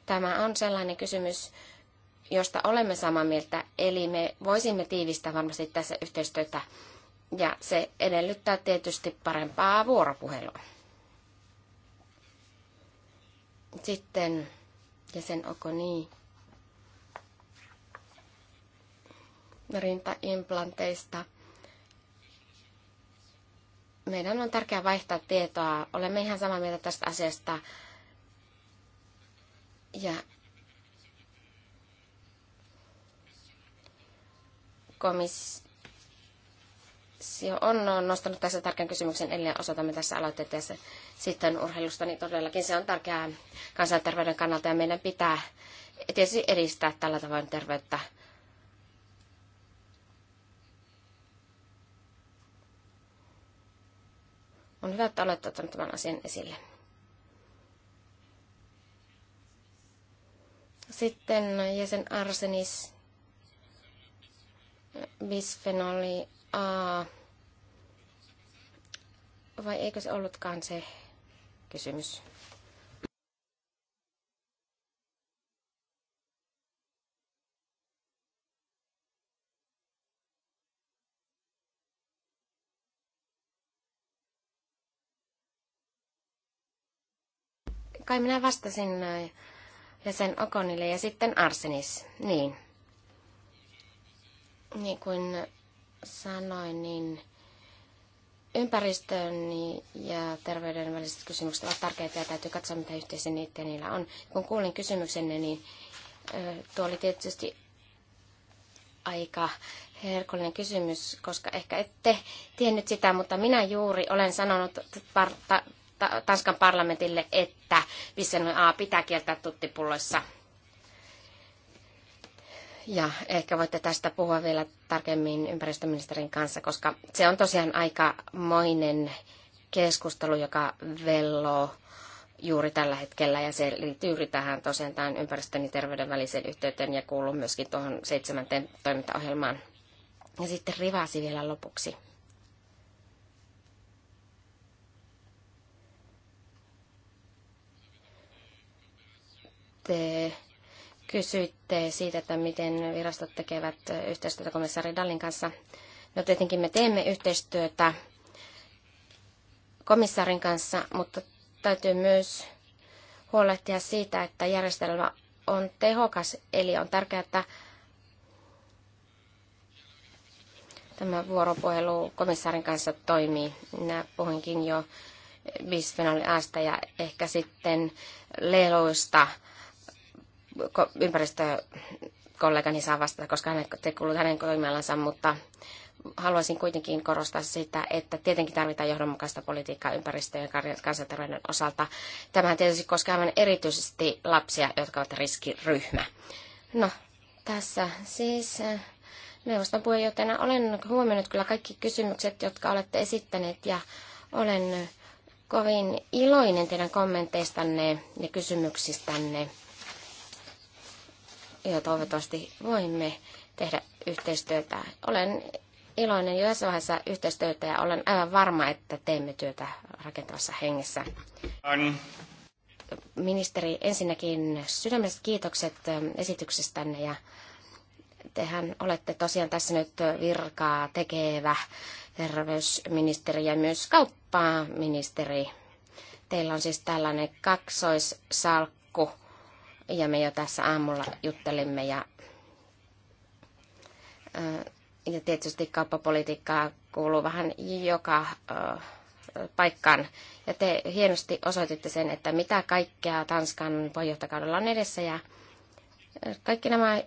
tämä on sellainen kysymys, josta olemme samaa mieltä. Eli me voisimme tiivistää varmasti tässä yhteistyötä. Ja se edellyttää tietysti parempaa vuoropuhelua. Sitten, ja sen onko niin, rintaimplanteista. Meidän on tärkeää vaihtaa tietoa. Olemme ihan samaa mieltä tästä asiasta. Ja komissio on nostanut tässä tärkeän kysymyksen, eli osoitamme tässä aloitteessa sitten urheilusta, niin todellakin se on tärkeää kansanterveyden kannalta ja meidän pitää tietysti edistää tällä tavoin terveyttä On hyvä, että olet ottanut tämän asian esille. Sitten jäsen arsenis, bisfenoli A. Vai eikö se ollutkaan se kysymys? Kai minä vastasin äh, ja sen Okonille ja sitten Arsenis. Niin. Niin kuin sanoin, niin ympäristön ja terveyden väliset kysymykset ovat tärkeitä ja täytyy katsoa, mitä yhteisiä niitä niillä on. Kun kuulin kysymyksenne, niin tuo oli tietysti aika herkullinen kysymys, koska ehkä ette tiennyt sitä, mutta minä juuri olen sanonut par- Tanskan parlamentille, että bisfenol A pitää kieltää tuttipulloissa. Ja ehkä voitte tästä puhua vielä tarkemmin ympäristöministerin kanssa, koska se on tosiaan aika moinen keskustelu, joka velloo juuri tällä hetkellä ja se liittyy juuri tähän tosiaan tämän ympäristön ja terveyden väliseen yhteyteen ja kuuluu myöskin tuohon seitsemänteen toimintaohjelmaan. Ja sitten rivasi vielä lopuksi. te kysyitte siitä, että miten virastot tekevät yhteistyötä komissaari Dallin kanssa. No tietenkin me teemme yhteistyötä komissaarin kanssa, mutta täytyy myös huolehtia siitä, että järjestelmä on tehokas, eli on tärkeää, että tämä vuoropuhelu komissaarin kanssa toimii. Minä puhuinkin jo bisfenoli ja ehkä sitten leluista ympäristökollegani saa vastata, koska hän ei kuullut hänen toimialansa, mutta haluaisin kuitenkin korostaa sitä, että tietenkin tarvitaan johdonmukaista politiikkaa ympäristöjen ja kansanterveyden osalta. Tämä tietysti koskee aivan erityisesti lapsia, jotka ovat riskiryhmä. No, tässä siis äh, neuvoston puheenjohtajana olen huomioinut kyllä kaikki kysymykset, jotka olette esittäneet ja olen kovin iloinen teidän kommenteistanne ja kysymyksistänne ja toivottavasti voimme tehdä yhteistyötä. Olen iloinen jo tässä vaiheessa yhteistyötä ja olen aivan varma, että teemme työtä rakentavassa hengessä. Ministeri, ensinnäkin sydämestä kiitokset ähm, esityksestänne ja tehän olette tosiaan tässä nyt virkaa tekevä terveysministeri ja myös kauppaministeri. Teillä on siis tällainen kaksoissalkku ja me jo tässä aamulla juttelimme ja, ja tietysti kauppapolitiikkaa kuuluu vähän joka paikkaan. Ja te hienosti osoititte sen, että mitä kaikkea Tanskan pohjohtakaudella on edessä ja kaikki nämä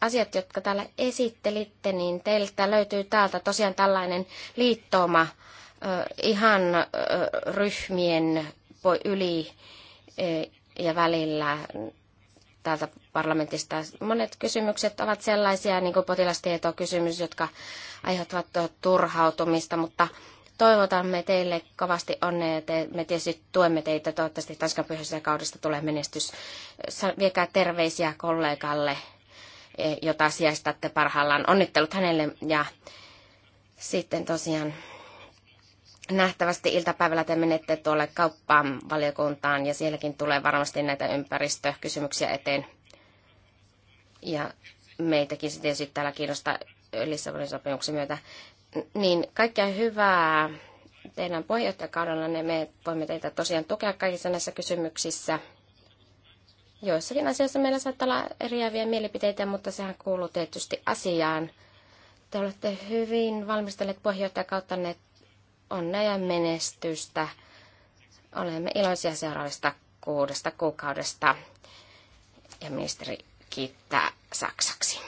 asiat, jotka täällä esittelitte, niin teiltä löytyy täältä tosiaan tällainen liittooma ihan ryhmien yli ja välillä täältä parlamentista. Monet kysymykset ovat sellaisia, niin kuin potilastietokysymys, jotka aiheuttavat turhautumista, mutta toivotamme teille kovasti onnea ja te, me tietysti tuemme teitä. Toivottavasti Tanskan kaudesta tulee menestys. Viekää terveisiä kollegalle, e, jota sijaistatte parhaillaan. Onnittelut hänelle ja sitten tosiaan Nähtävästi iltapäivällä te menette tuolle kauppaan valiokuntaan ja sielläkin tulee varmasti näitä ympäristökysymyksiä eteen. Ja meitäkin sitten tietysti täällä kiinnostaa Lissabonin sopimuksen myötä. Niin kaikkea hyvää teidän niin Me voimme teitä tosiaan tukea kaikissa näissä kysymyksissä. Joissakin asioissa meillä saattaa olla eriäviä mielipiteitä, mutta sehän kuuluu tietysti asiaan. Te olette hyvin valmistelleet että onnea ja menestystä. Olemme iloisia seuraavista kuudesta kuukaudesta ja ministeri kiittää Saksaksi.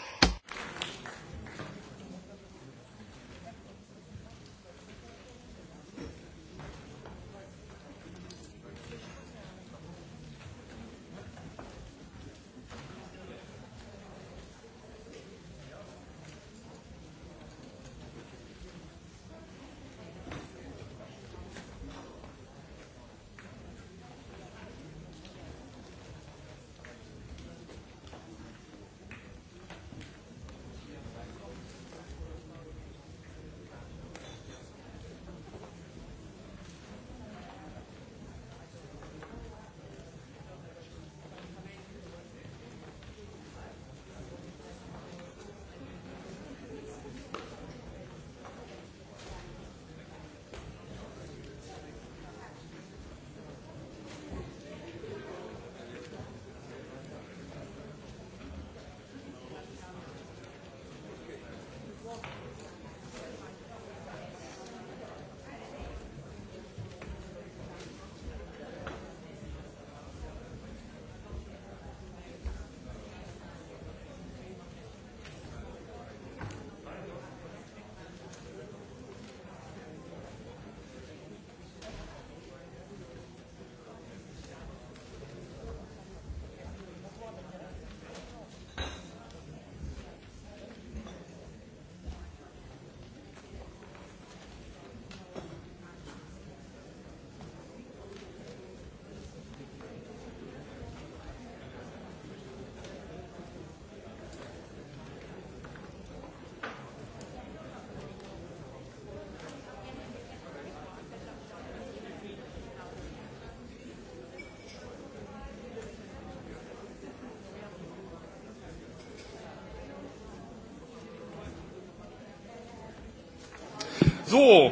So,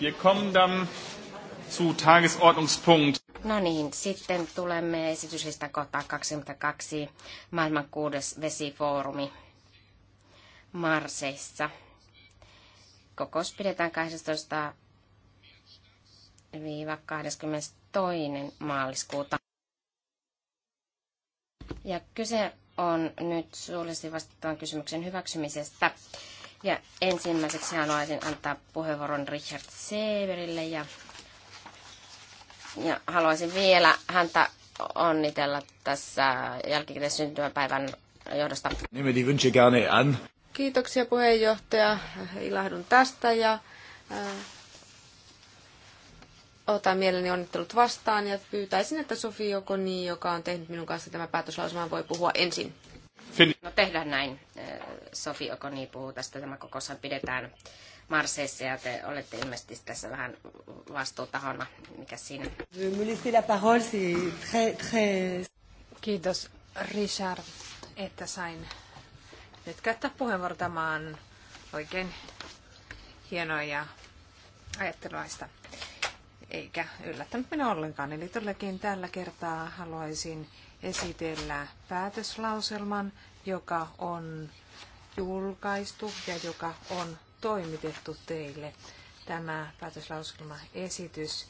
wir kommen dann zu Tagesordnungspunkt. No niin, sitten tulemme esityslistan kohtaan 22, maailman kuudes vesifoorumi Marseissa. Kokous pidetään 12 22. maaliskuuta. Ja kyse on nyt suullisesti vastattavan kysymyksen hyväksymisestä. Ja ensimmäiseksi haluaisin antaa puheenvuoron Richard Severille ja, ja haluaisin vielä häntä onnitella tässä jälkikäteen syntymäpäivän johdosta. Kiitoksia puheenjohtaja. Ilahdun tästä ja äh, otan mieleni onnittelut vastaan ja pyytäisin, että Sofi Jokoni, joka on tehnyt minun kanssa tämä päätöslausuma, voi puhua ensin. No tehdään näin. Sofi Okoni puhuu tästä. Tämä kokoushan pidetään Marseissa ja te olette ilmeisesti tässä vähän vastuutahona. Mikä siinä? Kiitos Richard, että sain nyt käyttää puheenvuoron. Tämä on oikein hienoa ja ajatteluaista. Eikä yllättänyt minä ollenkaan. Eli todellakin tällä kertaa haluaisin esitellä päätöslauselman, joka on julkaistu ja joka on toimitettu teille. Tämä esitys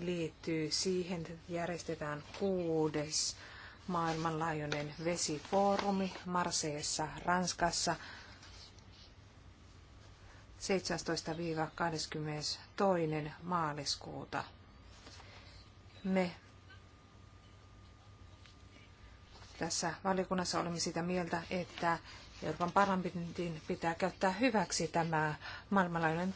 liittyy siihen, että järjestetään kuudes maailmanlaajuinen vesifoorumi Marseessa, Ranskassa 17-22. maaliskuuta. Me tässä valiokunnassa olemme sitä mieltä, että Euroopan parlamentin pitää käyttää hyväksi tämä maailmanlainen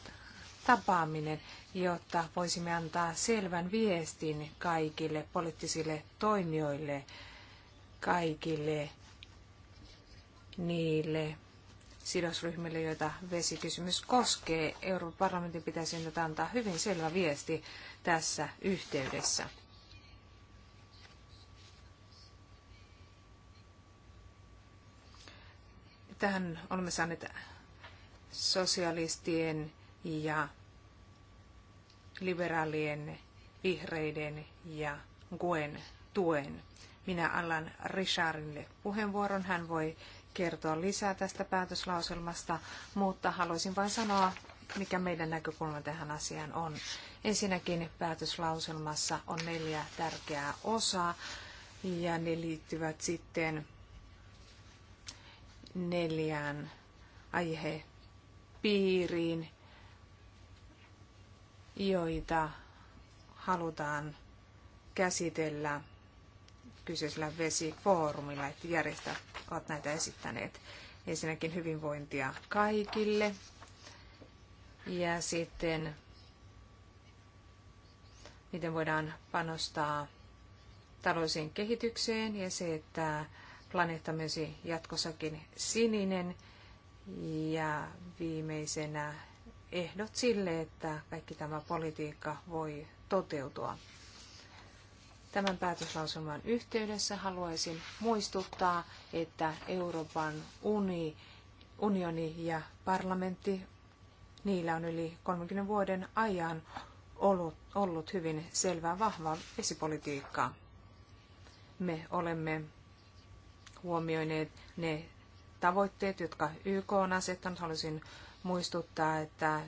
tapaaminen, jotta voisimme antaa selvän viestin kaikille poliittisille toimijoille, kaikille niille sidosryhmille, joita vesikysymys koskee. Euroopan parlamentin pitäisi nyt antaa hyvin selvä viesti tässä yhteydessä. Tähän olemme saaneet sosialistien ja liberaalien, vihreiden ja Guen tuen. Minä annan Richardille puheenvuoron. Hän voi kertoa lisää tästä päätöslauselmasta, mutta haluaisin vain sanoa, mikä meidän näkökulma tähän asiaan on. Ensinnäkin päätöslauselmassa on neljä tärkeää osaa ja ne liittyvät sitten neljään aihepiiriin, joita halutaan käsitellä kyseisellä vesifoorumilla, että järjestäjät ovat näitä esittäneet. Ensinnäkin hyvinvointia kaikille ja sitten miten voidaan panostaa taloudelliseen kehitykseen ja se, että planeettamme olisi jatkossakin sininen. Ja viimeisenä ehdot sille, että kaikki tämä politiikka voi toteutua. Tämän päätöslausuman yhteydessä haluaisin muistuttaa, että Euroopan uni, unioni ja parlamentti, niillä on yli 30 vuoden ajan ollut, ollut hyvin selvää vahvaa vesipolitiikkaa. Me olemme huomioineet ne tavoitteet, jotka YK on asettanut. Haluaisin muistuttaa, että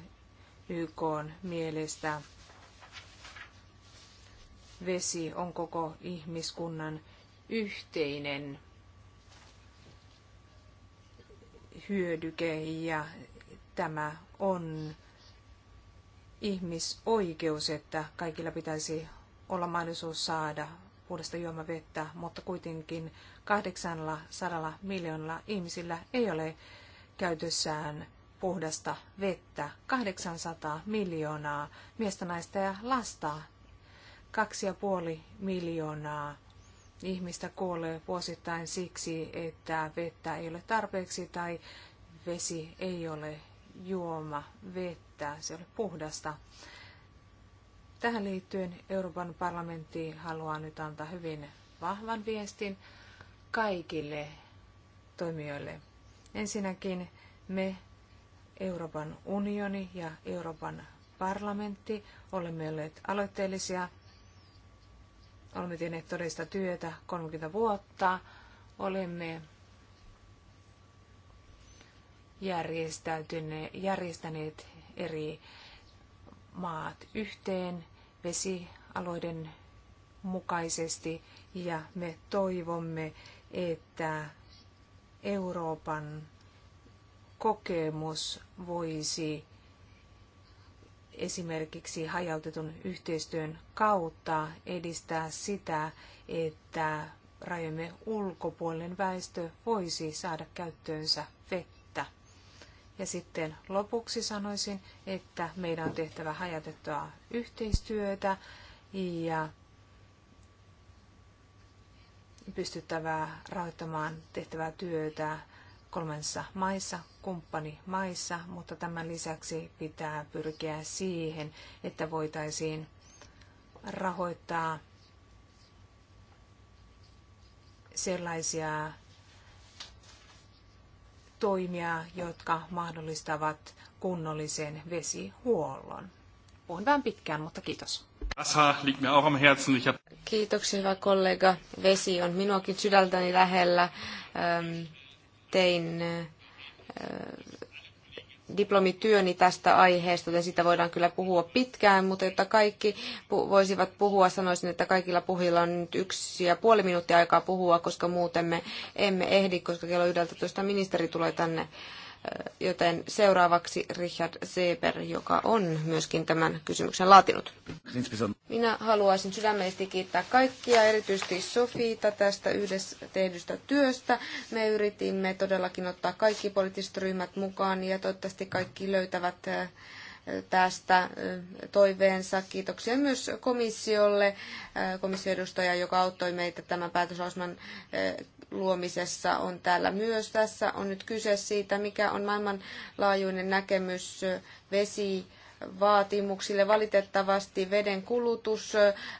YK on mielestä vesi on koko ihmiskunnan yhteinen hyödyke ja tämä on ihmisoikeus, että kaikilla pitäisi olla mahdollisuus saada puhdasta juomavettä, mutta kuitenkin 800 miljoonalla ihmisillä ei ole käytössään puhdasta vettä. 800 miljoonaa miestä, naista ja lasta. 2,5 miljoonaa ihmistä kuolee vuosittain siksi, että vettä ei ole tarpeeksi tai vesi ei ole juoma vettä, se ei ole puhdasta. Tähän liittyen Euroopan parlamentti haluaa nyt antaa hyvin vahvan viestin kaikille toimijoille. Ensinnäkin me Euroopan unioni ja Euroopan parlamentti olemme olleet aloitteellisia. Olemme tehneet todellista työtä 30 vuotta. Olemme järjestäneet eri maat yhteen vesialoiden mukaisesti ja me toivomme, että Euroopan kokemus voisi esimerkiksi hajautetun yhteistyön kautta edistää sitä, että rajojemme ulkopuolinen väestö voisi saada käyttöönsä vettä. Ja sitten lopuksi sanoisin, että meidän on tehtävä hajautettua yhteistyötä ja pystyttävä rahoittamaan tehtävää työtä kolmessa maissa, kumppanimaissa, mutta tämän lisäksi pitää pyrkiä siihen, että voitaisiin rahoittaa sellaisia toimia, jotka mahdollistavat kunnollisen vesihuollon. Puhun vähän pitkään, mutta kiitos. Kiitoksia, hyvä kollega. Vesi on minuakin sydältäni lähellä. Tein diplomityöni tästä aiheesta, joten sitä voidaan kyllä puhua pitkään, mutta jotta kaikki voisivat puhua, sanoisin, että kaikilla puhilla on nyt yksi ja puoli minuuttia aikaa puhua, koska muuten me emme ehdi, koska kello 11 ministeri tulee tänne joten seuraavaksi Richard Seber, joka on myöskin tämän kysymyksen laatinut. Minä haluaisin sydämellisesti kiittää kaikkia, erityisesti Sofiita tästä yhdessä tehdystä työstä. Me yritimme todellakin ottaa kaikki poliittiset ryhmät mukaan ja toivottavasti kaikki löytävät tästä toiveensa. Kiitoksia myös komissiolle, komissioedustaja, joka auttoi meitä tämän päätöslausman luomisessa on täällä myös. Tässä on nyt kyse siitä, mikä on maailmanlaajuinen näkemys vesi vaatimuksille. Valitettavasti veden kulutus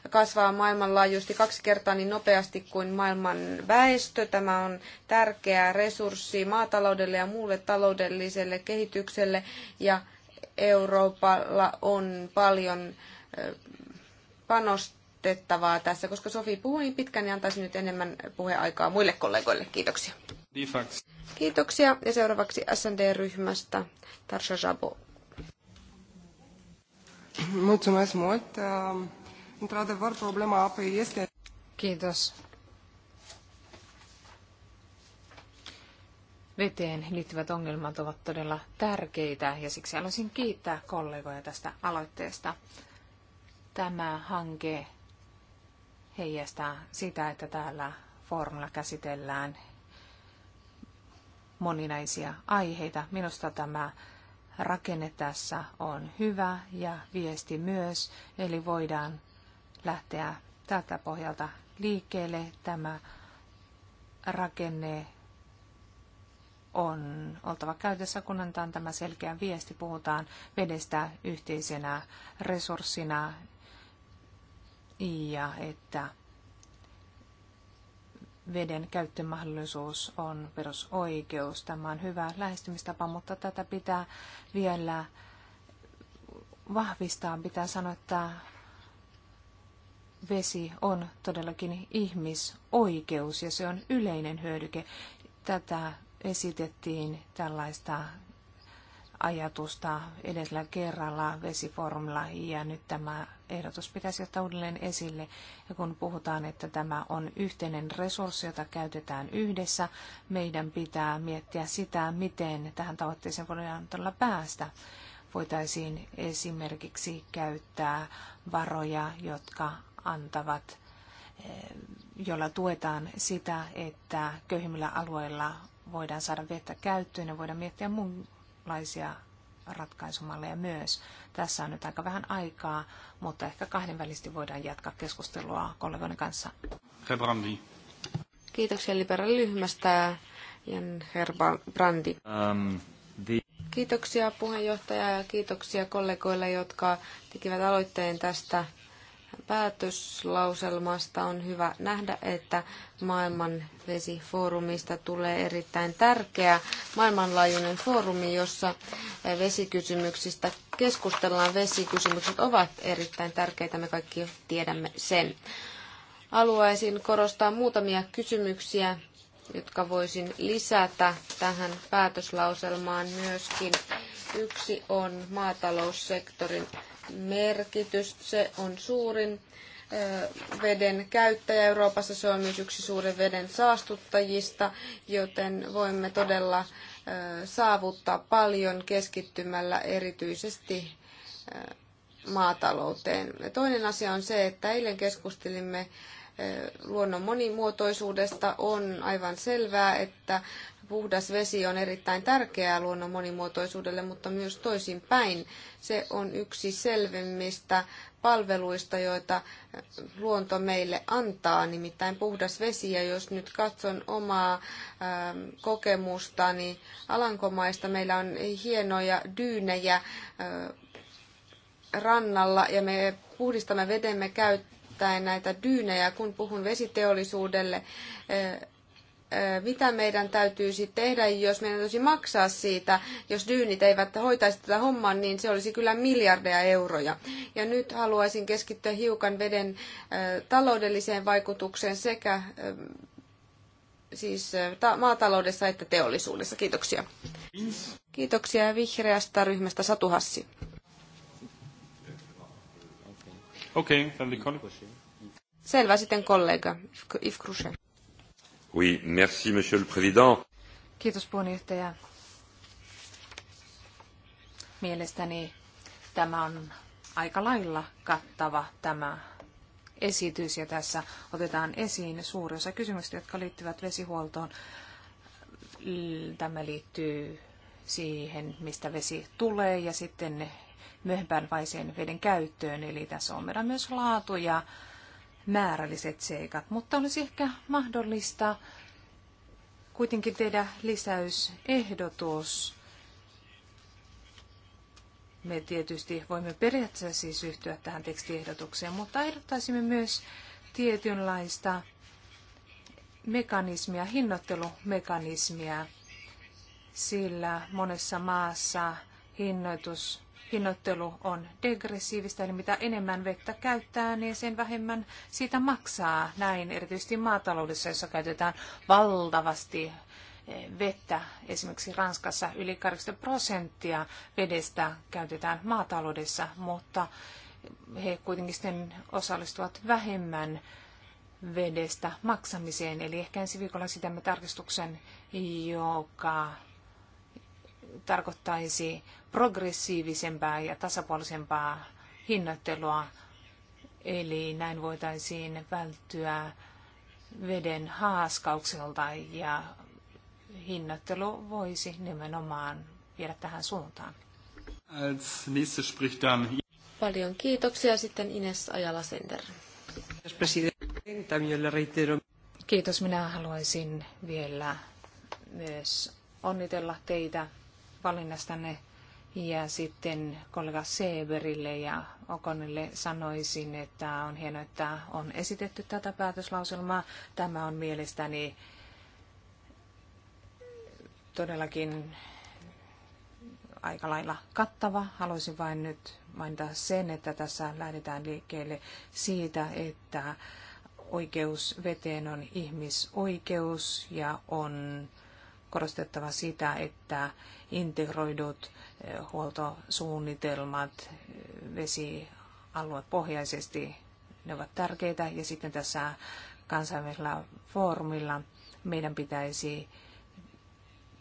kasvaa maailmanlaajuisesti kaksi kertaa niin nopeasti kuin maailman väestö. Tämä on tärkeä resurssi maataloudelle ja muulle taloudelliselle kehitykselle ja Euroopalla on paljon panosta otettavaa tässä, koska Sofi puhui niin pitkään, niin antaisin nyt enemmän puheaikaa muille kollegoille. Kiitoksia. Kiitoksia. Ja seuraavaksi SND-ryhmästä Tarsha Jabo. Kiitos. Veteen liittyvät ongelmat ovat todella tärkeitä ja siksi haluaisin kiittää kollegoja tästä aloitteesta. Tämä hanke heijastaa sitä, että täällä foorumilla käsitellään moninaisia aiheita. Minusta tämä rakenne tässä on hyvä ja viesti myös, eli voidaan lähteä tältä pohjalta liikkeelle. Tämä rakenne on oltava käytössä, kun antaa tämä selkeä viesti. Puhutaan vedestä yhteisenä resurssina, ja että veden käyttömahdollisuus on perusoikeus. Tämä on hyvä lähestymistapa, mutta tätä pitää vielä vahvistaa. Pitää sanoa, että vesi on todellakin ihmisoikeus ja se on yleinen hyödyke. Tätä esitettiin tällaista ajatusta edellä kerralla vesifoorumilla ja nyt tämä ehdotus pitäisi ottaa uudelleen esille. Ja kun puhutaan, että tämä on yhteinen resurssi, jota käytetään yhdessä, meidän pitää miettiä sitä, miten tähän tavoitteeseen voidaan todella päästä. Voitaisiin esimerkiksi käyttää varoja, jotka antavat eh, jolla tuetaan sitä, että köyhimmillä alueilla voidaan saada vettä käyttöön ja voidaan miettiä erilaisia ratkaisumalleja myös. Tässä on nyt aika vähän aikaa, mutta ehkä kahdenvälisesti voidaan jatkaa keskustelua kollegoiden kanssa. Herbrandi. Kiitoksia liberaaliryhmästä, Jan Herbrandi. Um, the... Kiitoksia puheenjohtaja ja kiitoksia kollegoille, jotka tekivät aloitteen tästä päätöslauselmasta on hyvä nähdä, että maailman vesifoorumista tulee erittäin tärkeä maailmanlaajuinen foorumi, jossa vesikysymyksistä keskustellaan. Vesikysymykset ovat erittäin tärkeitä, me kaikki tiedämme sen. Haluaisin korostaa muutamia kysymyksiä, jotka voisin lisätä tähän päätöslauselmaan myöskin. Yksi on maataloussektorin merkitys. Se on suurin veden käyttäjä Euroopassa. Se on myös yksi suurin veden saastuttajista, joten voimme todella saavuttaa paljon keskittymällä erityisesti maatalouteen. Toinen asia on se, että eilen keskustelimme luonnon monimuotoisuudesta. On aivan selvää, että puhdas vesi on erittäin tärkeää luonnon monimuotoisuudelle, mutta myös toisinpäin. Se on yksi selvemmistä palveluista, joita luonto meille antaa, nimittäin puhdas vesi. Ja jos nyt katson omaa ähm, kokemustani Alankomaista, meillä on hienoja dyynejä äh, rannalla ja me puhdistamme vedemme käyttäen näitä dyynejä. Kun puhun vesiteollisuudelle, äh, mitä meidän täytyisi tehdä, jos meidän täytyisi maksaa siitä, jos dyynit eivät hoitaisi tätä hommaa, niin se olisi kyllä miljardeja euroja. Ja nyt haluaisin keskittyä hiukan veden taloudelliseen vaikutukseen sekä siis maataloudessa että teollisuudessa. Kiitoksia. Kiitoksia vihreästä ryhmästä Satu Hassi. okay, Selvä sitten kollega Yves Oui, merci, monsieur le président. Kiitos puheenjohtaja. Mielestäni tämä on aika lailla kattava tämä esitys ja tässä otetaan esiin suuri osa kysymyksistä, jotka liittyvät vesihuoltoon. Tämä liittyy siihen, mistä vesi tulee ja sitten myöhempään vaiheeseen veden käyttöön. Eli tässä on meidän myös laatu ja määrälliset seikat, mutta olisi ehkä mahdollista kuitenkin tehdä lisäysehdotus. Me tietysti voimme periaatteessa siis yhtyä tähän tekstiehdotukseen, mutta ehdottaisimme myös tietynlaista mekanismia, hinnoittelumekanismia, sillä monessa maassa hinnoitus hinnoittelu on degressiivistä, eli mitä enemmän vettä käyttää, niin sen vähemmän siitä maksaa. Näin erityisesti maataloudessa, jossa käytetään valtavasti eh, vettä. Esimerkiksi Ranskassa yli 80 prosenttia vedestä käytetään maataloudessa, mutta he kuitenkin sitten osallistuvat vähemmän vedestä maksamiseen. Eli ehkä ensi viikolla sitämme tarkistuksen, joka tarkoittaisi progressiivisempaa ja tasapuolisempaa hinnoittelua. Eli näin voitaisiin välttyä veden haaskaukselta ja hinnoittelu voisi nimenomaan viedä tähän suuntaan. Als spricht dann... Paljon kiitoksia. Sitten Ines ajala Kiitos. Minä haluaisin vielä myös onnitella teitä valinnastanne ja sitten kollega Severille ja Okonille sanoisin, että on hienoa, että on esitetty tätä päätöslauselmaa. Tämä on mielestäni todellakin aika lailla kattava. Haluaisin vain nyt mainita sen, että tässä lähdetään liikkeelle siitä, että oikeus veteen on ihmisoikeus ja on korostettava sitä, että integroidut eh, huoltosuunnitelmat eh, pohjaisesti ne ovat tärkeitä. Ja sitten tässä kansainvälisellä foorumilla meidän pitäisi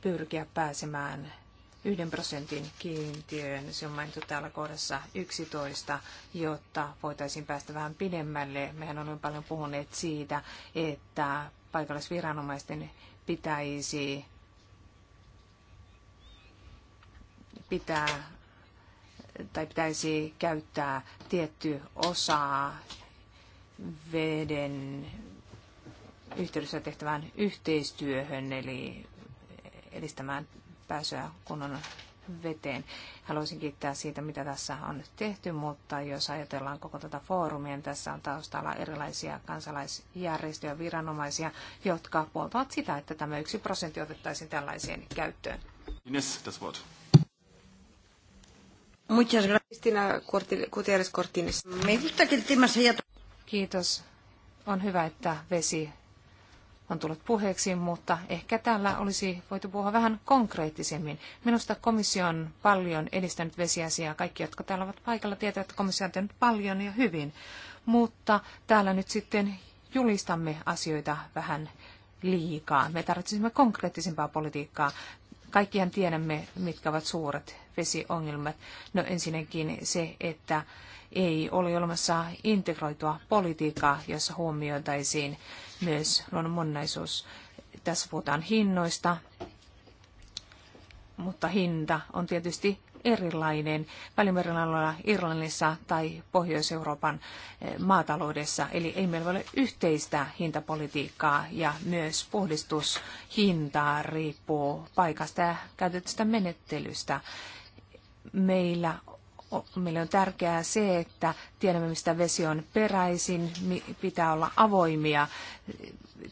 pyrkiä pääsemään yhden prosentin kiintiöön, se on mainittu täällä kohdassa 11, jotta voitaisiin päästä vähän pidemmälle. Mehän olemme paljon puhuneet siitä, että paikallisviranomaisten pitäisi pitää tai pitäisi käyttää tietty osa veden yhteydessä tehtävään yhteistyöhön, eli edistämään pääsyä kunnon veteen. Haluaisin kiittää siitä, mitä tässä on tehty, mutta jos ajatellaan koko tätä foorumia, niin tässä on taustalla erilaisia kansalaisjärjestöjä, viranomaisia, jotka puoltavat sitä, että tämä yksi prosentti otettaisiin tällaiseen käyttöön. Ines, das Wort. Muchas gracias. Cristina Gutierrez Cortines. Me gusta que el tema se haya... Kiitos. On hyvä, että vesi on tullut puheeksi, mutta ehkä täällä olisi voitu puhua vähän konkreettisemmin. Minusta komissio on paljon edistänyt vesiasiaa. Kaikki, jotka täällä ovat paikalla, tietävät, että komissio on tehnyt paljon ja hyvin. Mutta täällä nyt sitten julistamme asioita vähän liikaa. Me tarvitsisimme konkreettisempaa politiikkaa. Kaikkihan tiedämme, mitkä ovat suuret vesiongelmat? No ensinnäkin se, että ei ole olemassa integroitua politiikkaa, jossa huomioitaisiin myös luonnon moninaisuus. Tässä puhutaan hinnoista, mutta hinta on tietysti erilainen Välimeren alueella Irlannissa tai Pohjois-Euroopan eh, maataloudessa. Eli ei meillä ole yhteistä hintapolitiikkaa ja myös puhdistushintaa riippuu paikasta ja käytetystä menettelystä meillä meille on tärkeää se, että tiedämme, mistä vesi on peräisin, pitää olla avoimia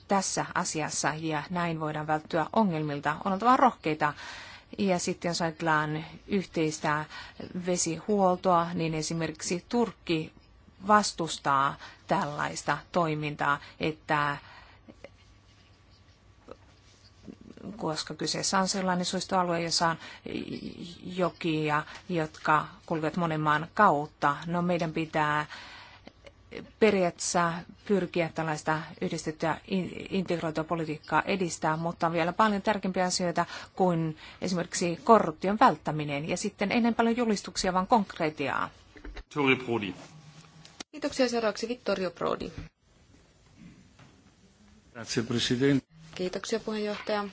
tässä asiassa ja näin voidaan välttyä ongelmilta. On oltava rohkeita ja sitten jos ajatellaan yhteistä vesihuoltoa, niin esimerkiksi Turkki vastustaa tällaista toimintaa, että koska kyseessä on sellainen suistoalue, jossa on jokia, jotka kulkevat monen maan kautta. No meidän pitää periaatteessa pyrkiä tällaista yhdistettyä integroitua politiikkaa edistää, mutta on vielä paljon tärkeimpiä asioita kuin esimerkiksi korruption välttäminen ja sitten ennen paljon julistuksia, vaan konkretiaa. Prodi. Kiitoksia seuraavaksi Vittorio Prodi. Grazie, Presidente. Kiitoksia puheenjohtaja.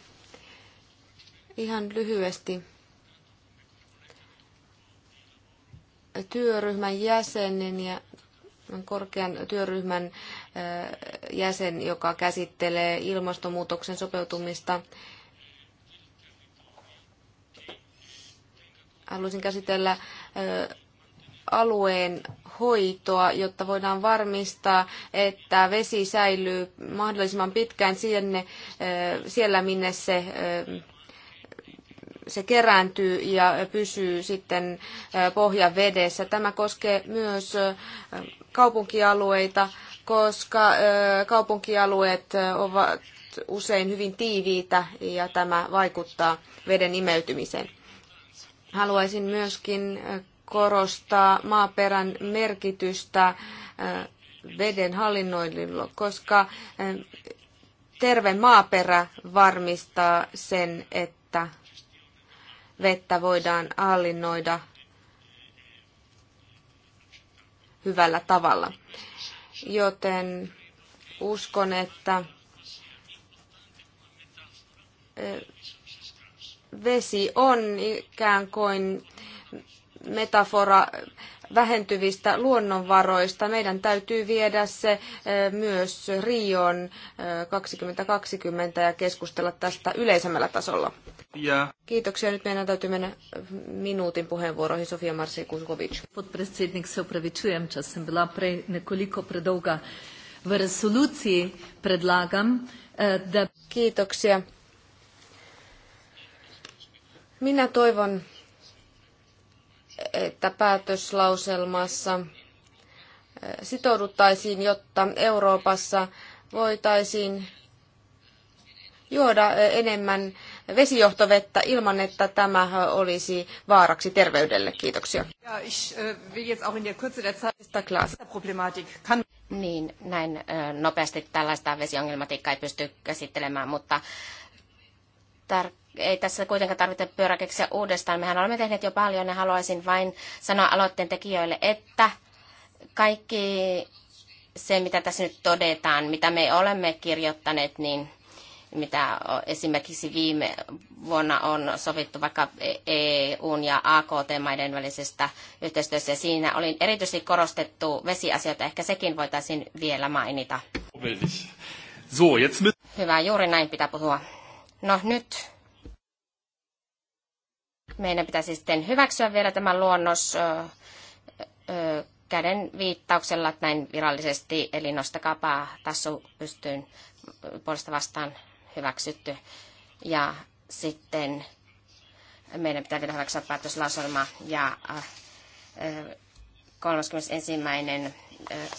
Ihan lyhyesti. Työryhmän jäsenen ja korkean työryhmän eh, jäsen, joka käsittelee ilmastonmuutoksen sopeutumista. Haluaisin käsitellä eh, alueen hoitoa, jotta voidaan varmistaa, että vesi säilyy mahdollisimman pitkään sinne, eh, siellä, minne se se kerääntyy ja pysyy sitten pohjavedessä. Tämä koskee myös kaupunkialueita, koska kaupunkialueet ovat usein hyvin tiiviitä ja tämä vaikuttaa veden imeytymiseen. Haluaisin myöskin korostaa maaperän merkitystä veden hallinnoinnilla, koska terve maaperä varmistaa sen, että vettä voidaan hallinnoida hyvällä tavalla. Joten uskon, että vesi on ikään kuin metafora vähentyvistä luonnonvaroista. Meidän täytyy viedä se myös Rion 2020 ja keskustella tästä yleisemmällä tasolla. Sofia. Kiitoksia. Nyt meidän täytyy mennä minuutin puheenvuoroihin. Sofia Marsi Kuskovic. Podpredsednik, se opravičujem, če sem bila prej nekoliko predolga. V resoluciji predlagam, eh, da... Kiitoksia. Minä toivon, että päätöslauselmassa eh, sitouduttaisiin, jotta Euroopassa voitaisiin juoda eh, enemmän vesijohtovettä ilman, että tämä olisi vaaraksi terveydelle. Kiitoksia. Ja, ich, äh, will jetzt auch in der Kürze der Zeit... Niin, näin äh, nopeasti tällaista vesiongelmatiikkaa ei pysty käsittelemään, mutta tar- ei tässä kuitenkaan tarvitse pyöräkeksiä uudestaan. Mehän olemme tehneet jo paljon ja haluaisin vain sanoa aloitteen tekijöille, että kaikki se, mitä tässä nyt todetaan, mitä me olemme kirjoittaneet, niin mitä esimerkiksi viime vuonna on sovittu vaikka EUn ja AKT-maiden välisestä yhteistyössä. Ja siinä oli erityisesti korostettu vesiasioita. Ehkä sekin voitaisiin vielä mainita. Hyvä, juuri näin pitää puhua. No nyt meidän pitäisi sitten hyväksyä vielä tämä luonnos ö, ö, käden viittauksella näin virallisesti, eli nostakaa pää tassu pystyyn puolesta vastaan hyväksytty. Ja sitten meidän pitää vielä hyväksyä päätöslauselma ja 31. Äh, äh,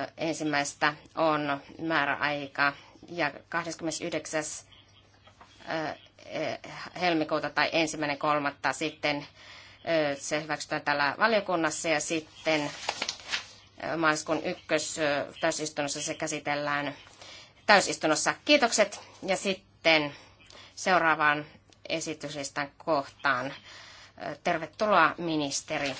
äh, ensimmäistä on määräaika ja 29. Eh, helmikuuta tai ensimmäinen kolmatta sitten se hyväksytään täällä valiokunnassa ja sitten maaliskuun ykkös täysistunnossa se käsitellään täysistunnossa. Kiitokset ja sitten seuraavaan esityslistan kohtaan. Tervetuloa ministeri.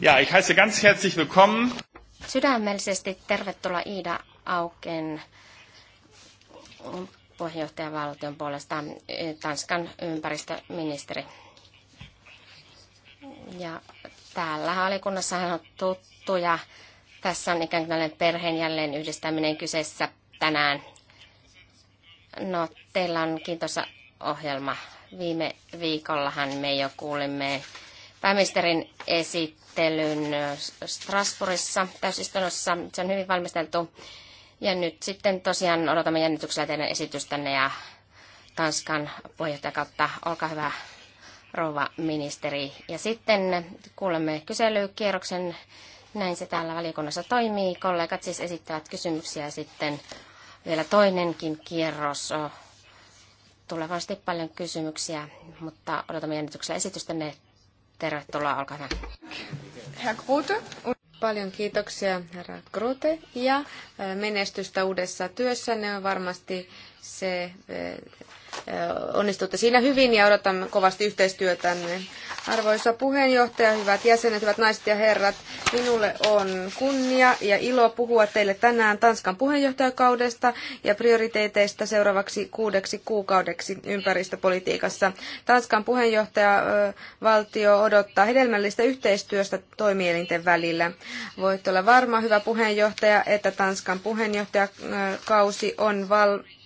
Ja, ich heiße ganz herzlich willkommen. Sydämellisesti tervetuloa Iida Auken puheenjohtajavaltion puolesta eh, Tanskan ympäristöministeri. Ja täällä valiokunnassa hän on ja Tässä on ikään kuin perheen jälleen yhdistäminen kyseessä tänään. No, teillä on kiintoisa ohjelma. Viime viikollahan me jo kuulimme pääministerin esittelyn Strasbourgissa täysistunnossa. Se on hyvin valmisteltu ja nyt sitten tosiaan odotamme jännityksellä teidän esitystänne ja Tanskan kautta. Olkaa hyvä, rouva ministeri. Ja sitten kuulemme kyselykierroksen. Näin se täällä valiokunnassa toimii. Kollegat siis esittävät kysymyksiä sitten vielä toinenkin kierros. Oh, Tulee varmasti paljon kysymyksiä, mutta odotamme jännityksellä esitystänne. Tervetuloa, olkaa hyvä. Herr Grote. Paljon kiitoksia, herra Grote, ja menestystä uudessa työssä. Ne on varmasti se, onnistutte siinä hyvin ja odotamme kovasti yhteistyötä. Arvoisa puheenjohtaja, hyvät jäsenet, hyvät naiset ja herrat, minulle on kunnia ja ilo puhua teille tänään Tanskan puheenjohtajakaudesta ja prioriteeteista seuraavaksi kuudeksi kuukaudeksi ympäristöpolitiikassa. Tanskan puheenjohtajavaltio odottaa hedelmällistä yhteistyöstä toimielinten välillä. Voit olla varma, hyvä puheenjohtaja, että Tanskan puheenjohtajakausi on valmis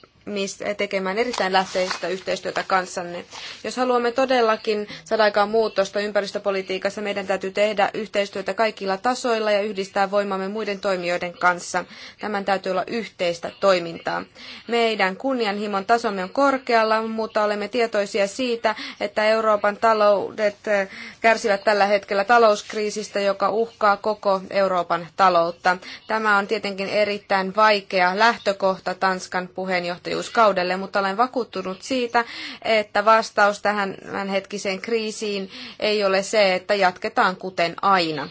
tekemään erittäin lähteistä yhteistyötä kanssanne. Jos haluamme todellakin saada aikaan muutosta ympäristöpolitiikassa, meidän täytyy tehdä yhteistyötä kaikilla tasoilla ja yhdistää voimamme muiden toimijoiden kanssa. Tämän täytyy olla yhteistä toimintaa. Meidän kunnianhimon tasomme on korkealla, mutta olemme tietoisia siitä, että Euroopan taloudet eh, kärsivät tällä hetkellä talouskriisistä, joka uhkaa koko Euroopan taloutta. Tämä on tietenkin erittäin vaikea lähtökohta Tanskan puheenjohtajuuden puheenjohtajuuskaudelle, mutta olen vakuuttunut siitä, että vastaus tähän hetkiseen kriisiin ei ole se, että jatketaan kuten aina.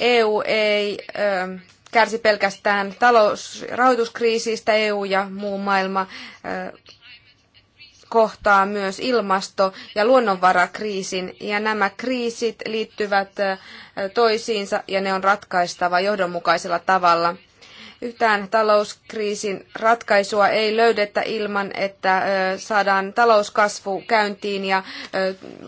EU ei ähm, kärsi pelkästään talousrahoituskriisistä, EU ja muu maailma äh, kohtaa myös ilmasto- ja luonnonvarakriisin, ja nämä kriisit liittyvät äh, toisiinsa, ja ne on ratkaistava johdonmukaisella tavalla. Yhtään talouskriisin ratkaisua ei löydetä ilman, että saadaan talouskasvu käyntiin ja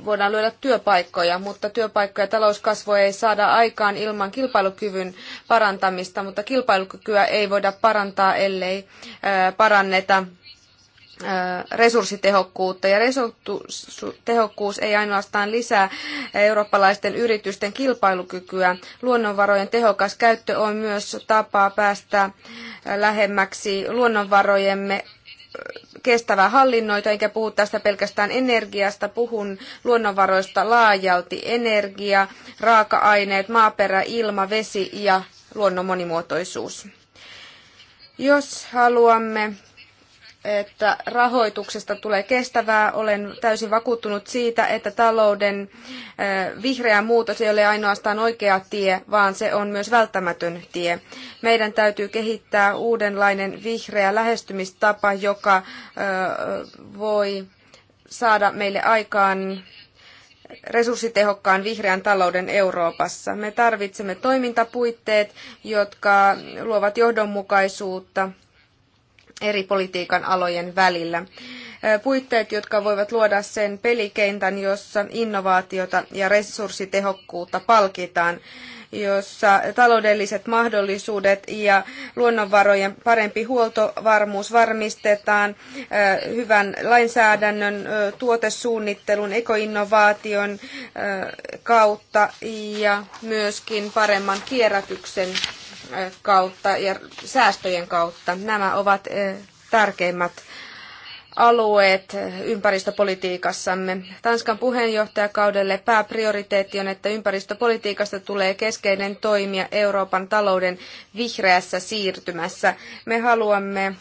voidaan löydä työpaikkoja, mutta työpaikkoja ja talouskasvua ei saada aikaan ilman kilpailukyvyn parantamista, mutta kilpailukykyä ei voida parantaa, ellei paranneta resurssitehokkuutta. Ja resurssitehokkuus ei ainoastaan lisää eurooppalaisten yritysten kilpailukykyä. Luonnonvarojen tehokas käyttö on myös tapa päästä lähemmäksi luonnonvarojemme kestävää hallinnoita, enkä puhu tästä pelkästään energiasta, puhun luonnonvaroista laajalti. Energia, raaka-aineet, maaperä, ilma, vesi ja luonnon monimuotoisuus. Jos haluamme että rahoituksesta tulee kestävää. Olen täysin vakuuttunut siitä, että talouden vihreä muutos ei ole ainoastaan oikea tie, vaan se on myös välttämätön tie. Meidän täytyy kehittää uudenlainen vihreä lähestymistapa, joka voi saada meille aikaan resurssitehokkaan vihreän talouden Euroopassa. Me tarvitsemme toimintapuitteet, jotka luovat johdonmukaisuutta eri politiikan alojen välillä. Puitteet, jotka voivat luoda sen pelikentän, jossa innovaatiota ja resurssitehokkuutta palkitaan jossa taloudelliset mahdollisuudet ja luonnonvarojen parempi huoltovarmuus varmistetaan hyvän lainsäädännön, tuotesuunnittelun, ekoinnovaation kautta ja myöskin paremman kierrätyksen kautta ja säästöjen kautta. Nämä ovat eh, tärkeimmät alueet ympäristöpolitiikassamme. Tanskan puheenjohtajakaudelle pääprioriteetti on, että ympäristöpolitiikasta tulee keskeinen toimija Euroopan talouden vihreässä siirtymässä. Me haluamme,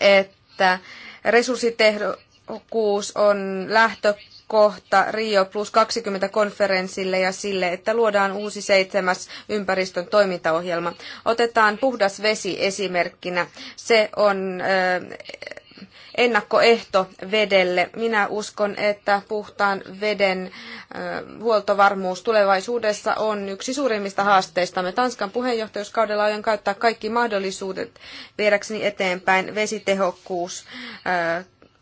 että resurssitehokkuus on lähtö kohta Rio plus 20 konferenssille ja sille, että luodaan uusi seitsemäs ympäristön toimintaohjelma. Otetaan puhdas vesi esimerkkinä. Se on ennakkoehto vedelle. Minä uskon, että puhtaan veden huoltovarmuus tulevaisuudessa on yksi suurimmista haasteistamme. Tanskan puheenjohtajuuskaudella aion käyttää kaikki mahdollisuudet viedäkseni eteenpäin vesitehokkuus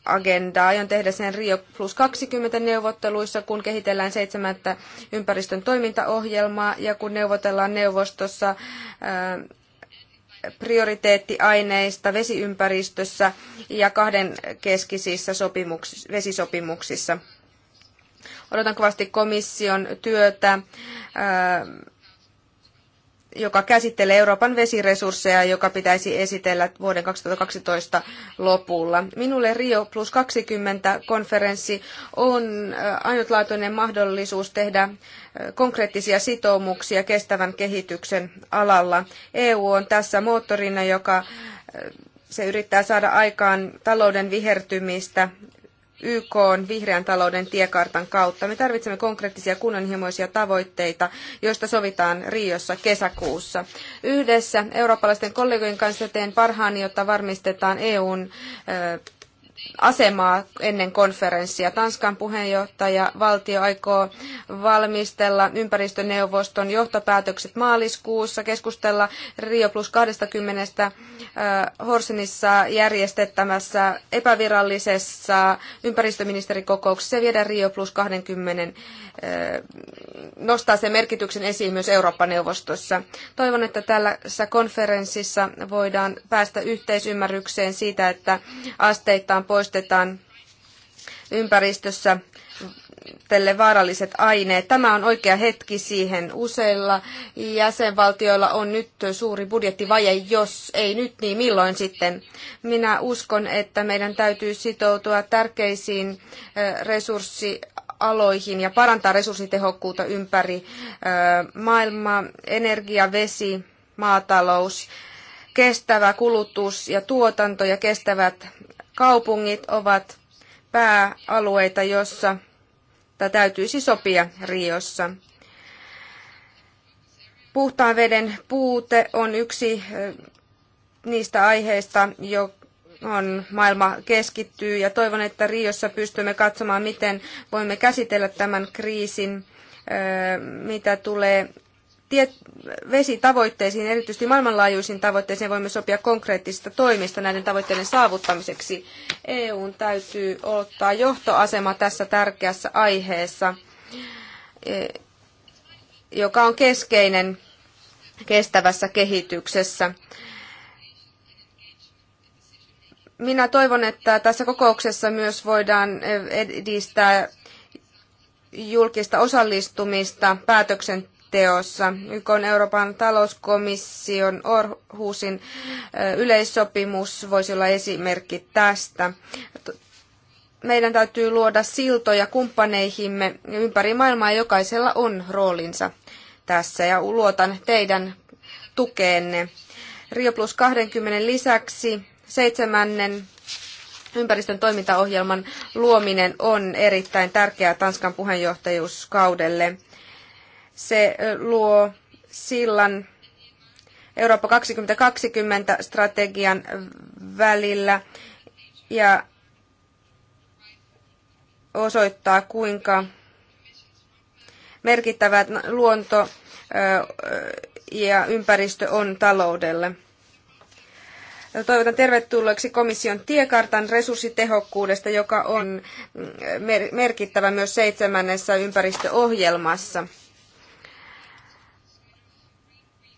agendaa. Aion tehdä sen Rio plus 20 neuvotteluissa, kun kehitellään seitsemättä ympäristön toimintaohjelmaa ja kun neuvotellaan neuvostossa äh, prioriteettiaineista vesiympäristössä ja kahden keskisissä vesisopimuksissa. Odotan kovasti komission työtä äh, joka käsittelee Euroopan vesiresursseja, joka pitäisi esitellä vuoden 2012 lopulla. Minulle Rio plus 20 konferenssi on äh, ainutlaatuinen mahdollisuus tehdä äh, konkreettisia sitoumuksia kestävän kehityksen alalla. EU on tässä moottorina, joka äh, se yrittää saada aikaan talouden vihertymistä YK on vihreän talouden tiekartan kautta. Me tarvitsemme konkreettisia kunnianhimoisia tavoitteita, joista sovitaan Riossa kesäkuussa. Yhdessä eurooppalaisten kollegojen kanssa teen parhaani, jotta varmistetaan EUn asemaa ennen konferenssia. Tanskan puheenjohtaja valtio aikoo valmistella ympäristöneuvoston johtopäätökset maaliskuussa, keskustella Rio plus 20 Horsenissa järjestettämässä epävirallisessa ympäristöministerikokouksessa ja viedä Rio plus 20 nostaa sen merkityksen esiin myös Eurooppa-neuvostossa. Toivon, että tällaisessa konferenssissa voidaan päästä yhteisymmärrykseen siitä, että asteittain poistetaan ympäristössä tälle vaaralliset aineet. Tämä on oikea hetki siihen. Useilla jäsenvaltioilla on nyt suuri budjettivaje, jos ei nyt, niin milloin sitten? Minä uskon, että meidän täytyy sitoutua tärkeisiin resurssi aloihin ja parantaa resurssitehokkuutta ympäri maailmaa, energia, vesi, maatalous, kestävä kulutus ja tuotanto ja kestävät kaupungit ovat pääalueita, jossa tai täytyisi sopia Riossa. Puhtaan veden puute on yksi niistä aiheista, johon maailma keskittyy ja toivon, että Riossa pystymme katsomaan, miten voimme käsitellä tämän kriisin, mitä tulee tiet, vesitavoitteisiin, erityisesti maailmanlaajuisiin tavoitteisiin, voimme sopia konkreettisista toimista näiden tavoitteiden saavuttamiseksi. EUn täytyy ottaa johtoasema tässä tärkeässä aiheessa, e, joka on keskeinen kestävässä kehityksessä. Minä toivon, että tässä kokouksessa myös voidaan edistää julkista osallistumista päätöksenteossa teossa. YK on Euroopan talouskomission Orhusin yleissopimus voisi olla esimerkki tästä. Meidän täytyy luoda siltoja kumppaneihimme ympäri maailmaa. Jokaisella on roolinsa tässä ja luotan teidän tukeenne. Rio Plus 20 lisäksi seitsemännen ympäristön toimintaohjelman luominen on erittäin tärkeää Tanskan puheenjohtajuuskaudelle. Se luo sillan Eurooppa 2020 strategian välillä ja osoittaa, kuinka merkittävät luonto ja ympäristö on taloudelle. Toivotan tervetulleeksi komission tiekartan resurssitehokkuudesta, joka on merkittävä myös seitsemännessä ympäristöohjelmassa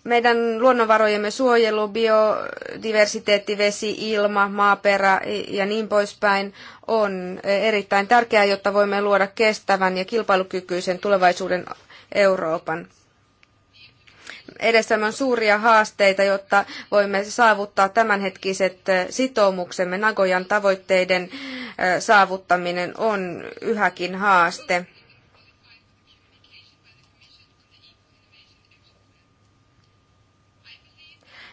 meidän luonnonvarojemme suojelu, biodiversiteetti, vesi, ilma, maaperä ja niin poispäin on erittäin tärkeää, jotta voimme luoda kestävän ja kilpailukykyisen tulevaisuuden Euroopan. Edessämme on suuria haasteita, jotta voimme saavuttaa tämänhetkiset sitoumuksemme. Nagojan tavoitteiden saavuttaminen on yhäkin haaste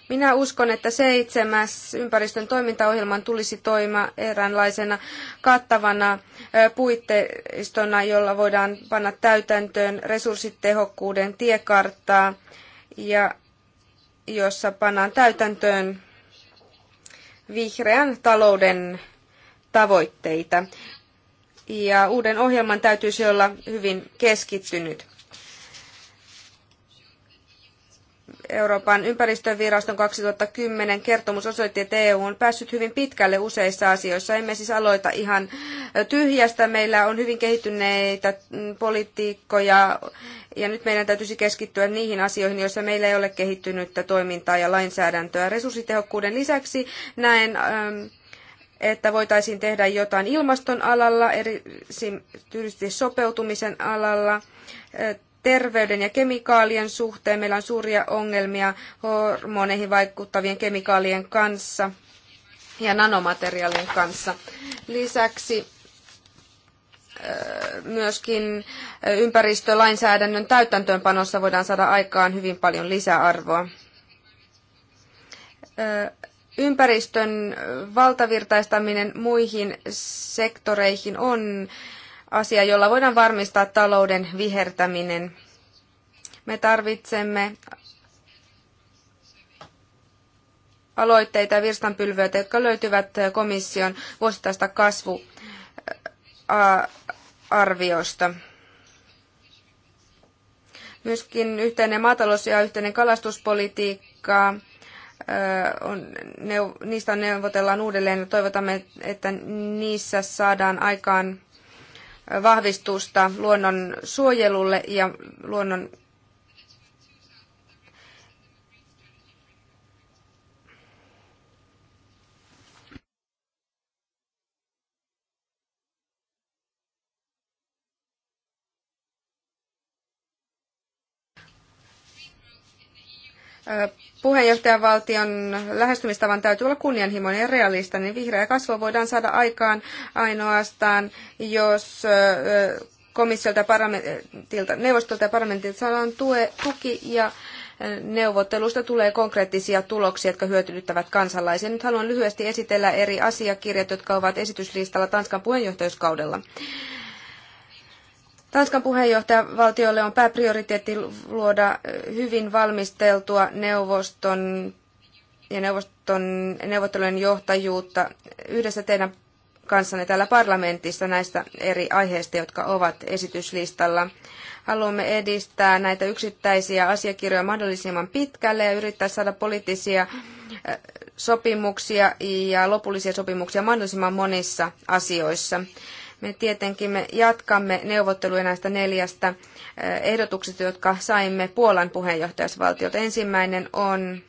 Minä uskon, että seitsemäs ympäristön toimintaohjelman tulisi toimia eräänlaisena kattavana puitteistona, jolla voidaan panna täytäntöön resurssitehokkuuden tiekarttaa ja jossa pannaan täytäntöön vihreän talouden tavoitteita. Ja uuden ohjelman täytyisi olla hyvin keskittynyt. Euroopan ympäristöviraston 2010 kertomus osoitti, että EU on päässyt hyvin pitkälle useissa asioissa. Emme siis aloita ihan tyhjästä. Meillä on hyvin kehittyneitä politiikkoja ja nyt meidän täytyisi keskittyä niihin asioihin, joissa meillä ei ole kehittynyttä toimintaa ja lainsäädäntöä. Resurssitehokkuuden lisäksi näen ähm, että voitaisiin tehdä jotain ilmaston alalla, erityisesti sopeutumisen alalla, äh, terveyden ja kemikaalien suhteen. Meillä on suuria ongelmia hormoneihin vaikuttavien kemikaalien kanssa ja nanomateriaalien kanssa. Lisäksi äh, myöskin ympäristölainsäädännön täytäntöönpanossa voidaan saada aikaan hyvin paljon lisäarvoa. Äh, ympäristön valtavirtaistaminen muihin sektoreihin on asia, jolla voidaan varmistaa talouden vihertäminen. Me tarvitsemme aloitteita ja virstanpylvyöitä, jotka löytyvät komission vuosittaista kasvuarviosta. Myöskin yhteinen maatalous- ja yhteinen kalastuspolitiikka, on, niistä on neuvotellaan uudelleen ja toivotamme, että niissä saadaan aikaan vahvistusta luonnon suojelulle ja luonnon puheenjohtajavaltion lähestymistavan täytyy olla kunnianhimoinen ja realistinen. Niin vihreä kasvu voidaan saada aikaan ainoastaan, jos komissiolta ja parlamentilta, neuvostolta ja parlamentilta saadaan tue, tuki ja neuvottelusta tulee konkreettisia tuloksia, jotka hyötynyttävät kansalaisia. Nyt haluan lyhyesti esitellä eri asiakirjat, jotka ovat esityslistalla Tanskan puheenjohtajuuskaudella. Tanskan puheenjohtajavaltiolle on pääprioriteetti luoda hyvin valmisteltua neuvoston ja neuvoston neuvottelujen johtajuutta yhdessä teidän kanssanne täällä parlamentissa näistä eri aiheista, jotka ovat esityslistalla. Haluamme edistää näitä yksittäisiä asiakirjoja mahdollisimman pitkälle ja yrittää saada poliittisia sopimuksia ja lopullisia sopimuksia mahdollisimman monissa asioissa. Me tietenkin me jatkamme neuvotteluja näistä neljästä ehdotuksesta, jotka saimme Puolan puheenjohtajasvaltiot. Ensimmäinen on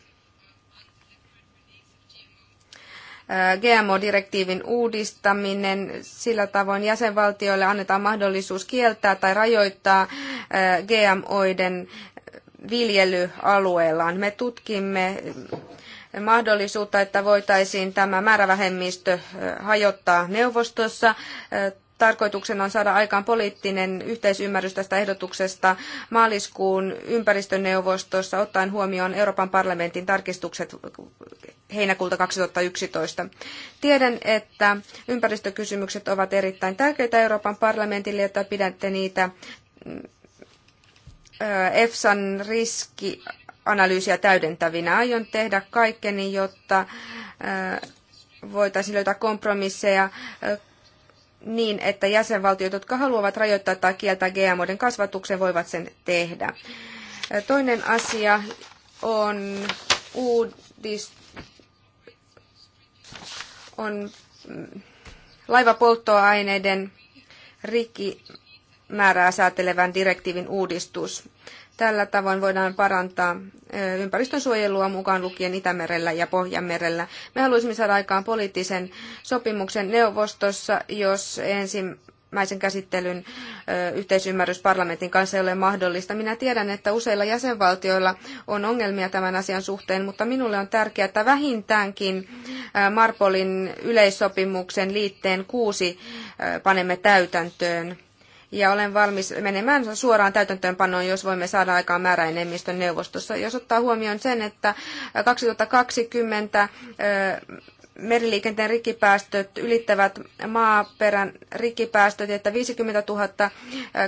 GMO-direktiivin uudistaminen. Sillä tavoin jäsenvaltioille annetaan mahdollisuus kieltää tai rajoittaa GMOiden viljelyalueellaan. Me tutkimme mahdollisuutta, että voitaisiin tämä määrävähemmistö hajottaa neuvostossa tarkoituksena on saada aikaan poliittinen yhteisymmärrys tästä ehdotuksesta maaliskuun ympäristöneuvostossa ottaen huomioon Euroopan parlamentin tarkistukset heinäkuulta 2011. Tiedän, että ympäristökysymykset ovat erittäin tärkeitä Euroopan parlamentille, että pidätte niitä EFSAn riskianalyysiä täydentävinä. Aion tehdä kaikkeni, jotta voitaisiin löytää kompromisseja niin, että jäsenvaltiot, jotka haluavat rajoittaa tai kieltää GMOiden kasvatuksen, voivat sen tehdä. Toinen asia on uudist... on mm, laivapolttoaineiden määrää säätelevän direktiivin uudistus. Tällä tavoin voidaan parantaa ympäristönsuojelua mukaan lukien Itämerellä ja Pohjanmerellä. Me haluaisimme saada aikaan poliittisen sopimuksen neuvostossa, jos ensin ensimmäisen käsittelyn yhteisymmärrys parlamentin kanssa ei ole mahdollista. Minä tiedän, että useilla jäsenvaltioilla on ongelmia tämän asian suhteen, mutta minulle on tärkeää, että vähintäänkin Marpolin yleissopimuksen liitteen kuusi panemme täytäntöön ja olen valmis menemään suoraan täytäntöönpanoon, jos voimme saada aikaan määräenemmistön neuvostossa. Jos ottaa huomioon sen, että 2020 meriliikenteen rikkipäästöt ylittävät maaperän rikkipäästöt, että 50 000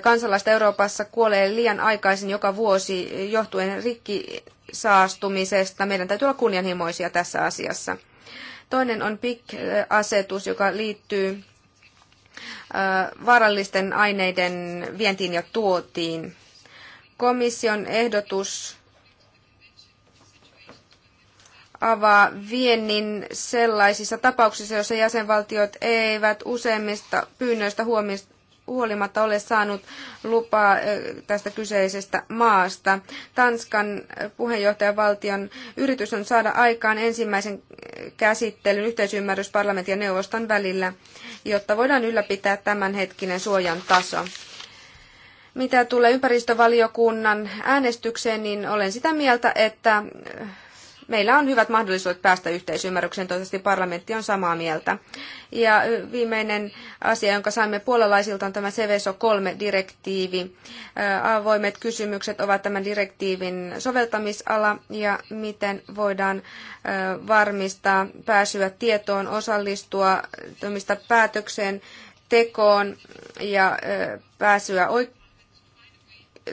kansalaista Euroopassa kuolee liian aikaisin joka vuosi johtuen rikkisaastumisesta. Meidän täytyy olla kunnianhimoisia tässä asiassa. Toinen on PIK-asetus, joka liittyy vaarallisten aineiden vientiin ja tuotiin. Komission ehdotus avaa viennin sellaisissa tapauksissa, joissa jäsenvaltiot eivät useimmista pyynnöistä huomioista huolimatta ole saanut lupaa tästä kyseisestä maasta. Tanskan puheenjohtajavaltion yritys on saada aikaan ensimmäisen käsittelyn yhteisymmärrys parlamentin ja neuvoston välillä, jotta voidaan ylläpitää tämänhetkinen suojan taso. Mitä tulee ympäristövaliokunnan äänestykseen, niin olen sitä mieltä, että meillä on hyvät mahdollisuudet päästä yhteisymmärrykseen. Toivottavasti parlamentti on samaa mieltä. Ja viimeinen asia, jonka saimme puolalaisilta, on tämä CVSO 3-direktiivi. Avoimet kysymykset ovat tämän direktiivin soveltamisala ja miten voidaan varmistaa pääsyä tietoon, osallistua päätökseen tekoon ja pääsyä oikeuteen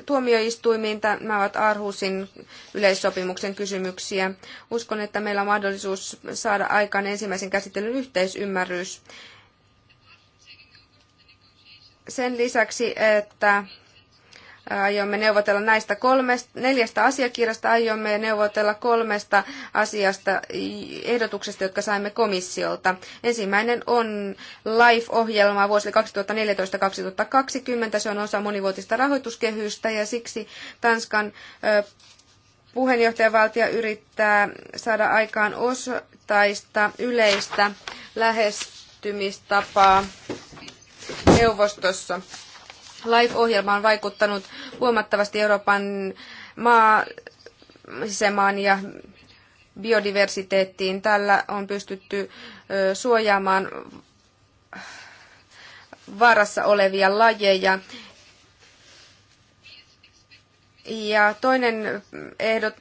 tuomioistuimiin. Nämä ovat Arhusin yleissopimuksen kysymyksiä. Uskon, että meillä on mahdollisuus saada aikaan ensimmäisen käsittelyn yhteisymmärrys. Sen lisäksi, että Aiomme neuvotella näistä kolmesta, neljästä asiakirjasta, aiomme neuvotella kolmesta asiasta ehdotuksesta, jotka saimme komissiolta. Ensimmäinen on LIFE-ohjelma vuosille 2014-2020. Se on osa monivuotista rahoituskehystä ja siksi Tanskan puheenjohtajavaltio yrittää saada aikaan osaista yleistä lähestymistapaa neuvostossa. LIFE-ohjelma on vaikuttanut huomattavasti Euroopan maasemaan ja biodiversiteettiin. Tällä on pystytty suojaamaan vaarassa olevia lajeja ja toinen ehdot,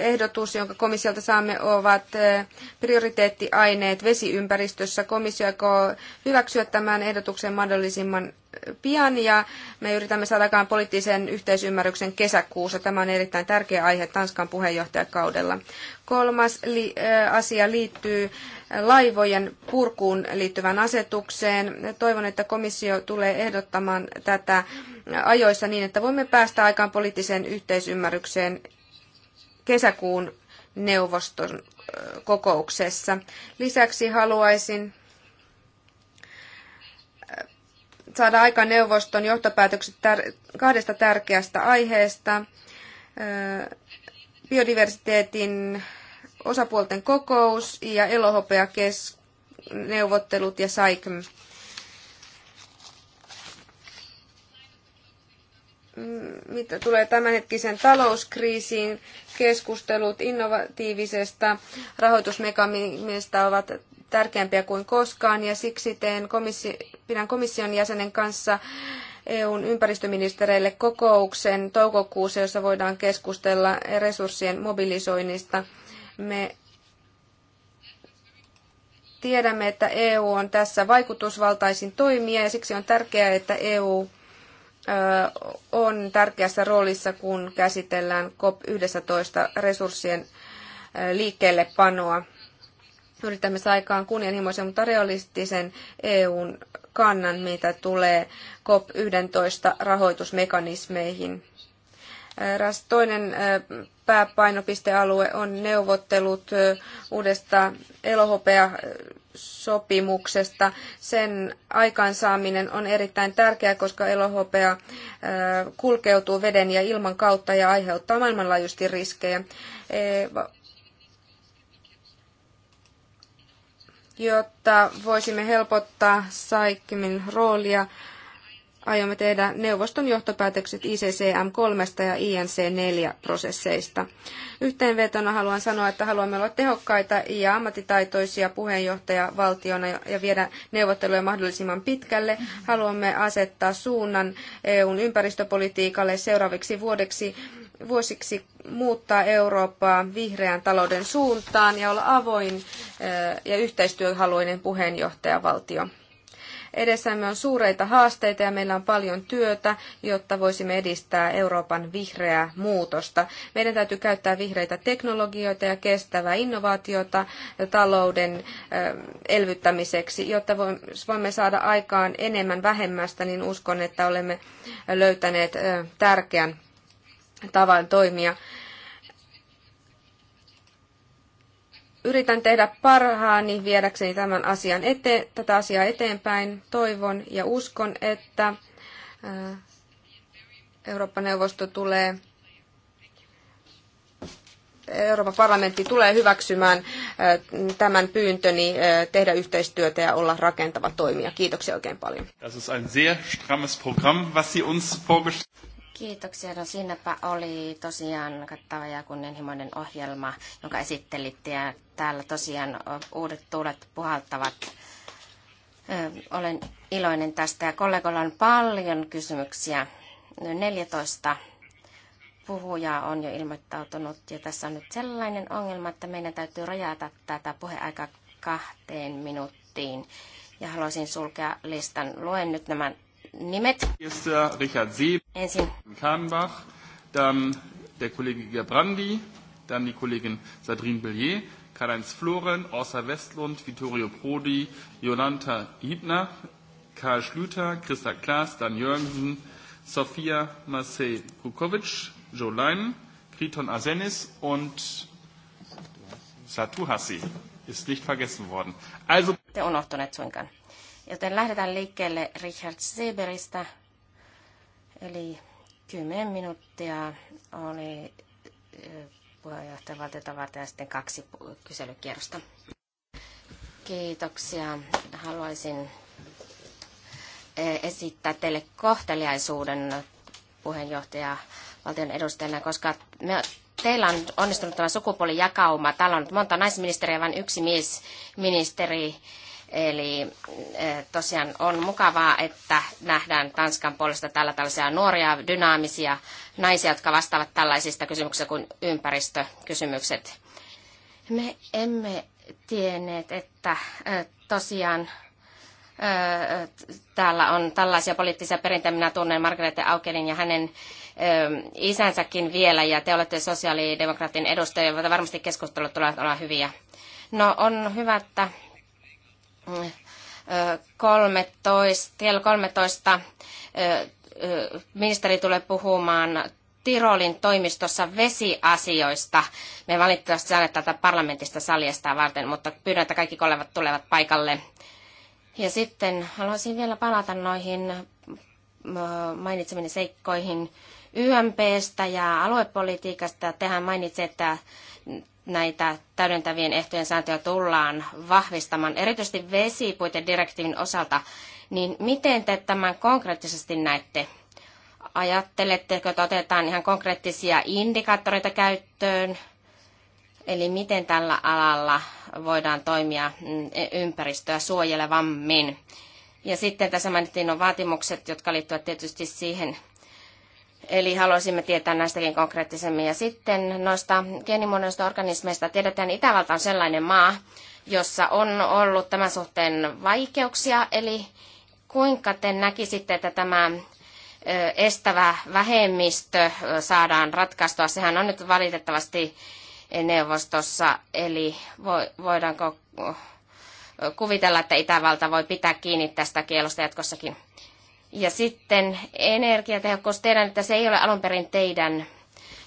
ehdotus, jonka komissiolta saamme, ovat prioriteettiaineet vesiympäristössä. Komissio aikoo hyväksyä tämän ehdotuksen mahdollisimman pian ja me yritämme saada aikaan poliittisen yhteisymmärryksen kesäkuussa. Tämä on erittäin tärkeä aihe Tanskan puheenjohtajakaudella. Kolmas asia liittyy laivojen purkuun liittyvään asetukseen. Toivon, että komissio tulee ehdottamaan tätä ajoissa niin, että voimme päästä aikaan poliittiseen yhteisymmärrykseen kesäkuun neuvoston kokouksessa. Lisäksi haluaisin saada aikaan neuvoston johtopäätökset kahdesta tärkeästä aiheesta. Biodiversiteetin osapuolten kokous ja elohopeakes neuvottelut ja SAIKM Mm, mitä tulee tämänhetkisen talouskriisiin, keskustelut innovatiivisesta rahoitusmekanismista ovat tärkeämpiä kuin koskaan ja siksi teen komissi- pidän komission jäsenen kanssa EUn ympäristöministereille kokouksen toukokuussa, jossa voidaan keskustella resurssien mobilisoinnista. Me tiedämme, että EU on tässä vaikutusvaltaisin toimija ja siksi on tärkeää, että EU on tärkeässä roolissa, kun käsitellään COP11 resurssien liikkeelle panoa. Yritämme saada aikaan kunnianhimoisen, mutta realistisen EUn kannan, mitä tulee COP11 rahoitusmekanismeihin. Eräs toinen pääpainopistealue on neuvottelut uudesta elohopea-sopimuksesta. Sen aikaansaaminen on erittäin tärkeää, koska elohopea kulkeutuu veden ja ilman kautta ja aiheuttaa maailmanlaajuisesti riskejä. E, jotta voisimme helpottaa Saikimin roolia, aiomme tehdä neuvoston johtopäätökset ICCM3 ja INC4-prosesseista. Yhteenvetona haluan sanoa, että haluamme olla tehokkaita ja ammattitaitoisia puheenjohtajavaltiona ja viedä neuvotteluja mahdollisimman pitkälle. Haluamme asettaa suunnan EUn ympäristöpolitiikalle seuraaviksi vuodeksi vuosiksi muuttaa Eurooppaa vihreän talouden suuntaan ja olla avoin eh, ja yhteistyöhaluinen puheenjohtajavaltio. Edessämme on suureita haasteita ja meillä on paljon työtä, jotta voisimme edistää Euroopan vihreää muutosta. Meidän täytyy käyttää vihreitä teknologioita ja kestävää innovaatiota talouden elvyttämiseksi, jotta voimme saada aikaan enemmän vähemmästä, niin uskon, että olemme löytäneet tärkeän tavan toimia. Yritän tehdä parhaani viedäkseni tämän asian eteen, tätä asiaa eteenpäin. Toivon ja uskon, että äh, Eurooppa-neuvosto tulee Euroopan parlamentti tulee hyväksymään äh, tämän pyyntöni äh, tehdä yhteistyötä ja olla rakentava toimija. Kiitoksia oikein paljon. Das ist ein sehr strammes Programm, was Sie uns Kiitoksia. No siinäpä oli tosiaan kattava ja kunnianhimoinen ohjelma, jonka esittelitte. Ja täällä tosiaan uudet tuulet puhaltavat. Olen iloinen tästä ja kollegoilla on paljon kysymyksiä. 14 no, puhujaa on jo ilmoittautunut ja tässä on nyt sellainen ongelma, että meidän täytyy rajata tätä puheaikaa kahteen minuuttiin. Ja haluaisin sulkea listan. Luen nyt nämä nimet. Minister Richard Seeb, Ensin. Kahnbach, dann der Kollege Gabrandi, dann die Kollegin Sadrine Bellier, Karl-Heinz Floren, Orsa Westlund, Vittorio Prodi, Jolanta Hiebner, Karl Schlüter, Christa Klaas, Dan Jörgensen, Sophia Marcel Kukovic, Jo Leinen, Kriton Asenis und Satu Hassi. Ist nicht vergessen worden. Also. Te unohtuneet suinkaan. Joten lähdetään liikkeelle Richard Sieberistä. Eli 10 minuuttia oli puheenjohtajan valtiota varten ja sitten kaksi kyselykierrosta. Kiitoksia. Haluaisin esittää teille kohteliaisuuden puheenjohtaja valtion edustajana, koska me, teillä on onnistunut tämä sukupuolijakauma. Täällä on monta naisministeriä, vain yksi miesministeri. Eli eh, tosiaan on mukavaa, että nähdään Tanskan puolesta täällä tällaisia nuoria, dynaamisia naisia, jotka vastaavat tällaisista kysymyksistä kuin ympäristökysymykset. Me emme tienneet, että eh, tosiaan eh, täällä on tällaisia poliittisia perinteitä. Minä tunnen Margarete Aukelin ja hänen isänsäkin vielä, ja te olette sosiaalidemokraattien edustajia, joita varmasti keskustelut tulevat olla hyviä. No on hyvä, että 13, kello 13 ministeri tulee puhumaan Tirolin toimistossa vesiasioista. Me valitettavasti saada tätä parlamentista saljesta varten, mutta pyydän, että kaikki kollegat tulevat paikalle. Ja sitten haluaisin vielä palata noihin mainitsemiin seikkoihin YMPstä ja aluepolitiikasta. Tehän mainitsi, että näitä täydentävien ehtojen sääntöjä tullaan vahvistamaan, erityisesti vesipuitedirektiivin osalta, niin miten te tämän konkreettisesti näette? Ajatteletteko, että otetaan ihan konkreettisia indikaattoreita käyttöön? Eli miten tällä alalla voidaan toimia mm, e, ympäristöä suojelevammin? Ja sitten tässä mainittiin on vaatimukset, jotka liittyvät tietysti siihen, Eli haluaisimme tietää näistäkin konkreettisemmin. Ja sitten noista geenimuunnoista organismeista tiedetään, että Itävalta on sellainen maa, jossa on ollut tämän suhteen vaikeuksia. Eli kuinka te näkisitte, että tämä estävä vähemmistö saadaan ratkaistua? Sehän on nyt valitettavasti neuvostossa, eli voidaanko kuvitella, että Itävalta voi pitää kiinni tästä kielosta jatkossakin. Ja sitten energiatehokkuus, tiedän, että se ei ole alun perin teidän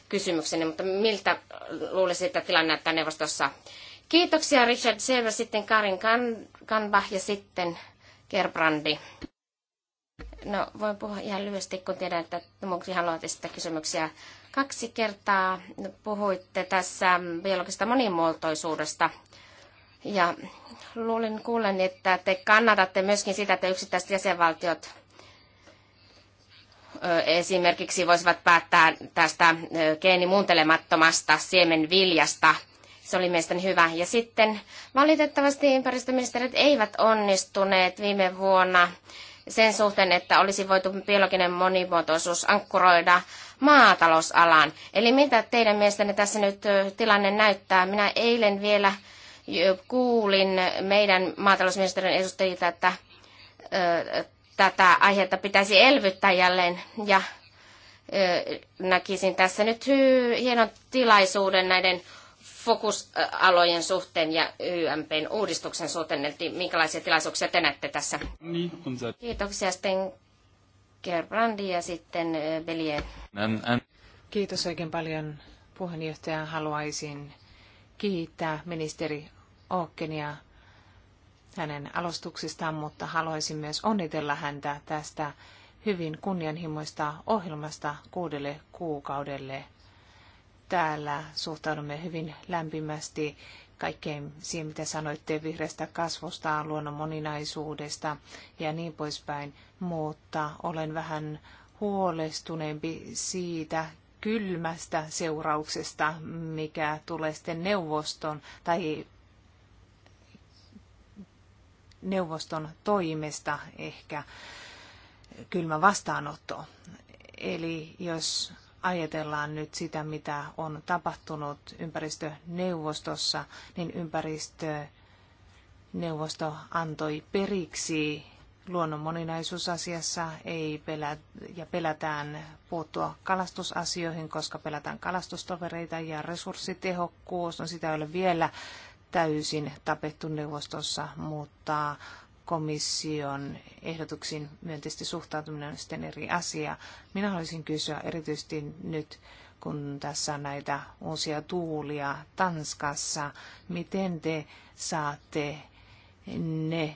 kysymyksenne, mutta miltä luulisi, että tilanne näyttää neuvostossa? Kiitoksia Richard Silver, sitten Karin kan- Kanbach ja sitten Gerbrandi. No, voin puhua ihan lyhyesti, kun tiedän, että minunkin haluat sitä kysymyksiä. Kaksi kertaa puhuitte tässä biologisesta monimuotoisuudesta. Ja luulin kuulen, että te kannatatte myöskin sitä, että yksittäiset jäsenvaltiot esimerkiksi voisivat päättää tästä geenimuuntelemattomasta siemenviljasta. Se oli mielestäni hyvä. Ja sitten valitettavasti ympäristöministerit eivät onnistuneet viime vuonna sen suhteen, että olisi voitu biologinen monimuotoisuus ankkuroida maatalousalaan. Eli mitä teidän mielestänne tässä nyt tilanne näyttää? Minä eilen vielä kuulin meidän maatalousministeriön edustajilta, että tätä aihetta pitäisi elvyttää jälleen ja näkisin tässä nyt hy, hienon tilaisuuden näiden fokusalojen suhteen ja YMPn uudistuksen suhteen, eli minkälaisia tilaisuuksia te näette tässä? Niin, Kiitoksia sitten Gerbrandi ja sitten Belien. Kiitos oikein paljon puheenjohtaja. Haluaisin kiittää ministeri Ookkenia hänen alustuksistaan, mutta haluaisin myös onnitella häntä tästä hyvin kunnianhimoista ohjelmasta kuudelle kuukaudelle. Täällä suhtaudumme hyvin lämpimästi kaikkeen siihen, mitä sanoitte vihreästä kasvusta, luonnon moninaisuudesta ja niin poispäin, mutta olen vähän huolestuneempi siitä kylmästä seurauksesta, mikä tulee sitten neuvoston tai neuvoston toimesta ehkä kylmä vastaanotto. Eli jos ajatellaan nyt sitä, mitä on tapahtunut ympäristöneuvostossa, niin ympäristöneuvosto antoi periksi luonnon moninaisuusasiassa ei pelä, ja pelätään puuttua kalastusasioihin, koska pelätään kalastustovereita ja resurssitehokkuus. No sitä ei ole vielä täysin tapettu neuvostossa, mutta komission ehdotuksiin myönteisesti suhtautuminen on sitten eri asia. Minä haluaisin kysyä erityisesti nyt, kun tässä on näitä uusia tuulia Tanskassa, miten te saatte ne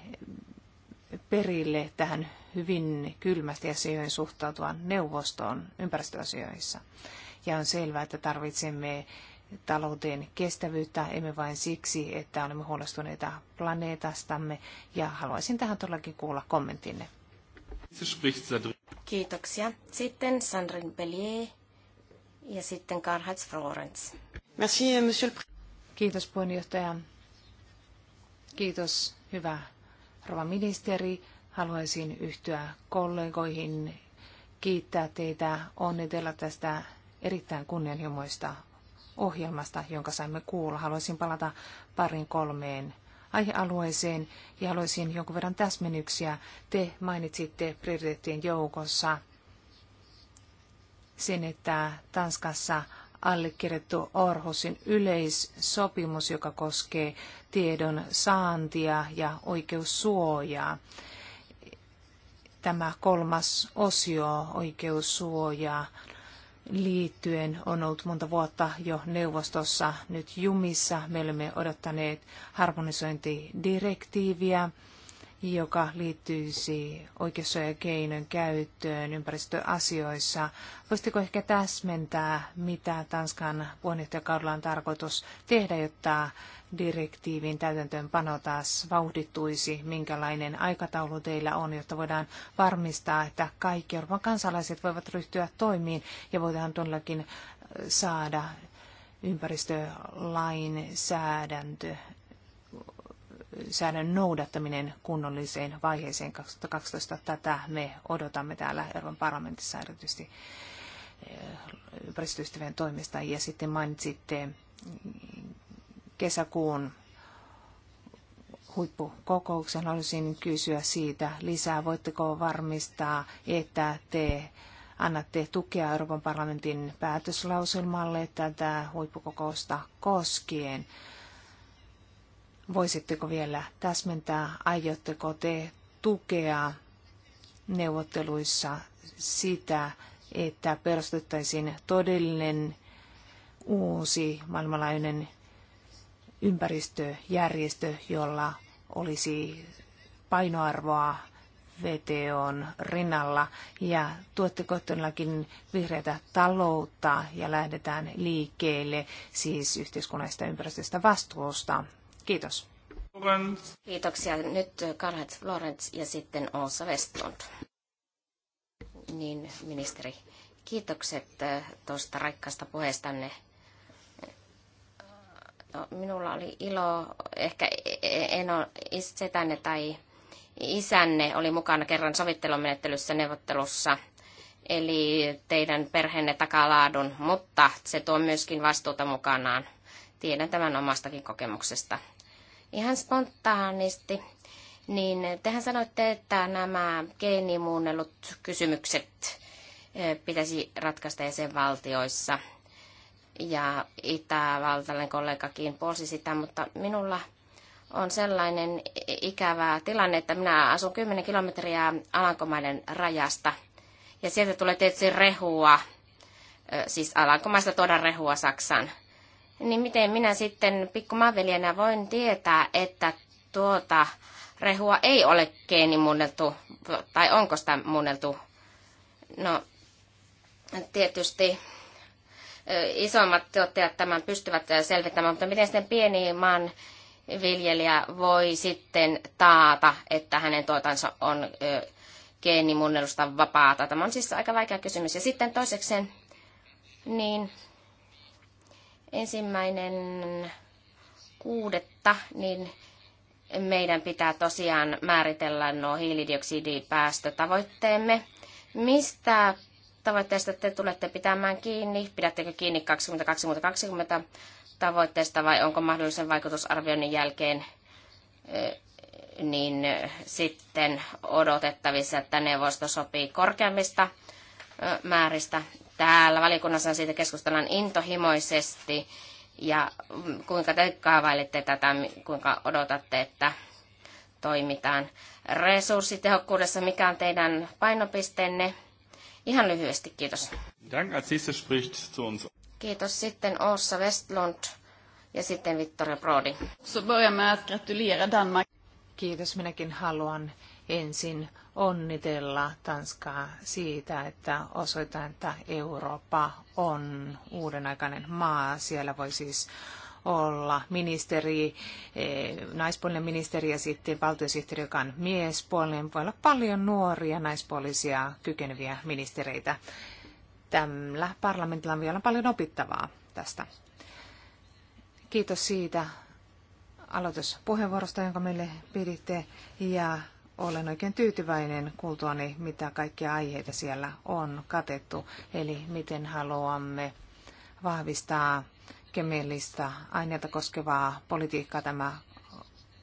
perille tähän hyvin kylmästi asioihin suhtautuvan neuvostoon ympäristöasioissa. Ja on selvää, että tarvitsemme talouteen kestävyyttä, emme vain siksi, että olemme huolestuneita planeetastamme, ja haluaisin tähän todellakin kuulla kommentinne. Kiitoksia. Sitten Sandrine Bellier ja sitten Karl-Heinz Florence. Merci, monsieur le... Kiitos puheenjohtaja. Kiitos, hyvä rouva ministeri. Haluaisin yhtyä kollegoihin, kiittää teitä, onnitella tästä erittäin kunnianhimoista ohjelmasta, jonka saimme kuulla. Haluaisin palata parin kolmeen aihealueeseen ja haluaisin jonkun verran täsmennyksiä. Te mainitsitte prioriteettien joukossa sen, että Tanskassa allekirjoitettu Orhusin yleissopimus, joka koskee tiedon saantia ja oikeussuojaa. Tämä kolmas osio, oikeussuoja, liittyen on ollut monta vuotta jo neuvostossa nyt jumissa. Me olemme odottaneet harmonisointidirektiiviä joka liittyisi oikeussuojakeinojen käyttöön ympäristöasioissa. Voisitteko ehkä täsmentää, mitä Tanskan puheenjohtajakaudella on tarkoitus tehdä, jotta direktiivin täytäntöönpano taas vauhdittuisi, minkälainen aikataulu teillä on, jotta voidaan varmistaa, että kaikki Euroopan kansalaiset voivat ryhtyä toimiin ja voidaan todellakin saada ympäristölain säännön noudattaminen kunnolliseen vaiheeseen 2012. Tätä me odotamme täällä Euroopan parlamentissa erityisesti eh, ympäristöystävien toimesta. Ja sitten mainitsitte kesäkuun huippukokouksen. Haluaisin kysyä siitä lisää. Voitteko varmistaa, että te annatte tukea Euroopan parlamentin päätöslauselmalle tätä huippukokousta koskien? Voisitteko vielä täsmentää, aiotteko te tukea neuvotteluissa sitä, että perustettaisiin todellinen uusi maailmanlainen ympäristöjärjestö, jolla olisi painoarvoa VTOn rinnalla ja tuotteko todellakin vihreätä taloutta ja lähdetään liikkeelle siis yhteiskunnallisesta ympäristöstä vastuusta Kiitos. Kiitoksia. Nyt Karhet Lorenz ja sitten Osa, Westlund. Niin, ministeri, kiitokset äh, tuosta raikkaasta puheestanne. No, minulla oli ilo, ehkä e-, e-, en ole setänne tai isänne oli mukana kerran sovittelumenettelyssä neuvottelussa, eli teidän perheenne laadun, mutta se tuo myöskin vastuuta mukanaan. Tiedän tämän omastakin kokemuksesta ihan spontaanisti, niin tehän sanoitte, että nämä geenimuunnellut kysymykset eh, pitäisi ratkaista jäsenvaltioissa. Ja itävaltainen kollegakin puolsi sitä, mutta minulla on sellainen ikävä tilanne, että minä asun 10 kilometriä Alankomaiden rajasta. Ja sieltä tulee tietysti rehua, eh, siis Alankomaista tuoda rehua Saksaan niin miten minä sitten pikkumaanviljelijänä voin tietää, että tuota rehua ei ole geenimuunneltu, tai onko sitä muunneltu? No, tietysti isommat tuottajat tämän pystyvät selvittämään, mutta miten sitten pieni maan viljelijä voi sitten taata, että hänen tuotansa on geenimuunnelusta vapaata? Tämä on siis aika vaikea kysymys. Ja sitten toisekseen, niin ensimmäinen kuudetta, niin meidän pitää tosiaan määritellä nuo hiilidioksidipäästötavoitteemme. Mistä tavoitteesta te tulette pitämään kiinni? Pidättekö kiinni 2020 tavoitteesta vai onko mahdollisen vaikutusarvioinnin jälkeen niin sitten odotettavissa, että neuvosto sopii korkeammista määristä täällä valiokunnassa siitä keskustellaan intohimoisesti ja kuinka te kaavailette tätä, kuinka odotatte, että toimitaan. Resurssitehokkuudessa, mikä on teidän painopisteenne? Ihan lyhyesti, kiitos. Dank, spricht zu uns. Kiitos sitten Oossa Westlund ja sitten Vittoria Brody. Så Danmark. Kiitos, minäkin haluan ensin onnitella Tanskaa siitä, että osoitetaan, että Eurooppa on uudenaikainen maa. Siellä voi siis olla ministeri, eh, naispuolinen ministeri ja sitten valtiosihteeri, joka on miespuolinen. Voi olla paljon nuoria naispuolisia kykeneviä ministereitä. Tällä parlamentilla on vielä paljon opittavaa tästä. Kiitos siitä aloituspuheenvuorosta, jonka meille piditte, ja olen oikein tyytyväinen kuultuani, mitä kaikkia aiheita siellä on katettu, eli miten haluamme vahvistaa kemiallista aineita koskevaa politiikkaa. Tämä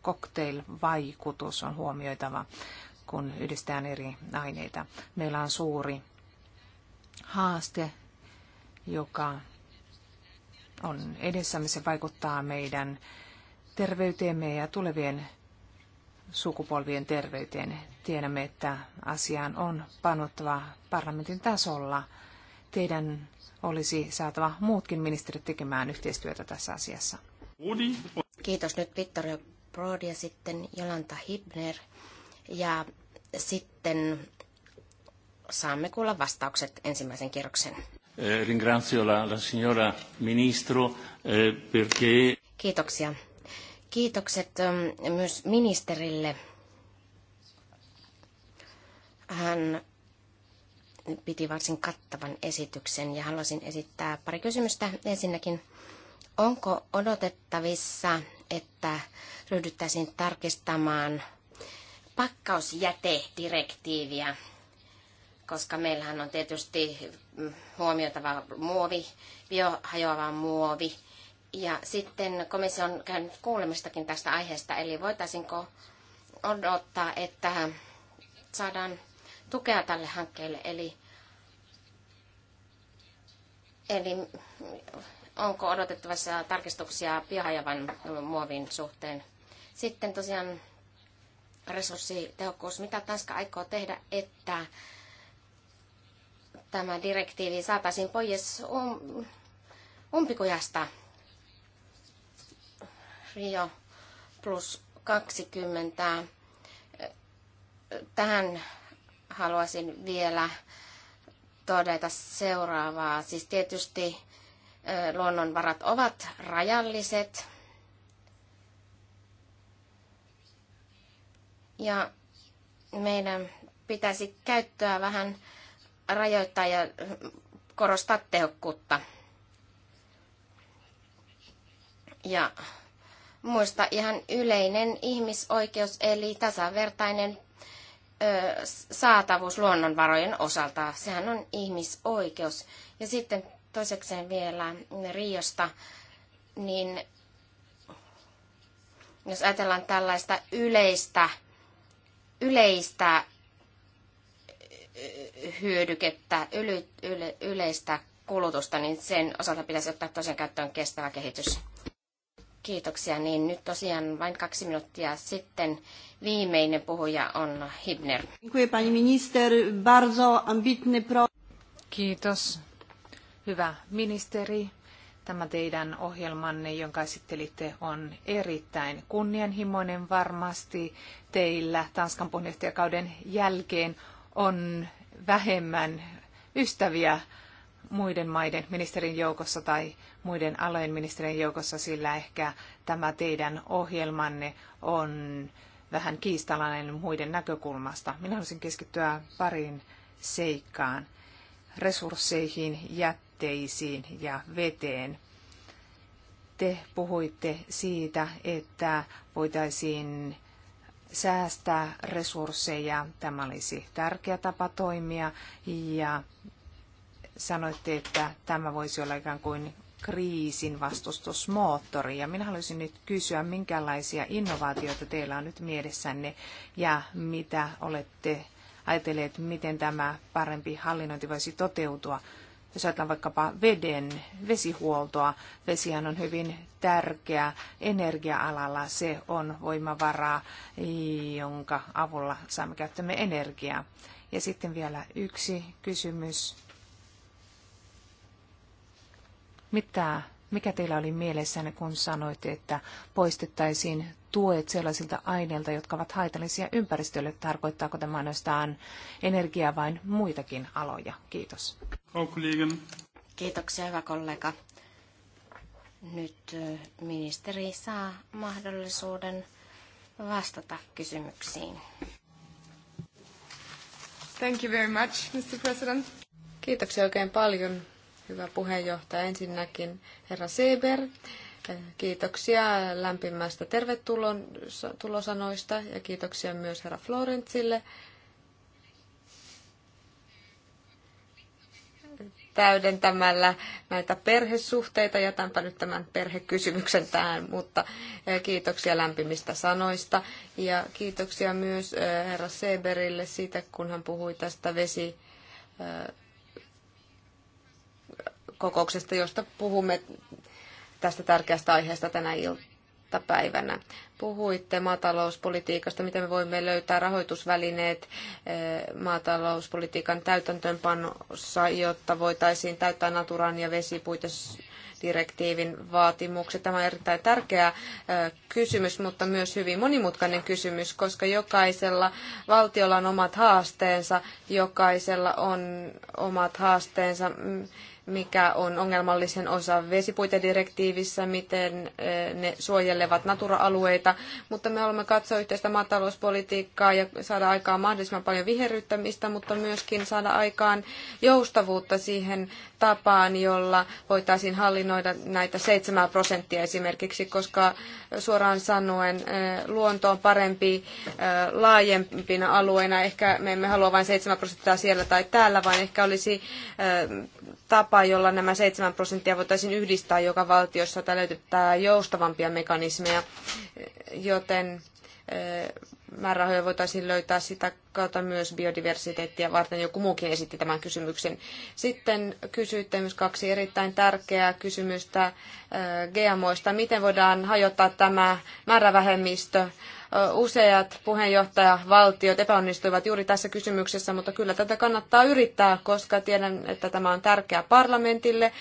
cocktail-vaikutus on huomioitava, kun yhdistetään eri aineita. Meillä on suuri haaste, joka on edessämme. Se vaikuttaa meidän terveyteemme ja tulevien sukupolvien terveyteen. Tiedämme, että asiaan on panottava parlamentin tasolla. Teidän olisi saatava muutkin ministerit tekemään yhteistyötä tässä asiassa. Kiitos nyt Vittorio Brod ja sitten Jolanta Hibner. Ja sitten saamme kuulla vastaukset ensimmäisen kierroksen. Eh, ringrazio la, la signora ministro eh, perché... Kiitoksia Kiitokset ähm, myös ministerille. Hän piti varsin kattavan esityksen ja haluaisin esittää pari kysymystä. Ensinnäkin, onko odotettavissa, että ryhdyttäisiin tarkistamaan pakkausjätedirektiiviä, koska meillähän on tietysti huomioitava muovi, biohajoava muovi, ja sitten komissio on käynyt kuulemistakin tästä aiheesta, eli voitaisinko odottaa, että saadaan tukea tälle hankkeelle, eli, eli onko odotettavassa tarkistuksia pihajavan muovin suhteen. Sitten tosiaan resurssitehokkuus. Mitä Tanska aikoo tehdä, että tämä direktiivi saataisiin pois um, umpikujasta Rio plus 20. Tähän haluaisin vielä todeta seuraavaa. Siis tietysti luonnonvarat ovat rajalliset. Ja meidän pitäisi käyttöä vähän rajoittaa ja korostaa tehokkuutta. Ja muista ihan yleinen ihmisoikeus, eli tasavertainen ö, saatavuus luonnonvarojen osalta. Sehän on ihmisoikeus. Ja sitten toisekseen vielä Riosta, niin jos ajatellaan tällaista yleistä, yleistä hyödykettä, yle, yle, yleistä kulutusta, niin sen osalta pitäisi ottaa tosiaan käyttöön kestävä kehitys. Kiitoksia. Niin nyt tosiaan vain kaksi minuuttia sitten viimeinen puhuja on Hibner. Kiitos. Hyvä ministeri. Tämä teidän ohjelmanne, jonka esittelitte, on erittäin kunnianhimoinen varmasti teillä Tanskan puheenjohtajakauden jälkeen on vähemmän ystäviä muiden maiden ministerin joukossa tai muiden alojen ministerin joukossa, sillä ehkä tämä teidän ohjelmanne on vähän kiistalainen muiden näkökulmasta. Minä haluaisin keskittyä pariin seikkaan, resursseihin, jätteisiin ja veteen. Te puhuitte siitä, että voitaisiin säästää resursseja. Tämä olisi tärkeä tapa toimia ja sanoitte, että tämä voisi olla ikään kuin kriisin vastustusmoottori. Ja minä haluaisin nyt kysyä, minkälaisia innovaatioita teillä on nyt mielessänne ja mitä olette ajatelleet, miten tämä parempi hallinnointi voisi toteutua. Jos ajatellaan vaikkapa veden, vesihuoltoa, vesihän on hyvin tärkeä energia-alalla. Se on voimavaraa, jonka avulla saamme käyttämme energiaa. Ja sitten vielä yksi kysymys mitä, mikä teillä oli mielessänne, kun sanoitte, että poistettaisiin tuet sellaisilta aineilta, jotka ovat haitallisia ympäristölle? Tarkoittaako tämä ainoastaan energiaa vain muitakin aloja? Kiitos. Kiitoksia, hyvä kollega. Nyt ministeri saa mahdollisuuden vastata kysymyksiin. Thank you very much, Mr. President. Kiitoksia oikein paljon, Hyvä puheenjohtaja. Ensinnäkin herra Seber, kiitoksia lämpimästä tervetulosanoista ja kiitoksia myös herra Florentsille täydentämällä näitä perhesuhteita. Jätänpä nyt tämän perhekysymyksen tähän, mutta eh, kiitoksia lämpimistä sanoista. Ja kiitoksia myös eh, herra Seberille siitä, kun hän puhui tästä vesi eh, kokouksesta, josta puhumme tästä tärkeästä aiheesta tänä iltapäivänä. Puhuitte maatalouspolitiikasta, miten me voimme löytää rahoitusvälineet eh, maatalouspolitiikan täytäntöönpanossa, jotta voitaisiin täyttää naturan ja vesipuites direktiivin vaatimukset. Tämä on erittäin tärkeä eh, kysymys, mutta myös hyvin monimutkainen kysymys, koska jokaisella valtiolla on omat haasteensa, jokaisella on omat haasteensa mm, mikä on ongelmallisen osa vesipuitedirektiivissä, miten eh, ne suojelevat natura-alueita, mutta me olemme katsoa yhteistä maatalouspolitiikkaa ja saada aikaan mahdollisimman paljon viherryttämistä, mutta myöskin saada aikaan joustavuutta siihen tapaan, jolla voitaisiin hallinnoida näitä 7 prosenttia esimerkiksi, koska suoraan sanoen eh, luonto on parempi eh, laajempina alueina. Ehkä me emme halua vain 7 prosenttia siellä tai täällä, vaan ehkä olisi tapa, jolla nämä 7 prosenttia voitaisiin yhdistää joka valtiossa, tai löytää joustavampia mekanismeja, joten eh, määrärahoja voitaisiin löytää sitä kautta myös biodiversiteettiä varten. Joku muukin esitti tämän kysymyksen. Sitten kysyitte myös kaksi erittäin tärkeää kysymystä eh, GMOista. Miten voidaan hajottaa tämä määrävähemmistö Useat puheenjohtajavaltiot epäonnistuivat juuri tässä kysymyksessä, mutta kyllä tätä kannattaa yrittää, koska tiedän, että tämä on tärkeä parlamentille, eh,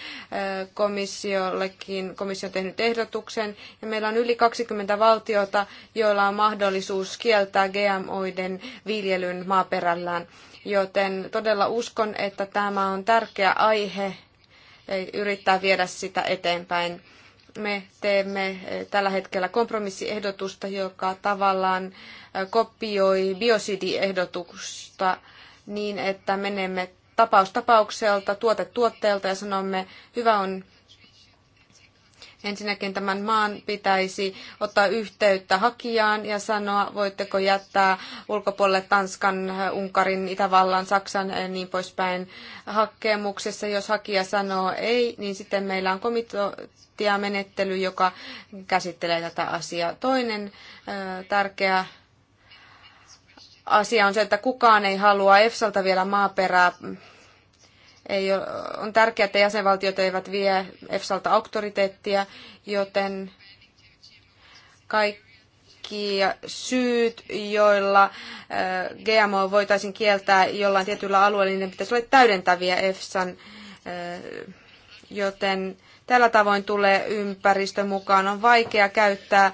komissiollekin, komissio on tehnyt ehdotuksen, ja meillä on yli 20 valtiota, joilla on mahdollisuus kieltää GMOiden viljelyn maaperällään. Joten todella uskon, että tämä on tärkeä aihe eh, yrittää viedä sitä eteenpäin me teemme eh, tällä hetkellä kompromissiehdotusta, joka tavallaan eh, kopioi biosidiehdotusta niin, että menemme tapaus tapaukselta, tuote tuotteelta ja sanomme, hyvä on Ensinnäkin tämän maan pitäisi ottaa yhteyttä hakijaan ja sanoa, voitteko jättää ulkopuolelle Tanskan, Unkarin, Itävallan, Saksan ja niin poispäin hakemuksessa. Jos hakija sanoo ei, niin sitten meillä on menettely, joka käsittelee tätä asiaa. Toinen tärkeä asia on se, että kukaan ei halua EFSalta vielä maaperää ei, on tärkeää, että jäsenvaltiot eivät vie EFSAlta auktoriteettia, joten kaikki syyt, joilla äh, GMO voitaisiin kieltää jollain tietyllä alueella, niin ne pitäisi olla täydentäviä EFSAn, äh, joten tällä tavoin tulee ympäristö mukaan. On vaikea käyttää äh,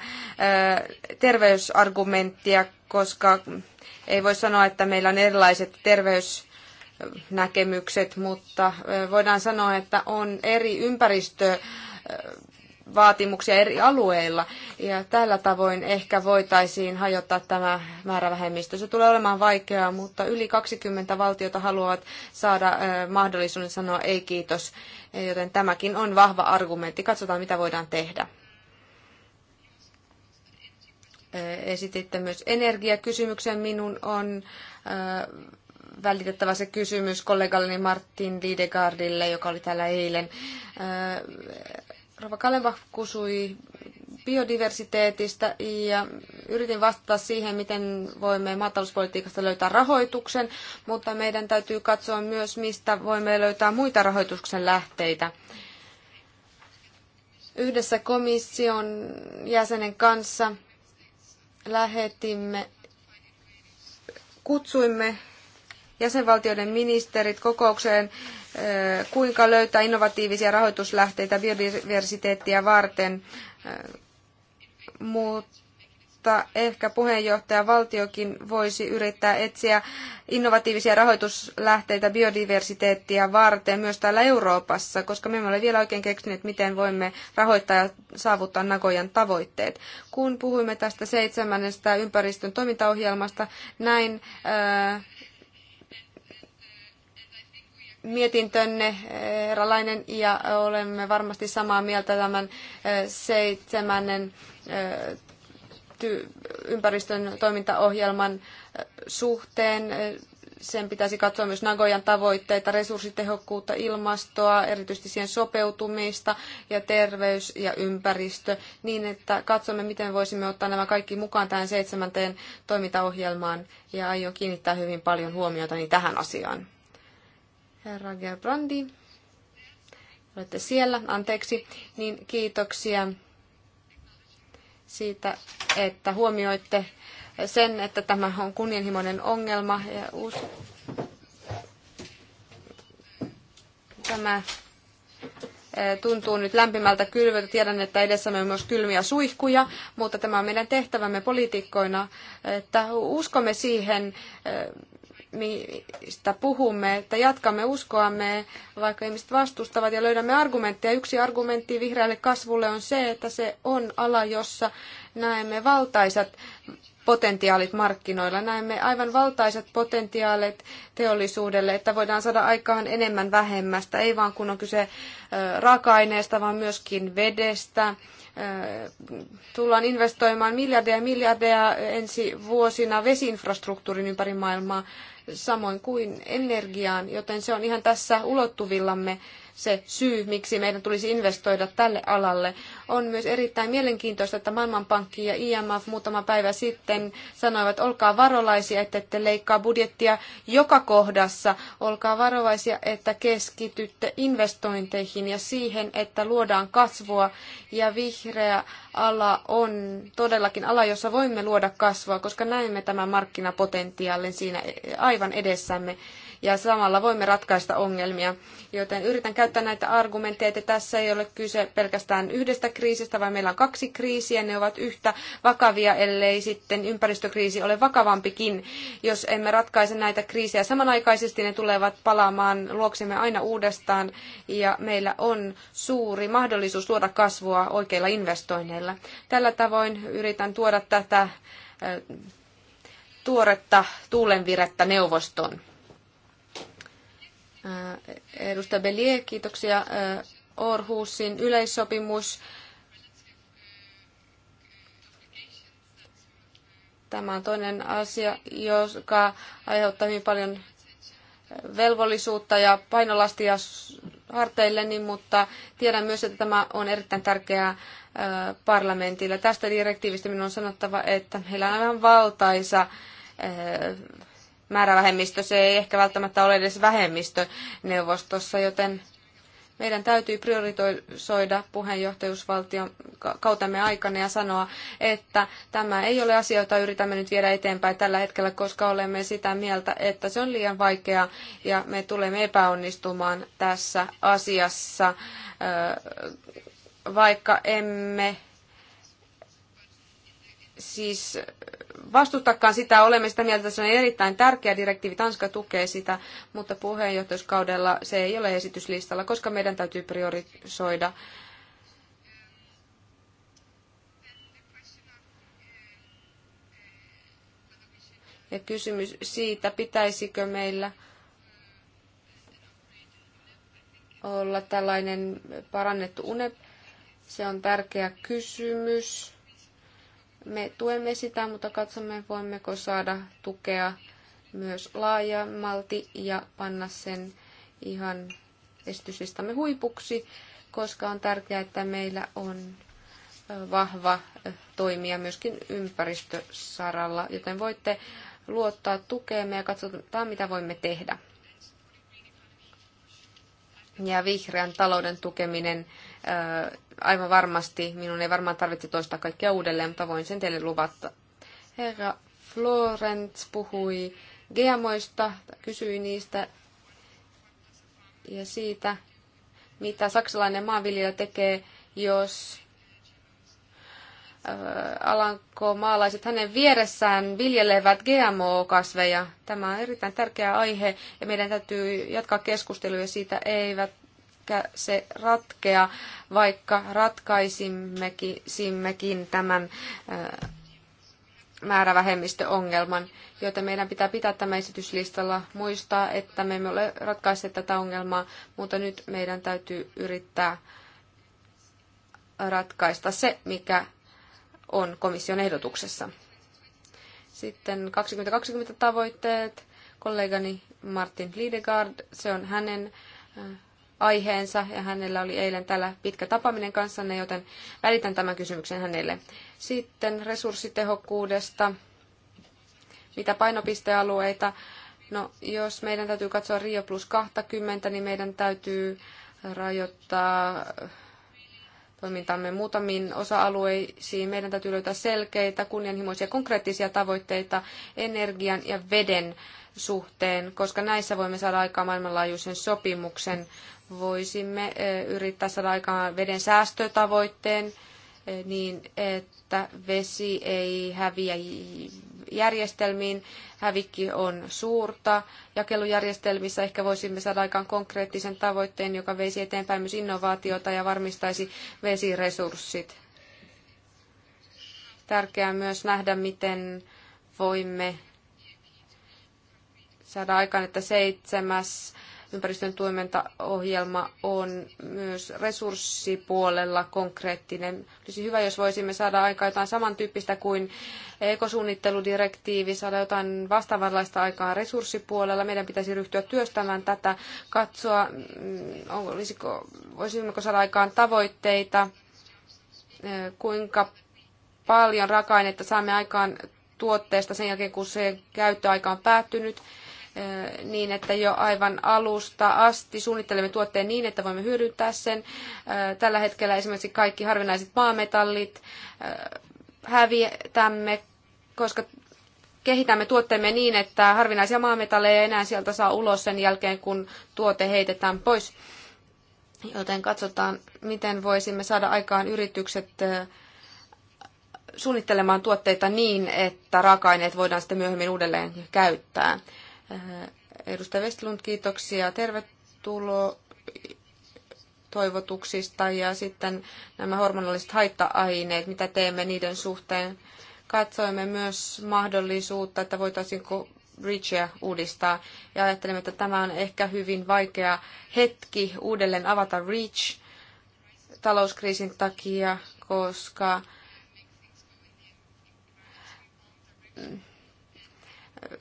terveysargumenttia, koska ei voi sanoa, että meillä on erilaiset terveys näkemykset, mutta voidaan sanoa, että on eri ympäristö vaatimuksia eri alueilla. Ja tällä tavoin ehkä voitaisiin hajottaa tämä määrävähemmistö. Se tulee olemaan vaikeaa, mutta yli 20 valtiota haluavat saada mahdollisuuden sanoa ei kiitos, joten tämäkin on vahva argumentti. Katsotaan, mitä voidaan tehdä. Esititte myös energiakysymyksen. Minun on välitettävä se kysymys kollegalleni Martin Lidegardille, joka oli täällä eilen. Äh, Rova Kaleva kusui biodiversiteetistä ja yritin vastata siihen, miten voimme maatalouspolitiikasta löytää rahoituksen, mutta meidän täytyy katsoa myös, mistä voimme löytää muita rahoituksen lähteitä. Yhdessä komission jäsenen kanssa lähetimme, kutsuimme jäsenvaltioiden ministerit kokoukseen, eh, kuinka löytää innovatiivisia rahoituslähteitä biodiversiteettiä varten, eh, mutta ehkä puheenjohtaja valtiokin voisi yrittää etsiä innovatiivisia rahoituslähteitä biodiversiteettiä varten myös täällä Euroopassa, koska me emme ole vielä oikein keksineet, miten voimme rahoittaa ja saavuttaa Nagojan tavoitteet. Kun puhuimme tästä seitsemännestä ympäristön toimintaohjelmasta, näin eh, mietintönne eralainen eh, ja olemme varmasti samaa mieltä tämän eh, seitsemännen eh, ympäristön toimintaohjelman suhteen. Sen pitäisi katsoa myös Nagojan tavoitteita, resurssitehokkuutta, ilmastoa, erityisesti siihen sopeutumista ja terveys ja ympäristö, niin että katsomme, miten voisimme ottaa nämä kaikki mukaan tähän seitsemänteen toimintaohjelmaan ja aion kiinnittää hyvin paljon huomiota tähän asiaan herra Gerbrandi, olette siellä, anteeksi, niin kiitoksia siitä, että huomioitte sen, että tämä on kunnianhimoinen ongelma ja uusi tämä tuntuu nyt lämpimältä kylvöltä. Tiedän, että edessämme on myös kylmiä suihkuja, mutta tämä on meidän tehtävämme poliitikkoina, että uskomme siihen mistä puhumme, että jatkamme uskoamme, vaikka ihmiset vastustavat ja löydämme argumentteja. Yksi argumentti vihreälle kasvulle on se, että se on ala, jossa näemme valtaisat potentiaalit markkinoilla. Näemme aivan valtaiset potentiaalit teollisuudelle, että voidaan saada aikaan enemmän vähemmästä, ei vaan kun on kyse raaka-aineesta, vaan myöskin vedestä. Tullaan investoimaan miljardeja ja miljardeja ensi vuosina vesinfrastruktuurin ympäri maailmaa samoin kuin energiaan, joten se on ihan tässä ulottuvillamme se syy, miksi meidän tulisi investoida tälle alalle. On myös erittäin mielenkiintoista, että Maailmanpankki ja IMF muutama päivä sitten sanoivat, olkaa varovaisia, että ette leikkaa budjettia joka kohdassa. Olkaa varovaisia, että keskitytte investointeihin ja siihen, että luodaan kasvua. Ja vihreä ala on todellakin ala, jossa voimme luoda kasvua, koska näemme tämän markkinapotentiaalin siinä aivan edessämme ja samalla voimme ratkaista ongelmia. Joten yritän käyttää näitä argumentteja, että tässä ei ole kyse pelkästään yhdestä kriisistä, vaan meillä on kaksi kriisiä. Ne ovat yhtä vakavia, ellei sitten ympäristökriisi ole vakavampikin. Jos emme ratkaise näitä kriisejä samanaikaisesti, ne tulevat palaamaan luoksemme aina uudestaan ja meillä on suuri mahdollisuus luoda kasvua oikeilla investoinneilla. Tällä tavoin yritän tuoda tätä tuoretta tuulenvirettä neuvostoon. Edustaja Belie, kiitoksia. Orhusin yleissopimus. Tämä on toinen asia, joka aiheuttaa hyvin paljon velvollisuutta ja painolastia harteilleni, mutta tiedän myös, että tämä on erittäin tärkeää parlamentille. Tästä direktiivistä minun on sanottava, että heillä on aivan valtaisa määrävähemmistö, se ei ehkä välttämättä ole edes vähemmistö neuvostossa, joten meidän täytyy prioritoisoida puheenjohtajuusvaltion kautemme aikana ja sanoa, että tämä ei ole asia, jota yritämme nyt viedä eteenpäin tällä hetkellä, koska olemme sitä mieltä, että se on liian vaikeaa ja me tulemme epäonnistumaan tässä asiassa, vaikka emme siis vastustakaan sitä, olemme sitä mieltä, että se on erittäin tärkeä direktiivi, Tanska tukee sitä, mutta puheenjohtajuuskaudella se ei ole esityslistalla, koska meidän täytyy priorisoida Ja kysymys siitä, pitäisikö meillä olla tällainen parannettu UNEP, se on tärkeä kysymys. Me tuemme sitä, mutta katsomme, voimmeko saada tukea myös laajemmalti ja panna sen ihan esityslistamme huipuksi, koska on tärkeää, että meillä on vahva toimija myöskin ympäristösaralla, joten voitte luottaa tukeemme ja katsotaan, mitä voimme tehdä. Ja vihreän talouden tukeminen aivan varmasti. Minun ei varmaan tarvitse toistaa kaikkea uudelleen, mutta voin sen teille luvata. Herra Florence puhui geamoista, kysyi niistä ja siitä, mitä saksalainen maanviljelijä tekee, jos äh, Alanko maalaiset hänen vieressään viljelevät GMO-kasveja. Tämä on erittäin tärkeä aihe ja meidän täytyy jatkaa keskusteluja siitä, eivät se ratkea, vaikka ratkaisimmekin tämän määrävähemmistöongelman, joita meidän pitää pitää tämä esityslistalla, muistaa, että me emme ole ratkaisseet tätä ongelmaa, mutta nyt meidän täytyy yrittää ratkaista se, mikä on komission ehdotuksessa. Sitten 2020 tavoitteet, kollegani Martin Lidegaard, se on hänen aiheensa ja hänellä oli eilen täällä pitkä tapaaminen kanssanne, joten välitän tämän kysymyksen hänelle. Sitten resurssitehokkuudesta, mitä painopistealueita. No, jos meidän täytyy katsoa Rio plus 20, niin meidän täytyy rajoittaa toimintamme muutamiin osa-alueisiin. Meidän täytyy löytää selkeitä, kunnianhimoisia, konkreettisia tavoitteita energian ja veden suhteen, koska näissä voimme saada aikaan maailmanlaajuisen sopimuksen voisimme eh, yrittää saada aikaan veden säästötavoitteen eh, niin, että vesi ei häviä järjestelmiin. Hävikki on suurta. Jakelujärjestelmissä ehkä voisimme saada aikaan konkreettisen tavoitteen, joka veisi eteenpäin myös innovaatiota ja varmistaisi vesiresurssit. Tärkeää myös nähdä, miten voimme saada aikaan, että seitsemäs ympäristön tuomentaohjelma on myös resurssipuolella konkreettinen. Olisi hyvä, jos voisimme saada aikaan jotain samantyyppistä kuin ekosuunnitteludirektiivi, saada jotain vastaavanlaista aikaan resurssipuolella. Meidän pitäisi ryhtyä työstämään tätä, katsoa, mm, olisiko, voisimmeko saada aikaan tavoitteita, eh, kuinka paljon raaka-ainetta saamme aikaan tuotteesta sen jälkeen, kun se käyttöaika on päättynyt niin, että jo aivan alusta asti suunnittelemme tuotteen niin, että voimme hyödyntää sen. Tällä hetkellä esimerkiksi kaikki harvinaiset maametallit hävitämme, koska kehitämme tuotteemme niin, että harvinaisia maametalleja ei enää sieltä saa ulos sen jälkeen, kun tuote heitetään pois. Joten katsotaan, miten voisimme saada aikaan yritykset suunnittelemaan tuotteita niin, että raaka-aineet voidaan sitten myöhemmin uudelleen käyttää. Äh, edustaja Westlund, kiitoksia. Tervetuloa toivotuksista ja sitten nämä hormonalliset haitta-aineet, mitä teemme niiden suhteen. Katsoimme myös mahdollisuutta, että voitaisiinko Reachia uudistaa ja ajattelimme, että tämä on ehkä hyvin vaikea hetki uudelleen avata Reach talouskriisin takia, koska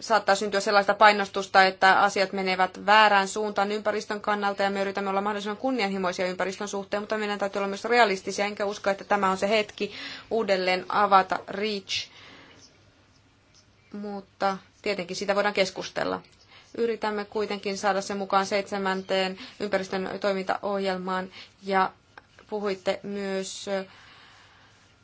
saattaa syntyä sellaista painostusta, että asiat menevät väärään suuntaan ympäristön kannalta ja me yritämme olla mahdollisimman kunnianhimoisia ympäristön suhteen, mutta meidän täytyy olla myös realistisia, enkä usko, että tämä on se hetki uudelleen avata REACH. Mutta tietenkin siitä voidaan keskustella. Yritämme kuitenkin saada sen mukaan seitsemänteen ympäristön toimintaohjelmaan ja puhuitte myös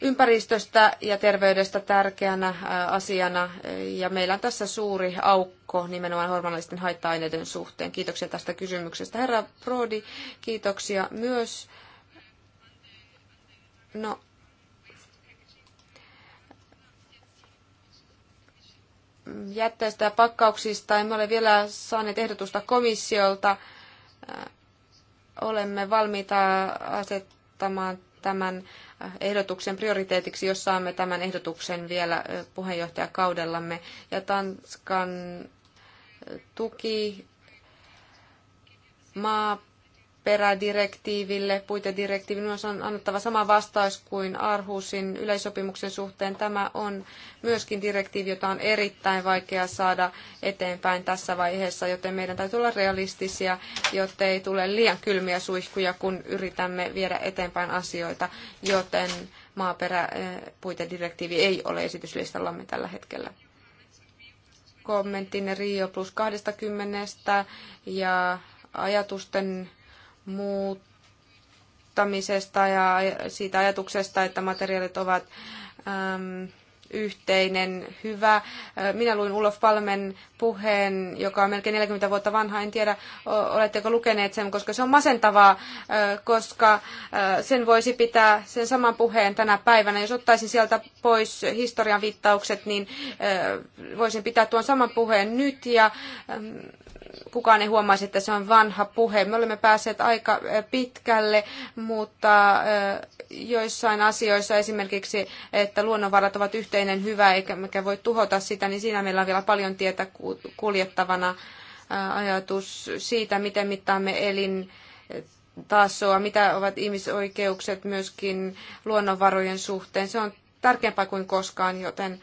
ympäristöstä ja terveydestä tärkeänä asiana, ja meillä on tässä suuri aukko nimenomaan hormonallisten haitta-aineiden suhteen. Kiitoksia tästä kysymyksestä. Herra Prodi, kiitoksia myös. No, jätteistä ja pakkauksista emme ole vielä saaneet ehdotusta komissiolta. Olemme valmiita asettamaan tämän ehdotuksen prioriteetiksi, jos saamme tämän ehdotuksen vielä puheenjohtajakaudellamme. Ja Tanskan tuki maa perädirektiiville, puitedirektiiville, myös on annettava sama vastaus kuin Arhusin yleissopimuksen suhteen. Tämä on myöskin direktiivi, jota on erittäin vaikea saada eteenpäin tässä vaiheessa, joten meidän täytyy olla realistisia, jotta ei tule liian kylmiä suihkuja, kun yritämme viedä eteenpäin asioita, joten maaperäpuitedirektiivi eh, ei ole esityslistallamme tällä hetkellä kommenttinne Rio plus 20 ja ajatusten muuttamisesta ja siitä ajatuksesta, että materiaalit ovat äm, yhteinen hyvä. Äh, minä luin Ulof Palmen puheen, joka on melkein 40 vuotta vanha. En tiedä, oletteko lukeneet sen, koska se on masentavaa, äh, koska äh, sen voisi pitää sen saman puheen tänä päivänä. Jos ottaisin sieltä pois historian viittaukset, niin voisin pitää tuon saman puheen nyt ja kukaan ei huomaisi, että se on vanha puhe. Me olemme päässeet aika pitkälle, mutta joissain asioissa esimerkiksi, että luonnonvarat ovat yhteinen hyvä, eikä mikä voi tuhota sitä, niin siinä meillä on vielä paljon tietä kuljettavana ajatus siitä, miten mittaamme elin tasoa, mitä ovat ihmisoikeukset myöskin luonnonvarojen suhteen. Se on tärkeämpää kuin koskaan, joten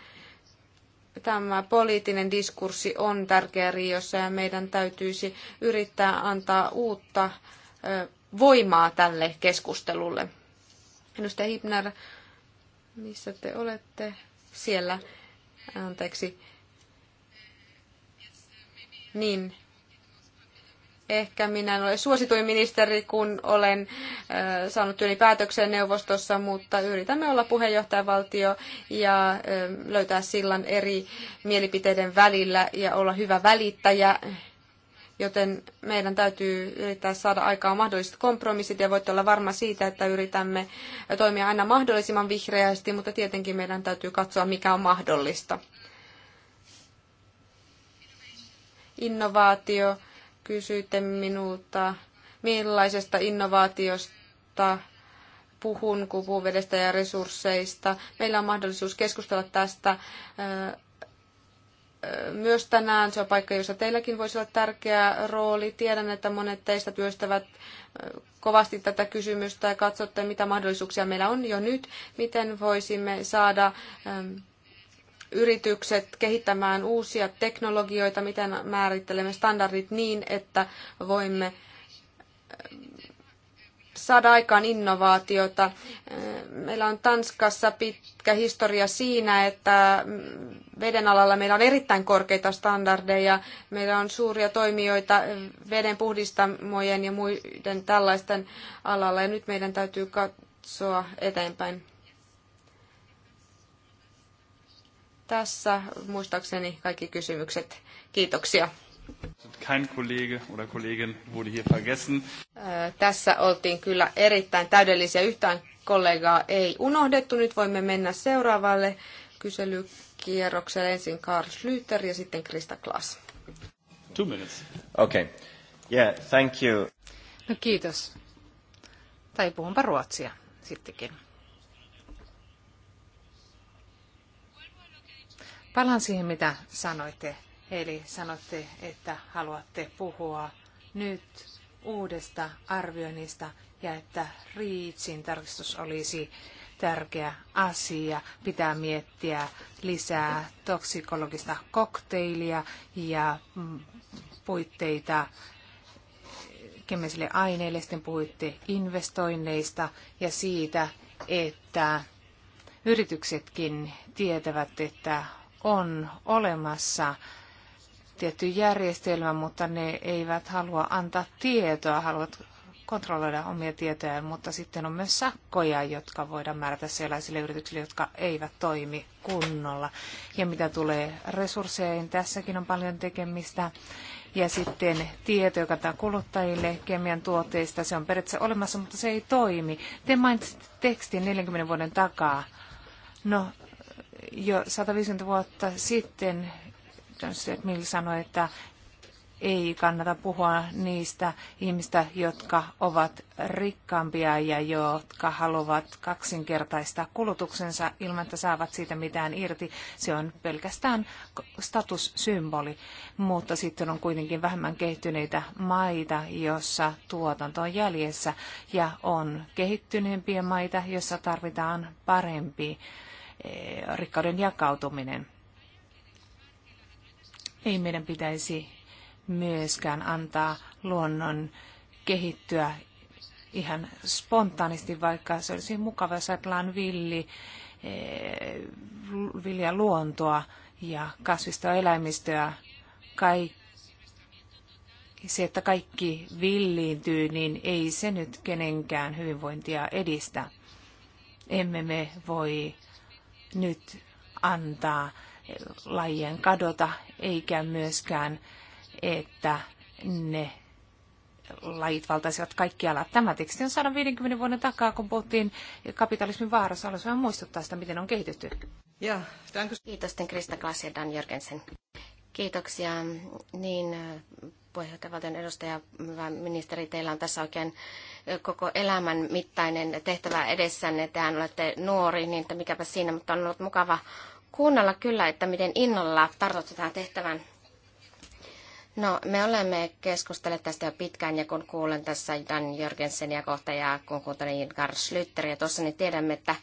tämä poliittinen diskurssi on tärkeä Riossa ja meidän täytyisi yrittää antaa uutta voimaa tälle keskustelulle. Edustaja Hipner, missä te olette? Siellä. Anteeksi. Niin, ehkä minä en ole suosituin ministeri, kun olen saanut työni päätökseen neuvostossa, mutta yritämme olla puheenjohtajavaltio ja löytää sillan eri mielipiteiden välillä ja olla hyvä välittäjä. Joten meidän täytyy yrittää saada aikaan mahdolliset kompromissit ja voitte olla varma siitä, että yritämme toimia aina mahdollisimman vihreästi, mutta tietenkin meidän täytyy katsoa, mikä on mahdollista. Innovaatio Kysyitte minulta, millaisesta innovaatiosta puhun, kun ja resursseista. Meillä on mahdollisuus keskustella tästä myös tänään. Se on paikka, jossa teilläkin voisi olla tärkeä rooli. Tiedän, että monet teistä työstävät kovasti tätä kysymystä ja katsotte, mitä mahdollisuuksia meillä on jo nyt, miten voisimme saada yritykset kehittämään uusia teknologioita, miten määrittelemme standardit niin, että voimme eh, saada aikaan innovaatiota. Eh, meillä on Tanskassa pitkä historia siinä, että mm, veden alalla meillä on erittäin korkeita standardeja. Meillä on suuria toimijoita eh, veden puhdistamojen ja muiden tällaisten alalla, ja nyt meidän täytyy katsoa eteenpäin. Tässä muistaakseni kaikki kysymykset. Kiitoksia. Kein Kollege oder Kollegin wurde hier vergessen. Tässä oltiin kyllä erittäin täydellisiä. Yhtään kollegaa ei unohdettu. Nyt voimme mennä seuraavalle kyselykierrokselle. Ensin Karl Schlüter ja sitten Krista Klaas. Two minutes. Okay. Yeah, thank you. No kiitos. Tai puhunpa ruotsia sittenkin. Palaan siihen, mitä sanoitte. Eli sanoitte, että haluatte puhua nyt uudesta arvioinnista ja että Riitsin tarkistus olisi tärkeä asia. Pitää miettiä lisää toksikologista kokteilia ja mm, puitteita kemisille aineille. Sitten puhuitte investoinneista ja siitä, että yrityksetkin tietävät, että on olemassa tietty järjestelmä, mutta ne eivät halua antaa tietoa, haluavat kontrolloida omia tietojaan, mutta sitten on myös sakkoja, jotka voidaan määrätä sellaisille yrityksille, jotka eivät toimi kunnolla. Ja mitä tulee resursseihin, tässäkin on paljon tekemistä. Ja sitten tieto, joka tämä kuluttajille kemian tuotteista, se on periaatteessa olemassa, mutta se ei toimi. Te mainitsitte tekstin 40 vuoden takaa. No, jo 150 vuotta sitten Mill sanoi, että ei kannata puhua niistä ihmistä, jotka ovat rikkaampia ja jotka haluavat kaksinkertaista kulutuksensa ilman, että saavat siitä mitään irti. Se on pelkästään statussymboli, mutta sitten on kuitenkin vähemmän kehittyneitä maita, jossa tuotanto on jäljessä ja on kehittyneempiä maita, jossa tarvitaan parempi Eh, rikkauden jakautuminen. Ei meidän pitäisi myöskään antaa luonnon kehittyä ihan spontaanisti, vaikka se olisi mukava, jos ajatellaan villi, eh, vilja luontoa ja kasvista eläimistöä. Kaikki, se, että kaikki villiintyy, niin ei se nyt kenenkään hyvinvointia edistä. Emme me voi nyt antaa lajien kadota, eikä myöskään, että ne lajit valtaisivat kaikki alat. Tämä teksti on 150 vuoden takaa, kun puhuttiin kapitalismin vaarassa. Haluaisin vähän muistuttaa sitä, miten on kehitetty. Ja, Kiitos, Krista Klaas ja Dan Jörgensen. Kiitoksia. Niin, valtion edustaja, hyvä ministeri, teillä on tässä oikein koko elämän mittainen tehtävä edessänne. Tehän olette nuori, niin että mikäpä siinä, mutta on ollut mukava kuunnella kyllä, että miten innolla tartutte tähän No, me olemme keskustelleet tästä jo pitkään, ja kun kuulen tässä Dan Jörgensenia kohta ja kun kuuntelen Jyn ja tuossa, niin tiedämme, että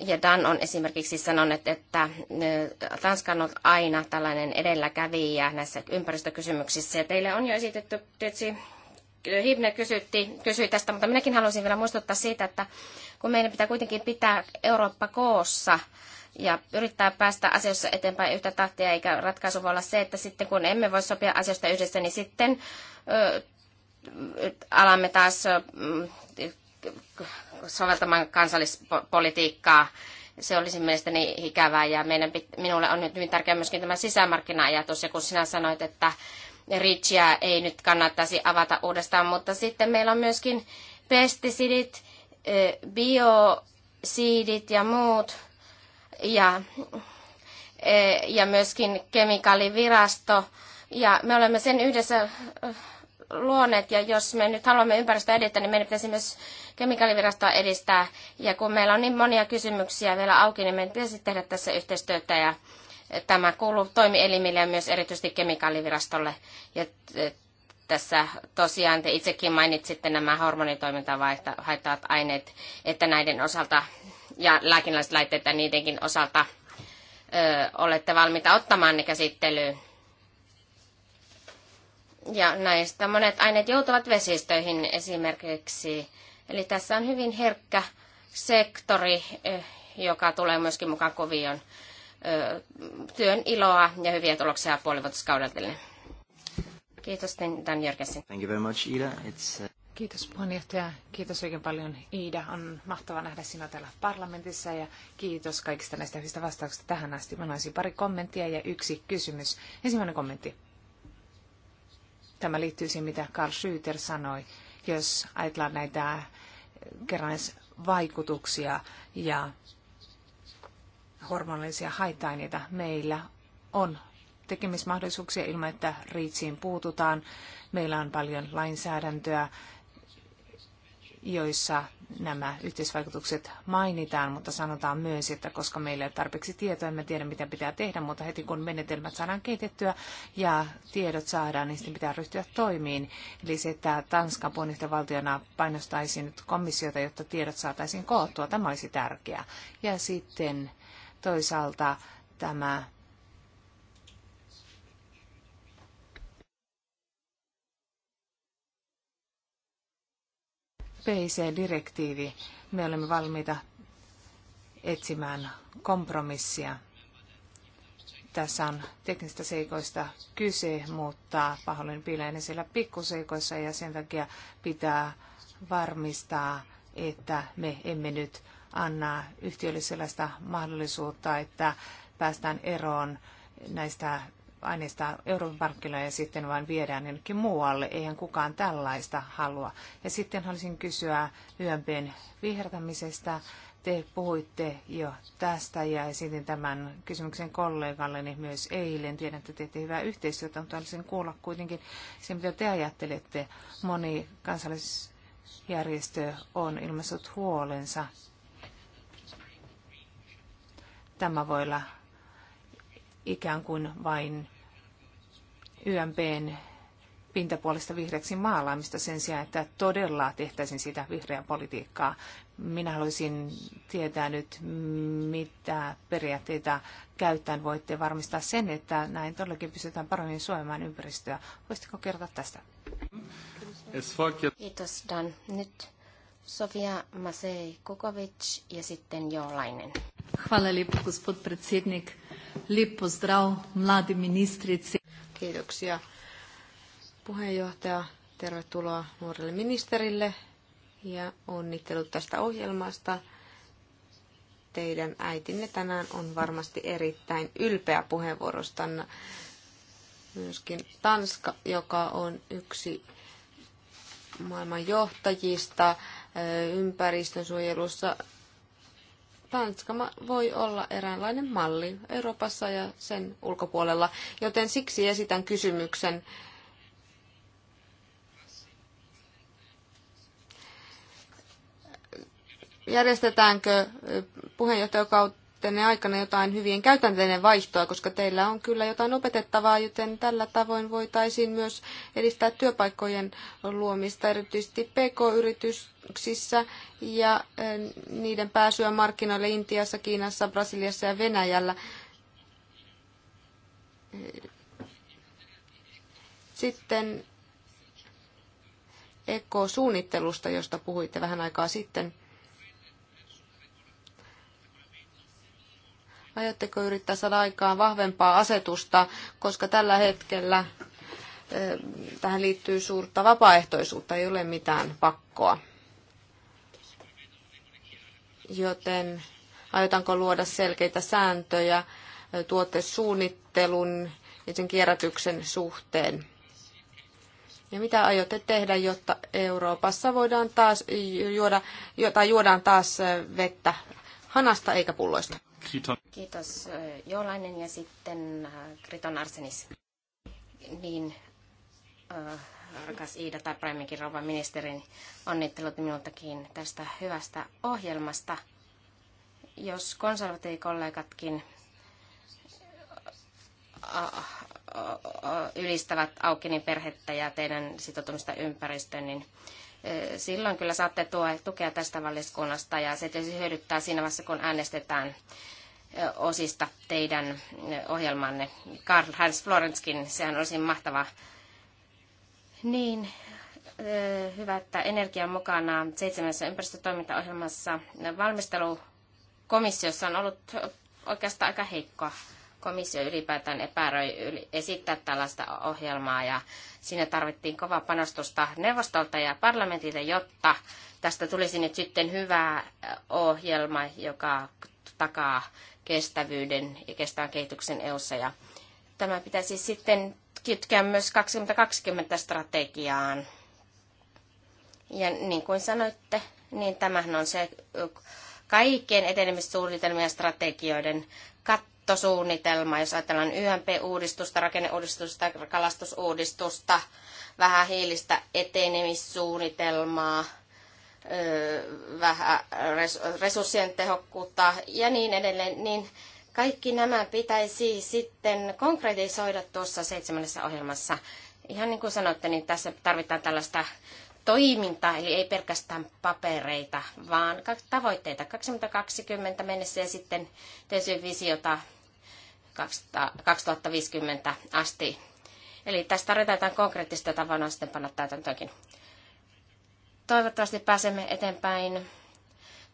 ja Dan on esimerkiksi sanonut, että äh, Tanska on aina tällainen edelläkävijä näissä ympäristökysymyksissä. Ja teille on jo esitetty tietysti äh, Hibne kysytti, kysyi tästä, mutta minäkin haluaisin vielä muistuttaa siitä, että kun meidän pitää kuitenkin pitää Eurooppa koossa ja yrittää päästä asioissa eteenpäin yhtä tahtia, eikä ratkaisu voi olla se, että sitten kun emme voi sopia asioista yhdessä, niin sitten ö, äh, alamme taas soveltamaan kansallispolitiikkaa. Se olisi mielestäni ikävää ja meidän, minulle on nyt hyvin tärkeä myöskin tämä sisämarkkina-ajatus. Ja kun sinä sanoit, että Richiä ei nyt kannattaisi avata uudestaan, mutta sitten meillä on myöskin pestisidit, biosiidit ja muut. Ja, ja myöskin kemikaalivirasto. Ja me olemme sen yhdessä luoneet, ja jos me nyt haluamme ympäristöä edistää, niin meidän pitäisi myös kemikaalivirastoa edistää. Ja kun meillä on niin monia kysymyksiä vielä auki, niin meidän pitäisi tehdä tässä yhteistyötä, ja tämä kuuluu toimielimille ja myös erityisesti kemikaalivirastolle. Ja e, tässä tosiaan te itsekin mainitsitte nämä hormonitoimintaa haittavat aineet, että näiden osalta ja lääkinnälliset laitteet ja niidenkin osalta ö, e, olette valmiita ottamaan ne käsittelyyn. Ja näistä monet aineet joutuvat vesistöihin esimerkiksi. Eli tässä on hyvin herkkä sektori, eh, joka tulee myöskin mukaan kovion työn iloa ja hyviä tuloksia puolivuotiskaudelle. Kiitos, Dan Jörgensen. Thank you very much, Ida. It's, uh... Kiitos puheenjohtaja. Kiitos oikein paljon Iida. On mahtava nähdä sinua täällä parlamentissa ja kiitos kaikista näistä hyvistä vastauksista tähän asti. Mä pari kommenttia ja yksi kysymys. Ensimmäinen kommentti. Tämä liittyy siihen, mitä Carl Schüter sanoi. Jos ajatellaan näitä kerrannaisvaikutuksia ja hormonallisia haitaineita, meillä on tekemismahdollisuuksia ilman, että riitsiin puututaan. Meillä on paljon lainsäädäntöä, joissa nämä yhteisvaikutukset mainitaan, mutta sanotaan myös, että koska meillä ei ole tarpeeksi tietoa, emme tiedä mitä pitää tehdä, mutta heti kun menetelmät saadaan kehitettyä ja tiedot saadaan, niin sitten pitää ryhtyä toimiin. Eli se, että Tanskan valtiona painostaisi nyt komissiota, jotta tiedot saataisiin koottua, tämä olisi tärkeää. Ja sitten toisaalta tämä PIC-direktiivi. Me olemme valmiita etsimään kompromissia. Tässä on teknistä seikoista kyse, mutta pahoin piileinen siellä pikkuseikoissa ja sen takia pitää varmistaa, että me emme nyt anna yhtiölle sellaista mahdollisuutta, että päästään eroon näistä aineista Euroopan markkinoille ja sitten vain viedään jonnekin muualle. Eihän kukaan tällaista halua. Ja sitten haluaisin kysyä YMPn vihertämisestä. Te puhuitte jo tästä ja esitin tämän kysymyksen kollegalleni myös eilen. Tiedän, että teette hyvää yhteistyötä, mutta haluaisin kuulla kuitenkin se, mitä te ajattelette. Moni kansallisjärjestö on ilmaissut huolensa. Tämä voi olla ikään kuin vain YMPn pintapuolista vihreäksi maalaamista sen sijaan, että todella tehtäisiin sitä vihreää politiikkaa. Minä haluaisin tietää nyt, mitä periaatteita käyttäen voitte varmistaa sen, että näin todellakin pystytään paremmin suojamaan ympäristöä. Voisitko kertoa tästä? Kiitos Dan. Nyt Sofia masei Kukovic ja sitten Joolainen. Hvala gospod predsjednik. Lep pozdrav mladi ministrici. Kiitoksia puheenjohtaja. Tervetuloa nuorelle ministerille ja onnittelut tästä ohjelmasta. Teidän äitinne tänään on varmasti erittäin ylpeä puheenvuorostanne. Myöskin Tanska, joka on yksi maailman johtajista ympäristönsuojelussa Tanska voi olla eräänlainen malli Euroopassa ja sen ulkopuolella, joten siksi esitän kysymyksen. Järjestetäänkö eh, puheenjohtajakautta tänne aikana jotain hyvien käytänteiden vaihtoa, koska teillä on kyllä jotain opetettavaa, joten tällä tavoin voitaisiin myös edistää työpaikkojen luomista erityisesti PK-yrityksissä ja niiden pääsyä markkinoille Intiassa, Kiinassa, Brasiliassa ja Venäjällä. Sitten ekosuunnittelusta, josta puhuitte vähän aikaa sitten. Aiotteko yrittää saada aikaan vahvempaa asetusta, koska tällä hetkellä tähän liittyy suurta vapaaehtoisuutta, ei ole mitään pakkoa. Joten aiotaanko luoda selkeitä sääntöjä tuotesuunnittelun ja sen kierrätyksen suhteen? Ja mitä aiotte tehdä, jotta Euroopassa voidaan taas juoda, tai juodaan taas vettä hanasta eikä pulloista? Kriton. Kiitos Joolainen ja sitten äh, Kriton Arsenis. Niin, äh, rakas Iida tai paremminkin rouva ministerin, onnittelut minultakin tästä hyvästä ohjelmasta. Jos konservatiivikollegatkin ylistävät Aukinin perhettä ja teidän sitoutumista ympäristöön, niin silloin kyllä saatte tuo, tukea tästä valiskunnasta ja se tietysti hyödyttää siinä vaiheessa, kun äänestetään osista teidän ohjelmanne. Karl Hans Florenskin, sehän olisi mahtava. Niin, hyvä, että energia on mukana seitsemässä ympäristötoimintaohjelmassa. Valmistelukomissiossa on ollut oikeastaan aika heikkoa komissio ylipäätään epäröi esittää tällaista ohjelmaa ja siinä tarvittiin kova panostusta neuvostolta ja parlamentilta, jotta tästä tulisi nyt sitten hyvä ohjelma, joka takaa kestävyyden ja kestävän kehityksen EU-ssa. ja tämä pitäisi sitten kytkeä myös 2020 strategiaan. Ja niin kuin sanoitte, niin tämähän on se kaikkien etenemissuunnitelmien ja strategioiden katto muuttosuunnitelma, jos ajatellaan YMP-uudistusta, rakenneuudistusta, kalastusuudistusta, vähän hiilistä etenemissuunnitelmaa, vähän resurssien tehokkuutta ja niin edelleen, niin kaikki nämä pitäisi sitten konkretisoida tuossa seitsemännessä ohjelmassa. Ihan niin kuin sanoitte, niin tässä tarvitaan tällaista toimintaa, eli ei pelkästään papereita, vaan tavoitteita 2020 mennessä ja sitten tietysti visiota 2050 asti. Eli tässä tarvitaan jotain konkreettista, jota voidaan sitten panna täytäntöönkin. Toivottavasti pääsemme eteenpäin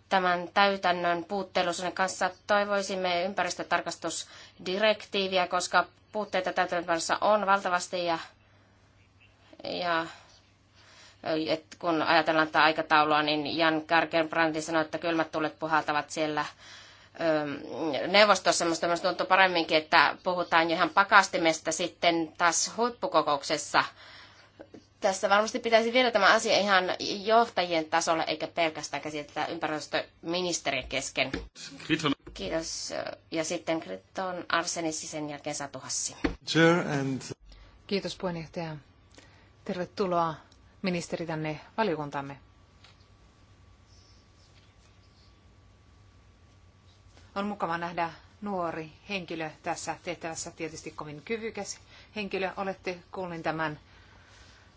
tämän täytännön puutteellisuuden kanssa. Toivoisimme ympäristötarkastusdirektiiviä, koska puutteita täytäntöönpanossa on valtavasti ja, ja et kun ajatellaan tätä aikataulua, niin Jan Karkenbrandi sanoi, että kylmät tulet puhaltavat siellä neuvostossa, mutta minusta tuntuu paremminkin, että puhutaan ihan pakastimesta sitten taas huippukokouksessa. Tässä varmasti pitäisi viedä tämä asia ihan johtajien tasolle, eikä pelkästään käsitellä ympäristöministerin kesken. Kriton. Kiitos. Ja sitten Kriton Arsenis sen jälkeen Satu Hassi. Kiitos puheenjohtaja. Tervetuloa ministeri tänne valiokuntamme. On mukava nähdä nuori henkilö tässä tehtävässä, tietysti kovin kyvykäs henkilö. Olette kuulin tämän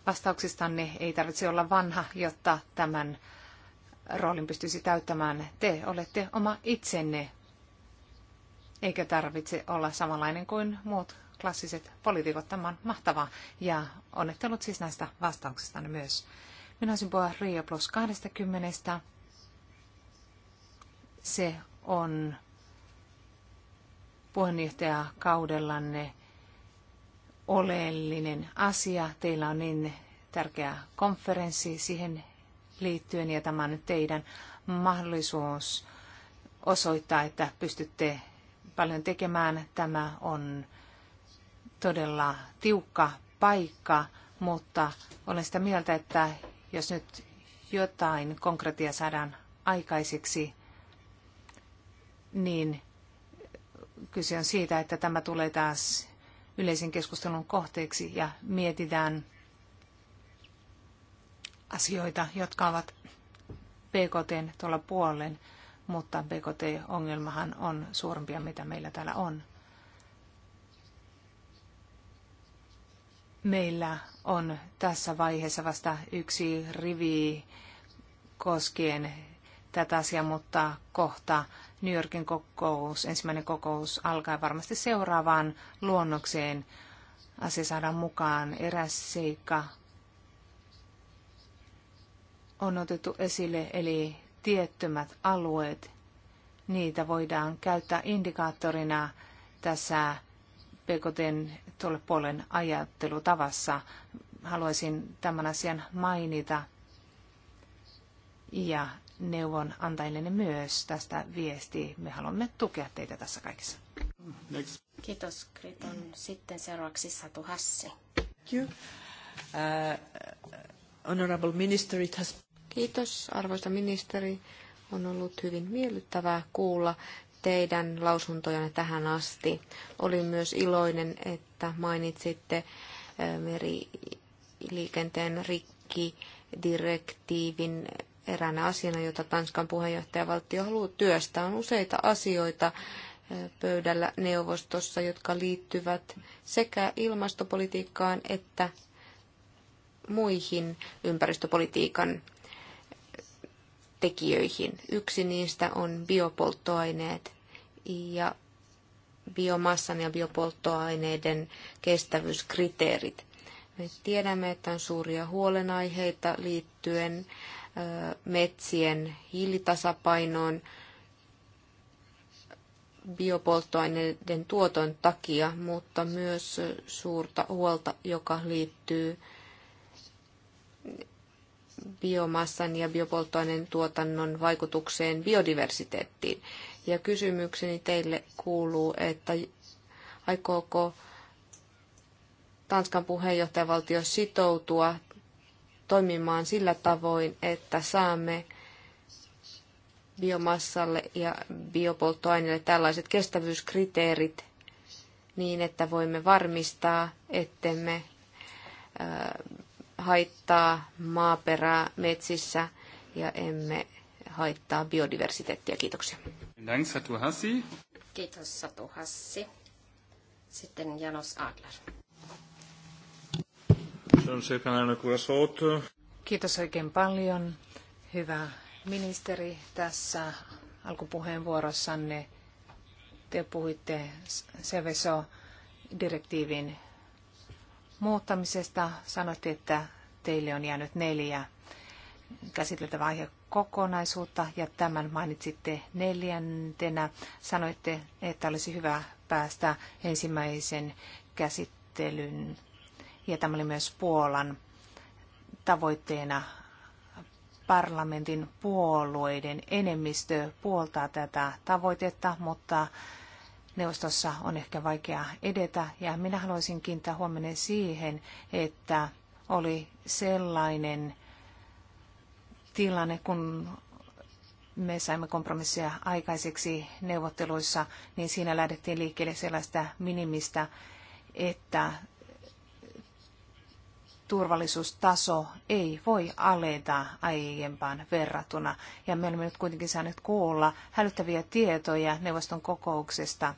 vastauksistanne. Ei tarvitse olla vanha, jotta tämän roolin pystyisi täyttämään. Te olette oma itsenne, eikä tarvitse olla samanlainen kuin muut klassiset poliitikot. Tämä on mahtavaa ja onnittelut siis näistä vastauksistanne myös. Minä olisin puhua Rio plus 20. Se on puheenjohtajakaudellanne oleellinen asia. Teillä on niin tärkeä konferenssi siihen liittyen ja tämä on nyt teidän mahdollisuus osoittaa, että pystytte paljon tekemään. Tämä on todella tiukka paikka, mutta olen sitä mieltä, että jos nyt jotain konkretia saadaan aikaiseksi, niin kyse on siitä, että tämä tulee taas yleisen keskustelun kohteeksi ja mietitään asioita, jotka ovat BKT tuolla puolen, mutta BKT-ongelmahan on suurempia, mitä meillä täällä on. Meillä on tässä vaiheessa vasta yksi rivi koskien tätä asiaa, mutta kohta New Yorkin kokous, ensimmäinen kokous alkaa varmasti seuraavaan luonnokseen. Asia saadaan mukaan eräs seikka on otettu esille, eli tiettymät alueet, niitä voidaan käyttää indikaattorina tässä PKTn tuolle puolen ajattelutavassa. Haluaisin tämän asian mainita ja neuvon myös tästä viesti. Me haluamme tukea teitä tässä kaikessa. Next. Kiitos Kriton. Sitten seuraavaksi Satu Hassi. Thank uh, uh, honorable minister, it has... Kiitos arvoisa ministeri. On ollut hyvin miellyttävää kuulla teidän lausuntojanne tähän asti. Olin myös iloinen, että mainitsitte uh, meriliikenteen rikkidirektiivin eräänä asiana, jota Tanskan puheenjohtajavaltio haluaa työstää. On useita asioita pöydällä neuvostossa, jotka liittyvät sekä ilmastopolitiikkaan että muihin ympäristöpolitiikan tekijöihin. Yksi niistä on biopolttoaineet ja biomassan ja biopolttoaineiden kestävyyskriteerit. Me tiedämme, että on suuria huolenaiheita liittyen äh, metsien hiilitasapainoon biopolttoaineiden tuoton takia, mutta myös suurta huolta, joka liittyy biomassan ja biopolttoaineen tuotannon vaikutukseen biodiversiteettiin. Ja kysymykseni teille kuuluu, että aikooko Tanskan puheenjohtajavaltio sitoutua toimimaan sillä tavoin, että saamme biomassalle ja biopolttoaineelle tällaiset kestävyyskriteerit niin, että voimme varmistaa, ettemme haittaa maaperää metsissä ja emme haittaa biodiversiteettiä. Kiitoksia. Kiitos Satu Hassi. Sitten Janos Adler. Kiitos oikein paljon. Hyvä ministeri, tässä alkupuheenvuorossanne te puhuitte Seveso-direktiivin muuttamisesta. Sanoitte, että teille on jäänyt neljä käsiteltävää kokonaisuutta ja tämän mainitsitte neljäntenä. Sanoitte, että olisi hyvä päästä ensimmäisen käsittelyn ja tämä oli myös Puolan tavoitteena parlamentin puolueiden enemmistö puoltaa tätä tavoitetta, mutta neuvostossa on ehkä vaikea edetä. Ja minä haluaisin kiinnittää huomenna siihen, että oli sellainen tilanne, kun me saimme kompromissia aikaiseksi neuvotteluissa, niin siinä lähdettiin liikkeelle sellaista minimistä, että turvallisuustaso ei voi aleta aiempaan verrattuna. Ja me olemme nyt kuitenkin saaneet kuulla hälyttäviä tietoja neuvoston kokouksesta,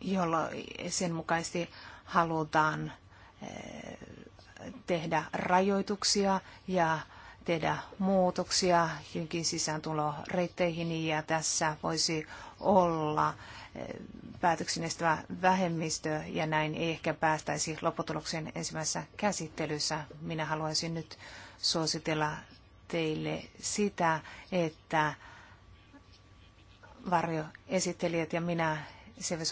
jolloin sen mukaisesti halutaan eh, tehdä rajoituksia ja tehdä muutoksia jonkin sisääntuloreitteihin ja tässä voisi olla päätöksen estävä vähemmistö ja näin ei ehkä päästäisi lopputulokseen ensimmäisessä käsittelyssä. Minä haluaisin nyt suositella teille sitä, että varjoesittelijät ja minä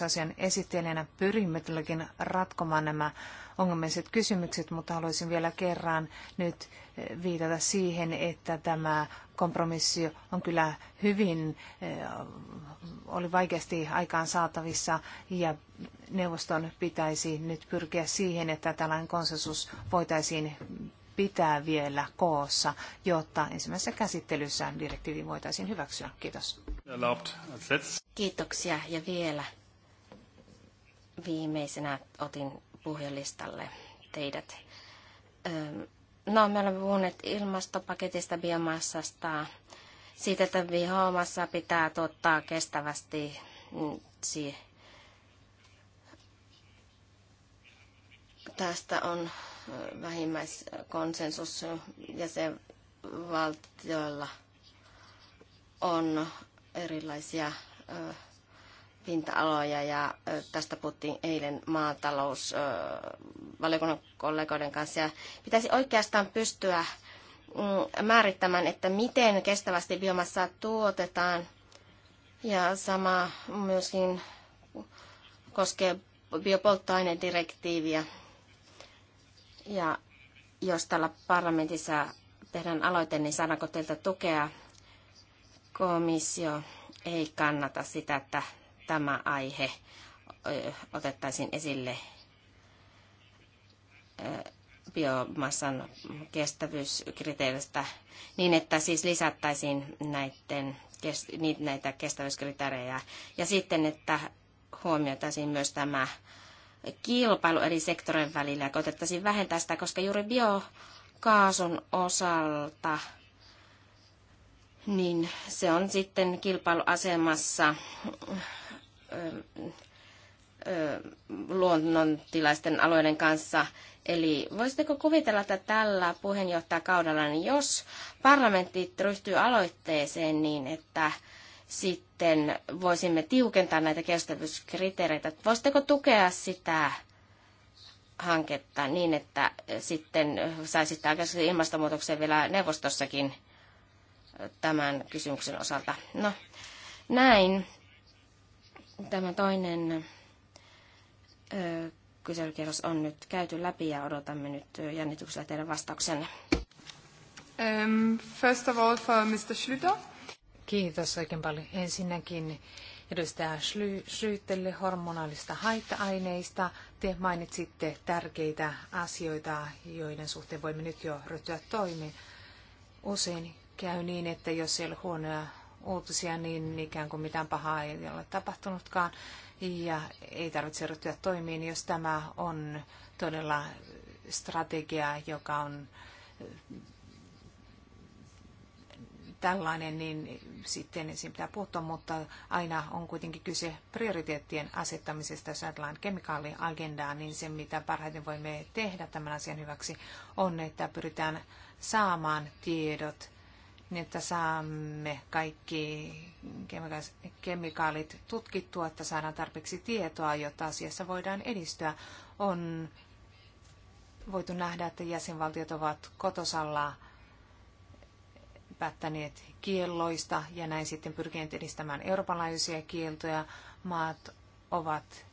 asian esittelijänä pyrimme tälläkin ratkomaan nämä ongelmalliset kysymykset, mutta haluaisin vielä kerran nyt eh, viitata siihen, että tämä kompromissi on kyllä hyvin, eh, oli vaikeasti aikaan saatavissa ja neuvoston pitäisi nyt pyrkiä siihen, että tällainen konsensus voitaisiin pitää vielä koossa, jotta ensimmäisessä käsittelyssä direktiivi voitaisiin hyväksyä. Kiitos. Kiitoksia ja vielä viimeisenä otin puhelistalle teidät. No, me olemme puhuneet ilmastopaketista, biomassasta, siitä, että vihaamassa pitää tuottaa kestävästi mm, tästä on vähimmäiskonsensus jäsenvaltioilla on erilaisia pinta-aloja ja tästä puhuttiin eilen maatalousvaliokunnan kollegoiden kanssa. Ja pitäisi oikeastaan pystyä mm, määrittämään, että miten kestävästi biomassaa tuotetaan. Ja sama myöskin koskee biopolttoainedirektiiviä. Ja jos tällä parlamentissa tehdään aloite, niin saadaanko teiltä tukea? Komissio ei kannata sitä, että tämä aihe otettaisiin esille biomassan kestävyyskriteeristä niin, että siis lisättäisiin näiden, näitä kestävyyskriteerejä ja sitten, että huomioitaisiin myös tämä kilpailu eri sektorien välillä ja koitettaisiin vähentää sitä, koska juuri biokaasun osalta niin se on sitten kilpailuasemassa luonnontilaisten alueiden kanssa. Eli voisitteko kuvitella, että tällä puheenjohtajakaudella, niin jos parlamentti ryhtyy aloitteeseen niin, että sitten voisimme tiukentaa näitä kestävyyskriteereitä. Voisitteko tukea sitä hanketta niin, että sitten saisitte aikaisemmin ilmastonmuutokseen vielä neuvostossakin tämän kysymyksen osalta? No, näin. Tämä toinen ö, kyselykierros on nyt käyty läpi ja odotamme nyt jännityksellä teidän vastauksenne. Um, first of all for Mr. Schlüter. Kiitos oikein paljon. Ensinnäkin edustaja Syyttelle hormonaalista haitta-aineista. Te mainitsitte tärkeitä asioita, joiden suhteen voimme nyt jo ryhtyä toimiin. Usein käy niin, että jos ei ole huonoja uutisia, niin ikään kuin mitään pahaa ei ole tapahtunutkaan ja ei tarvitse ryhtyä toimiin, jos tämä on todella strategia, joka on tällainen, niin sitten siinä pitää puuttua, mutta aina on kuitenkin kyse prioriteettien asettamisesta. Jos ajatellaan kemikaaliagendaa, niin se mitä parhaiten voimme tehdä tämän asian hyväksi on, että pyritään saamaan tiedot, niin että saamme kaikki kemikaalit tutkittua, että saadaan tarpeeksi tietoa, jotta asiassa voidaan edistyä. On voitu nähdä, että jäsenvaltiot ovat kotosalla päättäneet kielloista ja näin sitten pyrkineet edistämään eurooppalaisia kieltoja. Maat ovat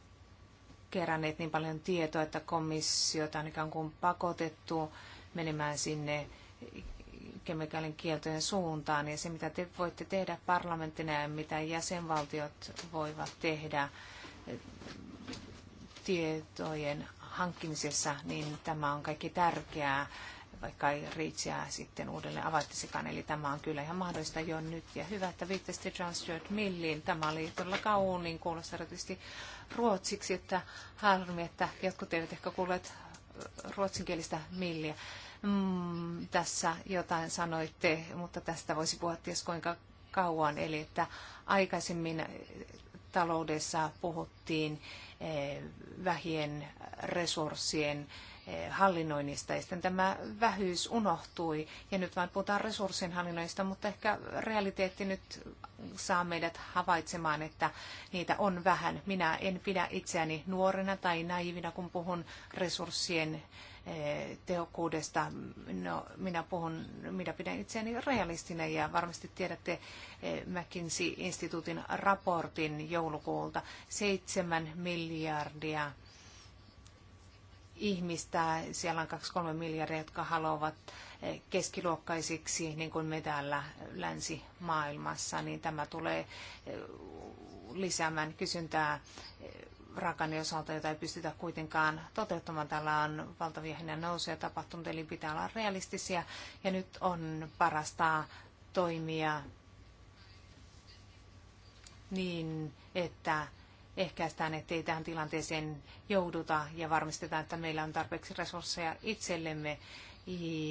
keränneet niin paljon tietoa, että komissiota on ikään kuin pakotettu menemään sinne kemikaalin kieltojen suuntaan. Ja se, mitä te voitte tehdä parlamenttina ja mitä jäsenvaltiot voivat tehdä tietojen hankkimisessa, niin tämä on kaikki tärkeää vaikka ei Reachia sitten uudelleen avattisikaan. Eli tämä on kyllä ihan mahdollista jo nyt. Ja hyvä, että viittasitte John Stuart Milliin. Tämä oli todella kauniin kuulossa erityisesti ruotsiksi, että harmi, että jotkut eivät ehkä kuulleet ruotsinkielistä milliä. Mm, tässä jotain sanoitte, mutta tästä voisi puhua ties kuinka kauan. Eli että aikaisemmin taloudessa puhuttiin eh, vähien resurssien Eh, hallinnoinnista. Ja sitten tämä vähyys unohtui ja nyt vain puhutaan resurssin hallinnoinnista, mutta ehkä realiteetti nyt saa meidät havaitsemaan, että niitä on vähän. Minä en pidä itseäni nuorena tai naivina, kun puhun resurssien eh, tehokkuudesta. No, minä, puhun, minä pidän itseäni realistina ja varmasti tiedätte eh, McKinsey-instituutin raportin joulukuulta. Seitsemän miljardia ihmistä. Siellä on 2-3 miljardia, jotka haluavat eh, keskiluokkaisiksi, niin kuin me täällä länsimaailmassa, niin tämä tulee eh, lisäämään kysyntää eh, rakani osalta, jota ei pystytä kuitenkaan toteuttamaan. Täällä on valtavia hinnan nousuja tapahtunut, eli pitää olla realistisia. Ja nyt on parasta toimia niin, että ehkäistään, ettei tähän tilanteeseen jouduta ja varmistetaan, että meillä on tarpeeksi resursseja itsellemme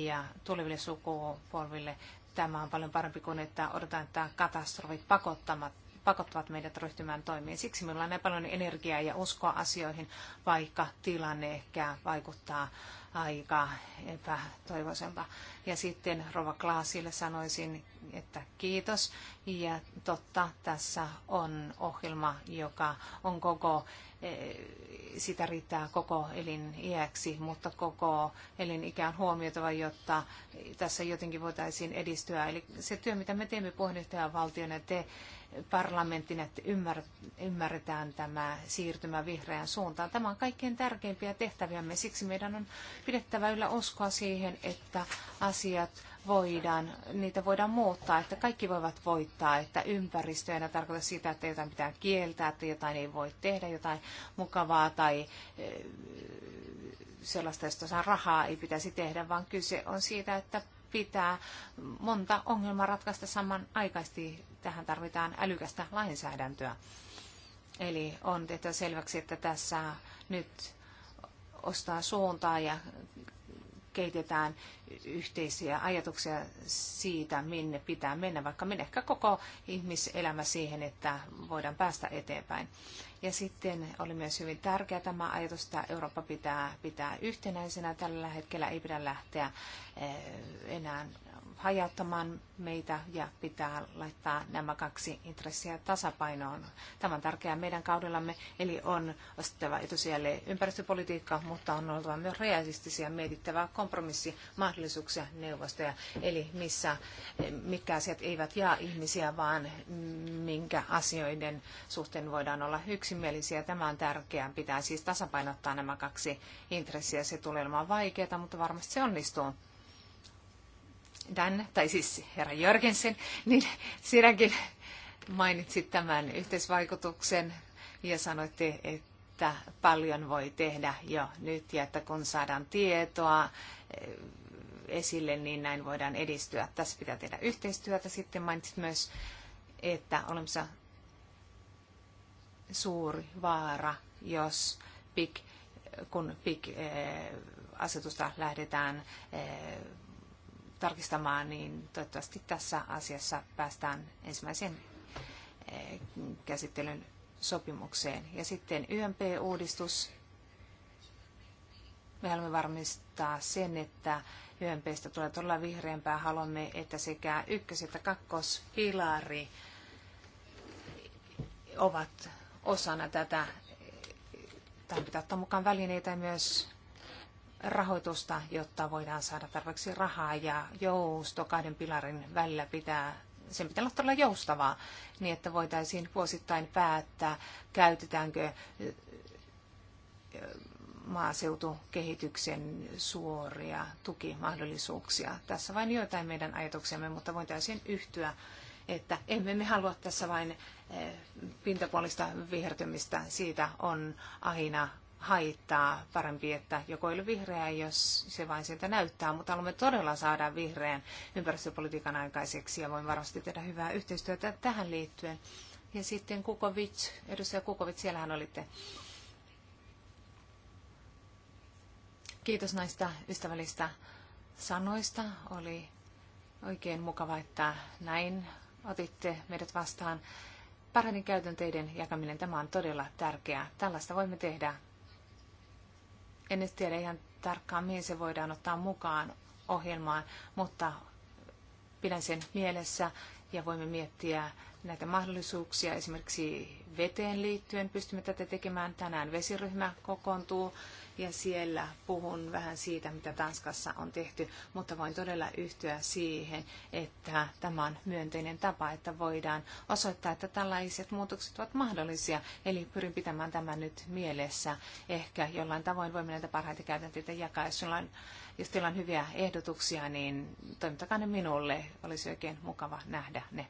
ja tuleville sukupolville. Tämä on paljon parempi kuin, että odotetaan, että katastrofit pakottamat pakottavat meidät ryhtymään toimiin. Siksi meillä on näin paljon energiaa ja uskoa asioihin, vaikka tilanne ehkä vaikuttaa aika epätoivoisempaa. Ja sitten Rova Klaasille sanoisin, että kiitos. Ja totta, tässä on ohjelma, joka on koko, e, sitä riittää koko elin iäksi, mutta koko elin ikään huomioitava, jotta tässä jotenkin voitaisiin edistyä. Eli se työ, mitä me teemme puheenjohtajan valtiona, te parlamenttina, että ymmärretään tämä siirtymä vihreään suuntaan. Tämä on kaikkein tärkeimpiä tehtäviämme, siksi meidän on pidettävä yllä uskoa siihen, että asiat voidaan, niitä voidaan muuttaa, että kaikki voivat voittaa, että ympäristö ei tarkoita sitä, että jotain pitää kieltää, että jotain ei voi tehdä, jotain mukavaa tai eh, sellaista, josta saa rahaa, ei pitäisi tehdä, vaan kyse on siitä, että pitää monta ongelmaa ratkaista samanaikaisesti. Tähän tarvitaan älykästä lainsäädäntöä. Eli on tehtävä selväksi, että tässä nyt ostaa suuntaa ja kehitetään yhteisiä ajatuksia siitä, minne pitää mennä, vaikka mene ehkä koko ihmiselämä siihen, että voidaan päästä eteenpäin. Ja sitten oli myös hyvin tärkeä tämä ajatus, että Eurooppa pitää pitää yhtenäisenä. Tällä hetkellä ei pidä lähteä eh, enää hajauttamaan meitä ja pitää laittaa nämä kaksi intressiä tasapainoon. Tämä on tärkeää meidän kaudellamme, eli on ostettava etusijalle ympäristöpolitiikka, mutta on oltava myös realistisia mietittävää kompromissimahdollisuuksia neuvostoja, eli missä, mitkä asiat eivät jaa ihmisiä, vaan minkä asioiden suhteen voidaan olla yksimielisiä. Tämä on tärkeää. Pitää siis tasapainottaa nämä kaksi intressiä. Se tulee olemaan vaikeaa, mutta varmasti se onnistuu. Dan, tai siis herra Jörgensen, niin sinäkin mainitsit tämän yhteisvaikutuksen ja sanoitte, että paljon voi tehdä jo nyt ja että kun saadaan tietoa eh, esille, niin näin voidaan edistyä. Tässä pitää tehdä yhteistyötä. Sitten mainitsit myös, että olemassa suuri vaara, jos big, kun big, eh, asetusta lähdetään eh, tarkistamaan, niin toivottavasti tässä asiassa päästään ensimmäisen eh, käsittelyn sopimukseen. Ja sitten YMP-uudistus. Me haluamme varmistaa sen, että YMPstä tulee todella vihreämpää. Haluamme, että sekä ykkös- että kakkospilari ovat osana tätä. Tähän pitää ottaa mukaan välineitä myös rahoitusta, jotta voidaan saada tarpeeksi rahaa ja jousto kahden pilarin välillä pitää sen pitää olla todella joustavaa, niin että voitaisiin vuosittain päättää, käytetäänkö maaseutukehityksen suoria tukimahdollisuuksia. Tässä vain joitain meidän ajatuksiamme, mutta voitaisiin yhtyä, että emme me halua tässä vain pintapuolista vihertymistä. Siitä on aina haittaa. Parempi, että joko ei ole vihreä, jos se vain sieltä näyttää, mutta haluamme todella saada vihreän ympäristöpolitiikan aikaiseksi ja voin varmasti tehdä hyvää yhteistyötä tähän liittyen. Ja sitten Kukovic, edustaja Kukovic, siellähän olitte. Kiitos näistä ystävällistä sanoista. Oli oikein mukava, että näin otitte meidät vastaan. Parhaiden käytänteiden jakaminen, tämä on todella tärkeää. Tällaista voimme tehdä en nyt tiedä ihan tarkkaan, mihin se voidaan ottaa mukaan ohjelmaan, mutta pidän sen mielessä ja voimme miettiä näitä mahdollisuuksia. Esimerkiksi veteen liittyen pystymme tätä tekemään. Tänään vesiryhmä kokoontuu ja siellä puhun vähän siitä, mitä Tanskassa on tehty, mutta voin todella yhtyä siihen, että tämä on myönteinen tapa, että voidaan osoittaa, että tällaiset muutokset ovat mahdollisia, eli pyrin pitämään tämän nyt mielessä. Ehkä jollain tavoin voimme näitä parhaita käytänteitä jakaa, jos on jos teillä on hyviä ehdotuksia, niin toimittakaa ne minulle. Olisi oikein mukava nähdä ne.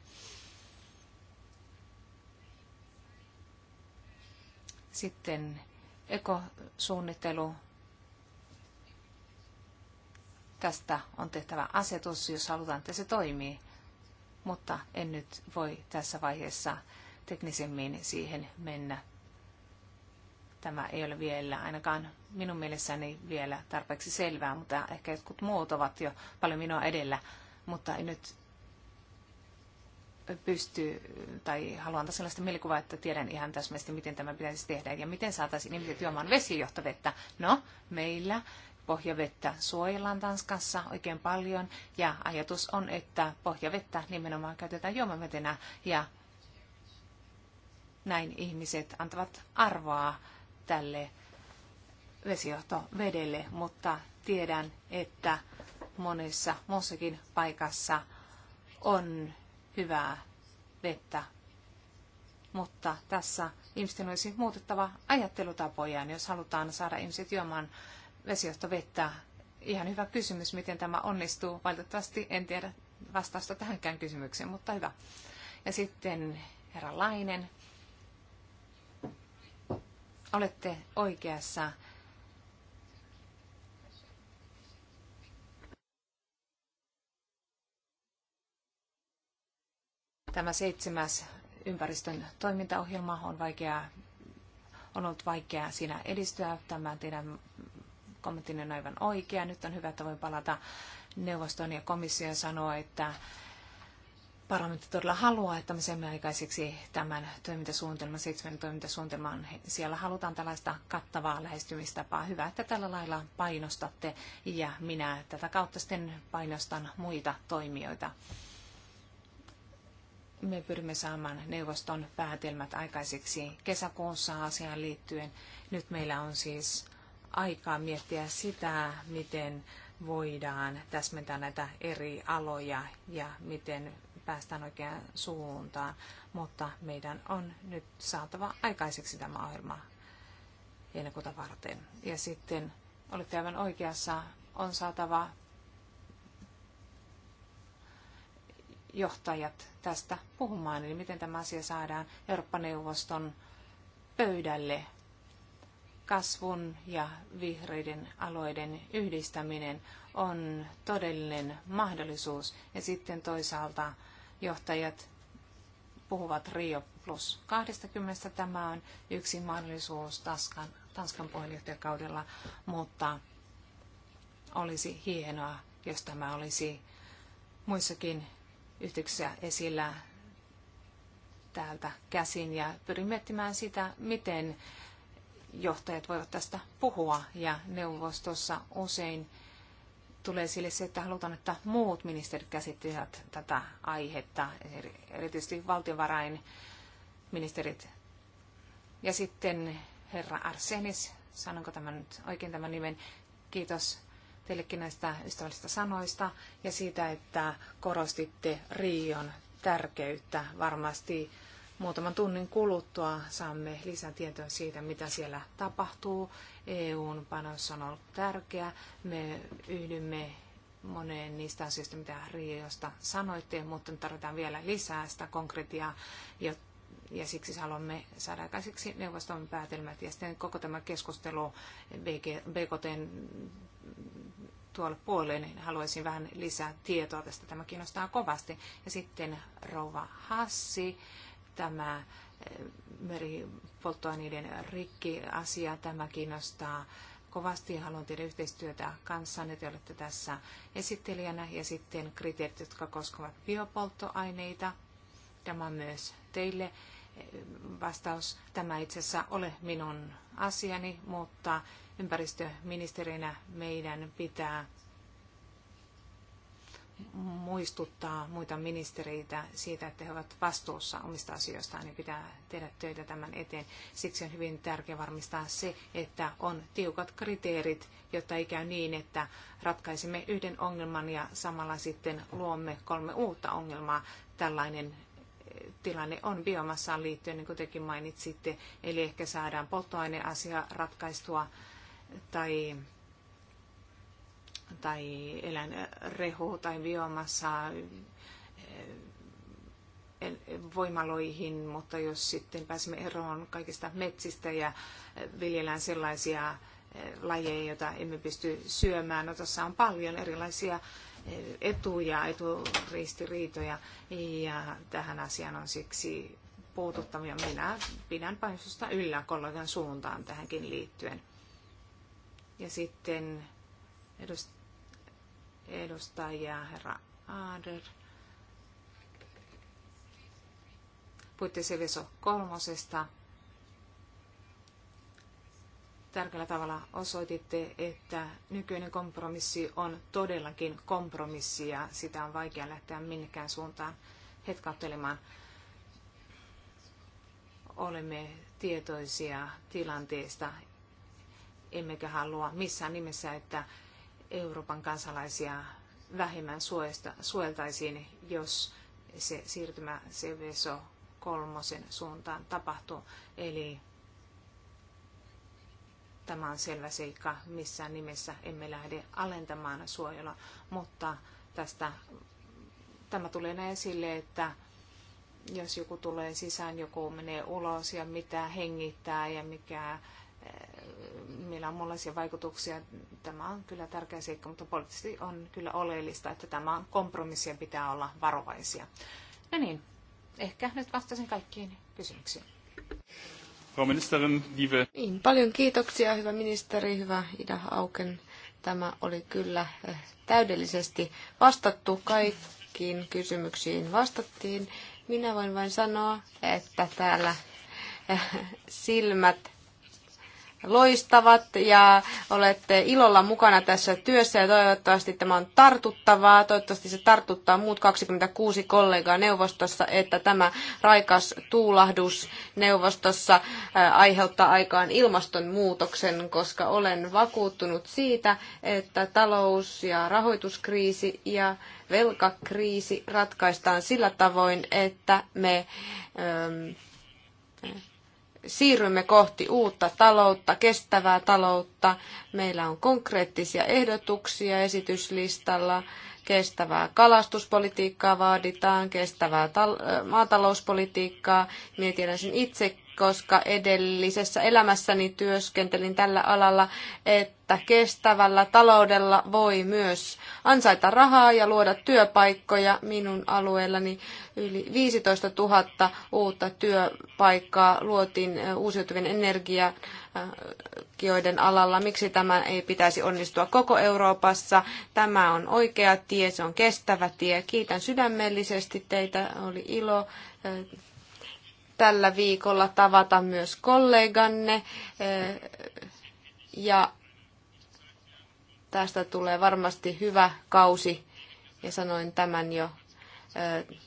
Sitten ekosuunnittelu. Tästä on tehtävä asetus, jos halutaan, että se toimii, mutta en nyt voi tässä vaiheessa teknisemmin siihen mennä. Tämä ei ole vielä ainakaan minun mielessäni vielä tarpeeksi selvää, mutta ehkä jotkut muut ovat jo paljon minua edellä, mutta ei nyt pysty, tai haluan antaa sellaista mielikuvaa, että tiedän ihan täsmästi, miten tämä pitäisi tehdä ja miten saataisiin ihmiset juomaan vesijohtovettä. No, meillä pohjavettä suojellaan Tanskassa oikein paljon ja ajatus on, että pohjavettä nimenomaan käytetään juomavetenä ja näin ihmiset antavat arvoa tälle vesijohtovedelle, mutta tiedän, että monessa muussakin paikassa on hyvää vettä. Mutta tässä ihmisten olisi muutettava ajattelutapojaan, jos halutaan saada ihmiset juomaan vesijohtovettä. Ihan hyvä kysymys, miten tämä onnistuu. Valitettavasti en tiedä vastausta tähänkään kysymykseen, mutta hyvä. Ja sitten herra Lainen, olette oikeassa Tämä seitsemäs ympäristön toimintaohjelma on, vaikea, on ollut vaikea siinä edistyä. Tämä teidän kommenttinne on aivan oikea. Nyt on hyvä, että voi palata neuvostoon ja komissio sanoo, että parlamentti todella haluaa, että me semme aikaiseksi tämän toimintasuunnitelman, seitsemän toimintasuunnitelman. Siellä halutaan tällaista kattavaa lähestymistapaa. Hyvä, että tällä lailla painostatte ja minä tätä kautta sitten painostan muita toimijoita me pyrimme saamaan neuvoston päätelmät aikaiseksi kesäkuussa asiaan liittyen. Nyt meillä on siis aikaa miettiä sitä, miten voidaan täsmentää näitä eri aloja ja miten päästään oikeaan suuntaan, mutta meidän on nyt saatava aikaiseksi tämä ohjelma heinäkuuta varten. Ja sitten olette aivan oikeassa, on saatava johtajat tästä puhumaan, eli miten tämä asia saadaan Eurooppa-neuvoston pöydälle. Kasvun ja vihreiden aloiden yhdistäminen on todellinen mahdollisuus. Ja sitten toisaalta johtajat puhuvat Rio plus 20. Tämä on yksi mahdollisuus Tanskan, Tanskan puheenjohtajakaudella, mutta olisi hienoa, jos tämä olisi muissakin yhteyksissä esillä täältä käsin ja pyrin miettimään sitä, miten johtajat voivat tästä puhua ja neuvostossa usein tulee sille se, että halutaan, että muut ministerit käsittelevät tätä aihetta, erityisesti valtiovarainministerit. Ja sitten herra Arsenis, sanonko tämän nyt oikein tämän nimen, kiitos teillekin näistä ystävällisistä sanoista ja siitä, että korostitte Rion tärkeyttä. Varmasti muutaman tunnin kuluttua saamme lisätietoa siitä, mitä siellä tapahtuu. EUn panos on ollut tärkeä. Me yhdymme moneen niistä asioista, mitä Riosta sanoitte, mutta me tarvitaan vielä lisää sitä konkretiaa, ja siksi haluamme saada aikaiseksi neuvoston päätelmät. Ja sitten koko tämä keskustelu BKTn tuolle puolelle, niin haluaisin vähän lisää tietoa tästä. Tämä kiinnostaa kovasti. Ja sitten Rova Hassi, tämä eh, meripolttoaineiden rikki-asia, tämä kiinnostaa kovasti ja haluan tehdä yhteistyötä kanssanne, te olette tässä esittelijänä. Ja sitten kriteerit, jotka koskevat biopolttoaineita. Tämä on myös teille eh, vastaus. Tämä itse asiassa ole minun asiani, mutta ympäristöministerinä meidän pitää muistuttaa muita ministeriitä siitä, että he ovat vastuussa omista asioistaan ja pitää tehdä töitä tämän eteen. Siksi on hyvin tärkeää varmistaa se, että on tiukat kriteerit, jotta ei käy niin, että ratkaisimme yhden ongelman ja samalla sitten luomme kolme uutta ongelmaa. Tällainen eh, tilanne on biomassaan liittyen, niin kuin tekin mainitsitte, eli ehkä saadaan polttoaineasia ratkaistua tai, tai eläinrehu tai biomassa eh, voimaloihin, mutta jos sitten pääsemme eroon kaikista metsistä ja eh, viljellään sellaisia eh, lajeja, joita emme pysty syömään. No, tässä on paljon erilaisia etuja, eturistiriitoja ja tähän asiaan on siksi puututtavia. Minä pidän painostusta yllä kollegan suuntaan tähänkin liittyen. Ja sitten edustaja herra Aader. Puitte Seveso kolmosesta. Tärkeällä tavalla osoititte, että nykyinen kompromissi on todellakin kompromissi ja sitä on vaikea lähteä minnekään suuntaan hetkauttelemaan. Olemme tietoisia tilanteesta, emmekä halua missään nimessä, että Euroopan kansalaisia vähemmän suojeltaisiin, jos se siirtymä CVSO kolmosen suuntaan tapahtuu. Eli tämä on selvä seikka, missään nimessä emme lähde alentamaan suojelua, mutta tästä, tämä tulee näin esille, että jos joku tulee sisään, joku menee ulos ja mitä hengittää ja mikä millä on monenlaisia vaikutuksia. Tämä on kyllä tärkeä seikka, mutta poliittisesti on kyllä oleellista, että tämä on kompromissi ja pitää olla varovaisia. No niin, ehkä nyt vastasin kaikkiin kysymyksiin. Frau Ministerin, liebe... Niin, paljon kiitoksia, hyvä ministeri, hyvä Ida Auken. Tämä oli kyllä eh, täydellisesti vastattu. Kaikkiin kysymyksiin vastattiin. Minä voin vain sanoa, että täällä eh, silmät loistavat ja olette ilolla mukana tässä työssä ja toivottavasti tämä on tartuttavaa. Toivottavasti se tartuttaa muut 26 kollegaa neuvostossa, että tämä raikas tuulahdus neuvostossa äh, aiheuttaa aikaan ilmastonmuutoksen, koska olen vakuuttunut siitä, että talous- ja rahoituskriisi ja velkakriisi ratkaistaan sillä tavoin, että me ähm, siirrymme kohti uutta taloutta, kestävää taloutta. Meillä on konkreettisia ehdotuksia esityslistalla. Kestävää kalastuspolitiikkaa vaaditaan, kestävää maatalouspolitiikkaa. Minä sen itse koska edellisessä elämässäni työskentelin tällä alalla, että kestävällä taloudella voi myös ansaita rahaa ja luoda työpaikkoja. Minun alueellani yli 15 000 uutta työpaikkaa luotiin uusiutuvien energiakioiden alalla. Miksi tämä ei pitäisi onnistua koko Euroopassa? Tämä on oikea tie, se on kestävä tie. Kiitän sydämellisesti teitä, oli ilo tällä viikolla tavata myös kolleganne eh, ja tästä tulee varmasti hyvä kausi ja sanoin tämän jo eh,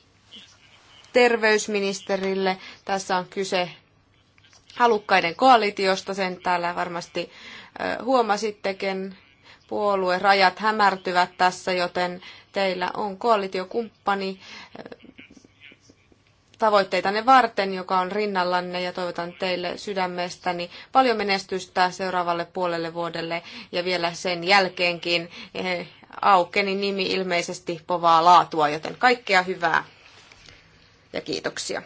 terveysministerille. Tässä on kyse halukkaiden koalitiosta, sen täällä varmasti eh, huomasittekin. rajat hämärtyvät tässä, joten teillä on koalitiokumppani tavoitteitanne varten, joka on rinnallanne ja toivotan teille sydämestäni paljon menestystä seuraavalle puolelle vuodelle ja vielä sen jälkeenkin. Eh, aukeni nimi ilmeisesti povaa laatua, joten kaikkea hyvää ja kiitoksia.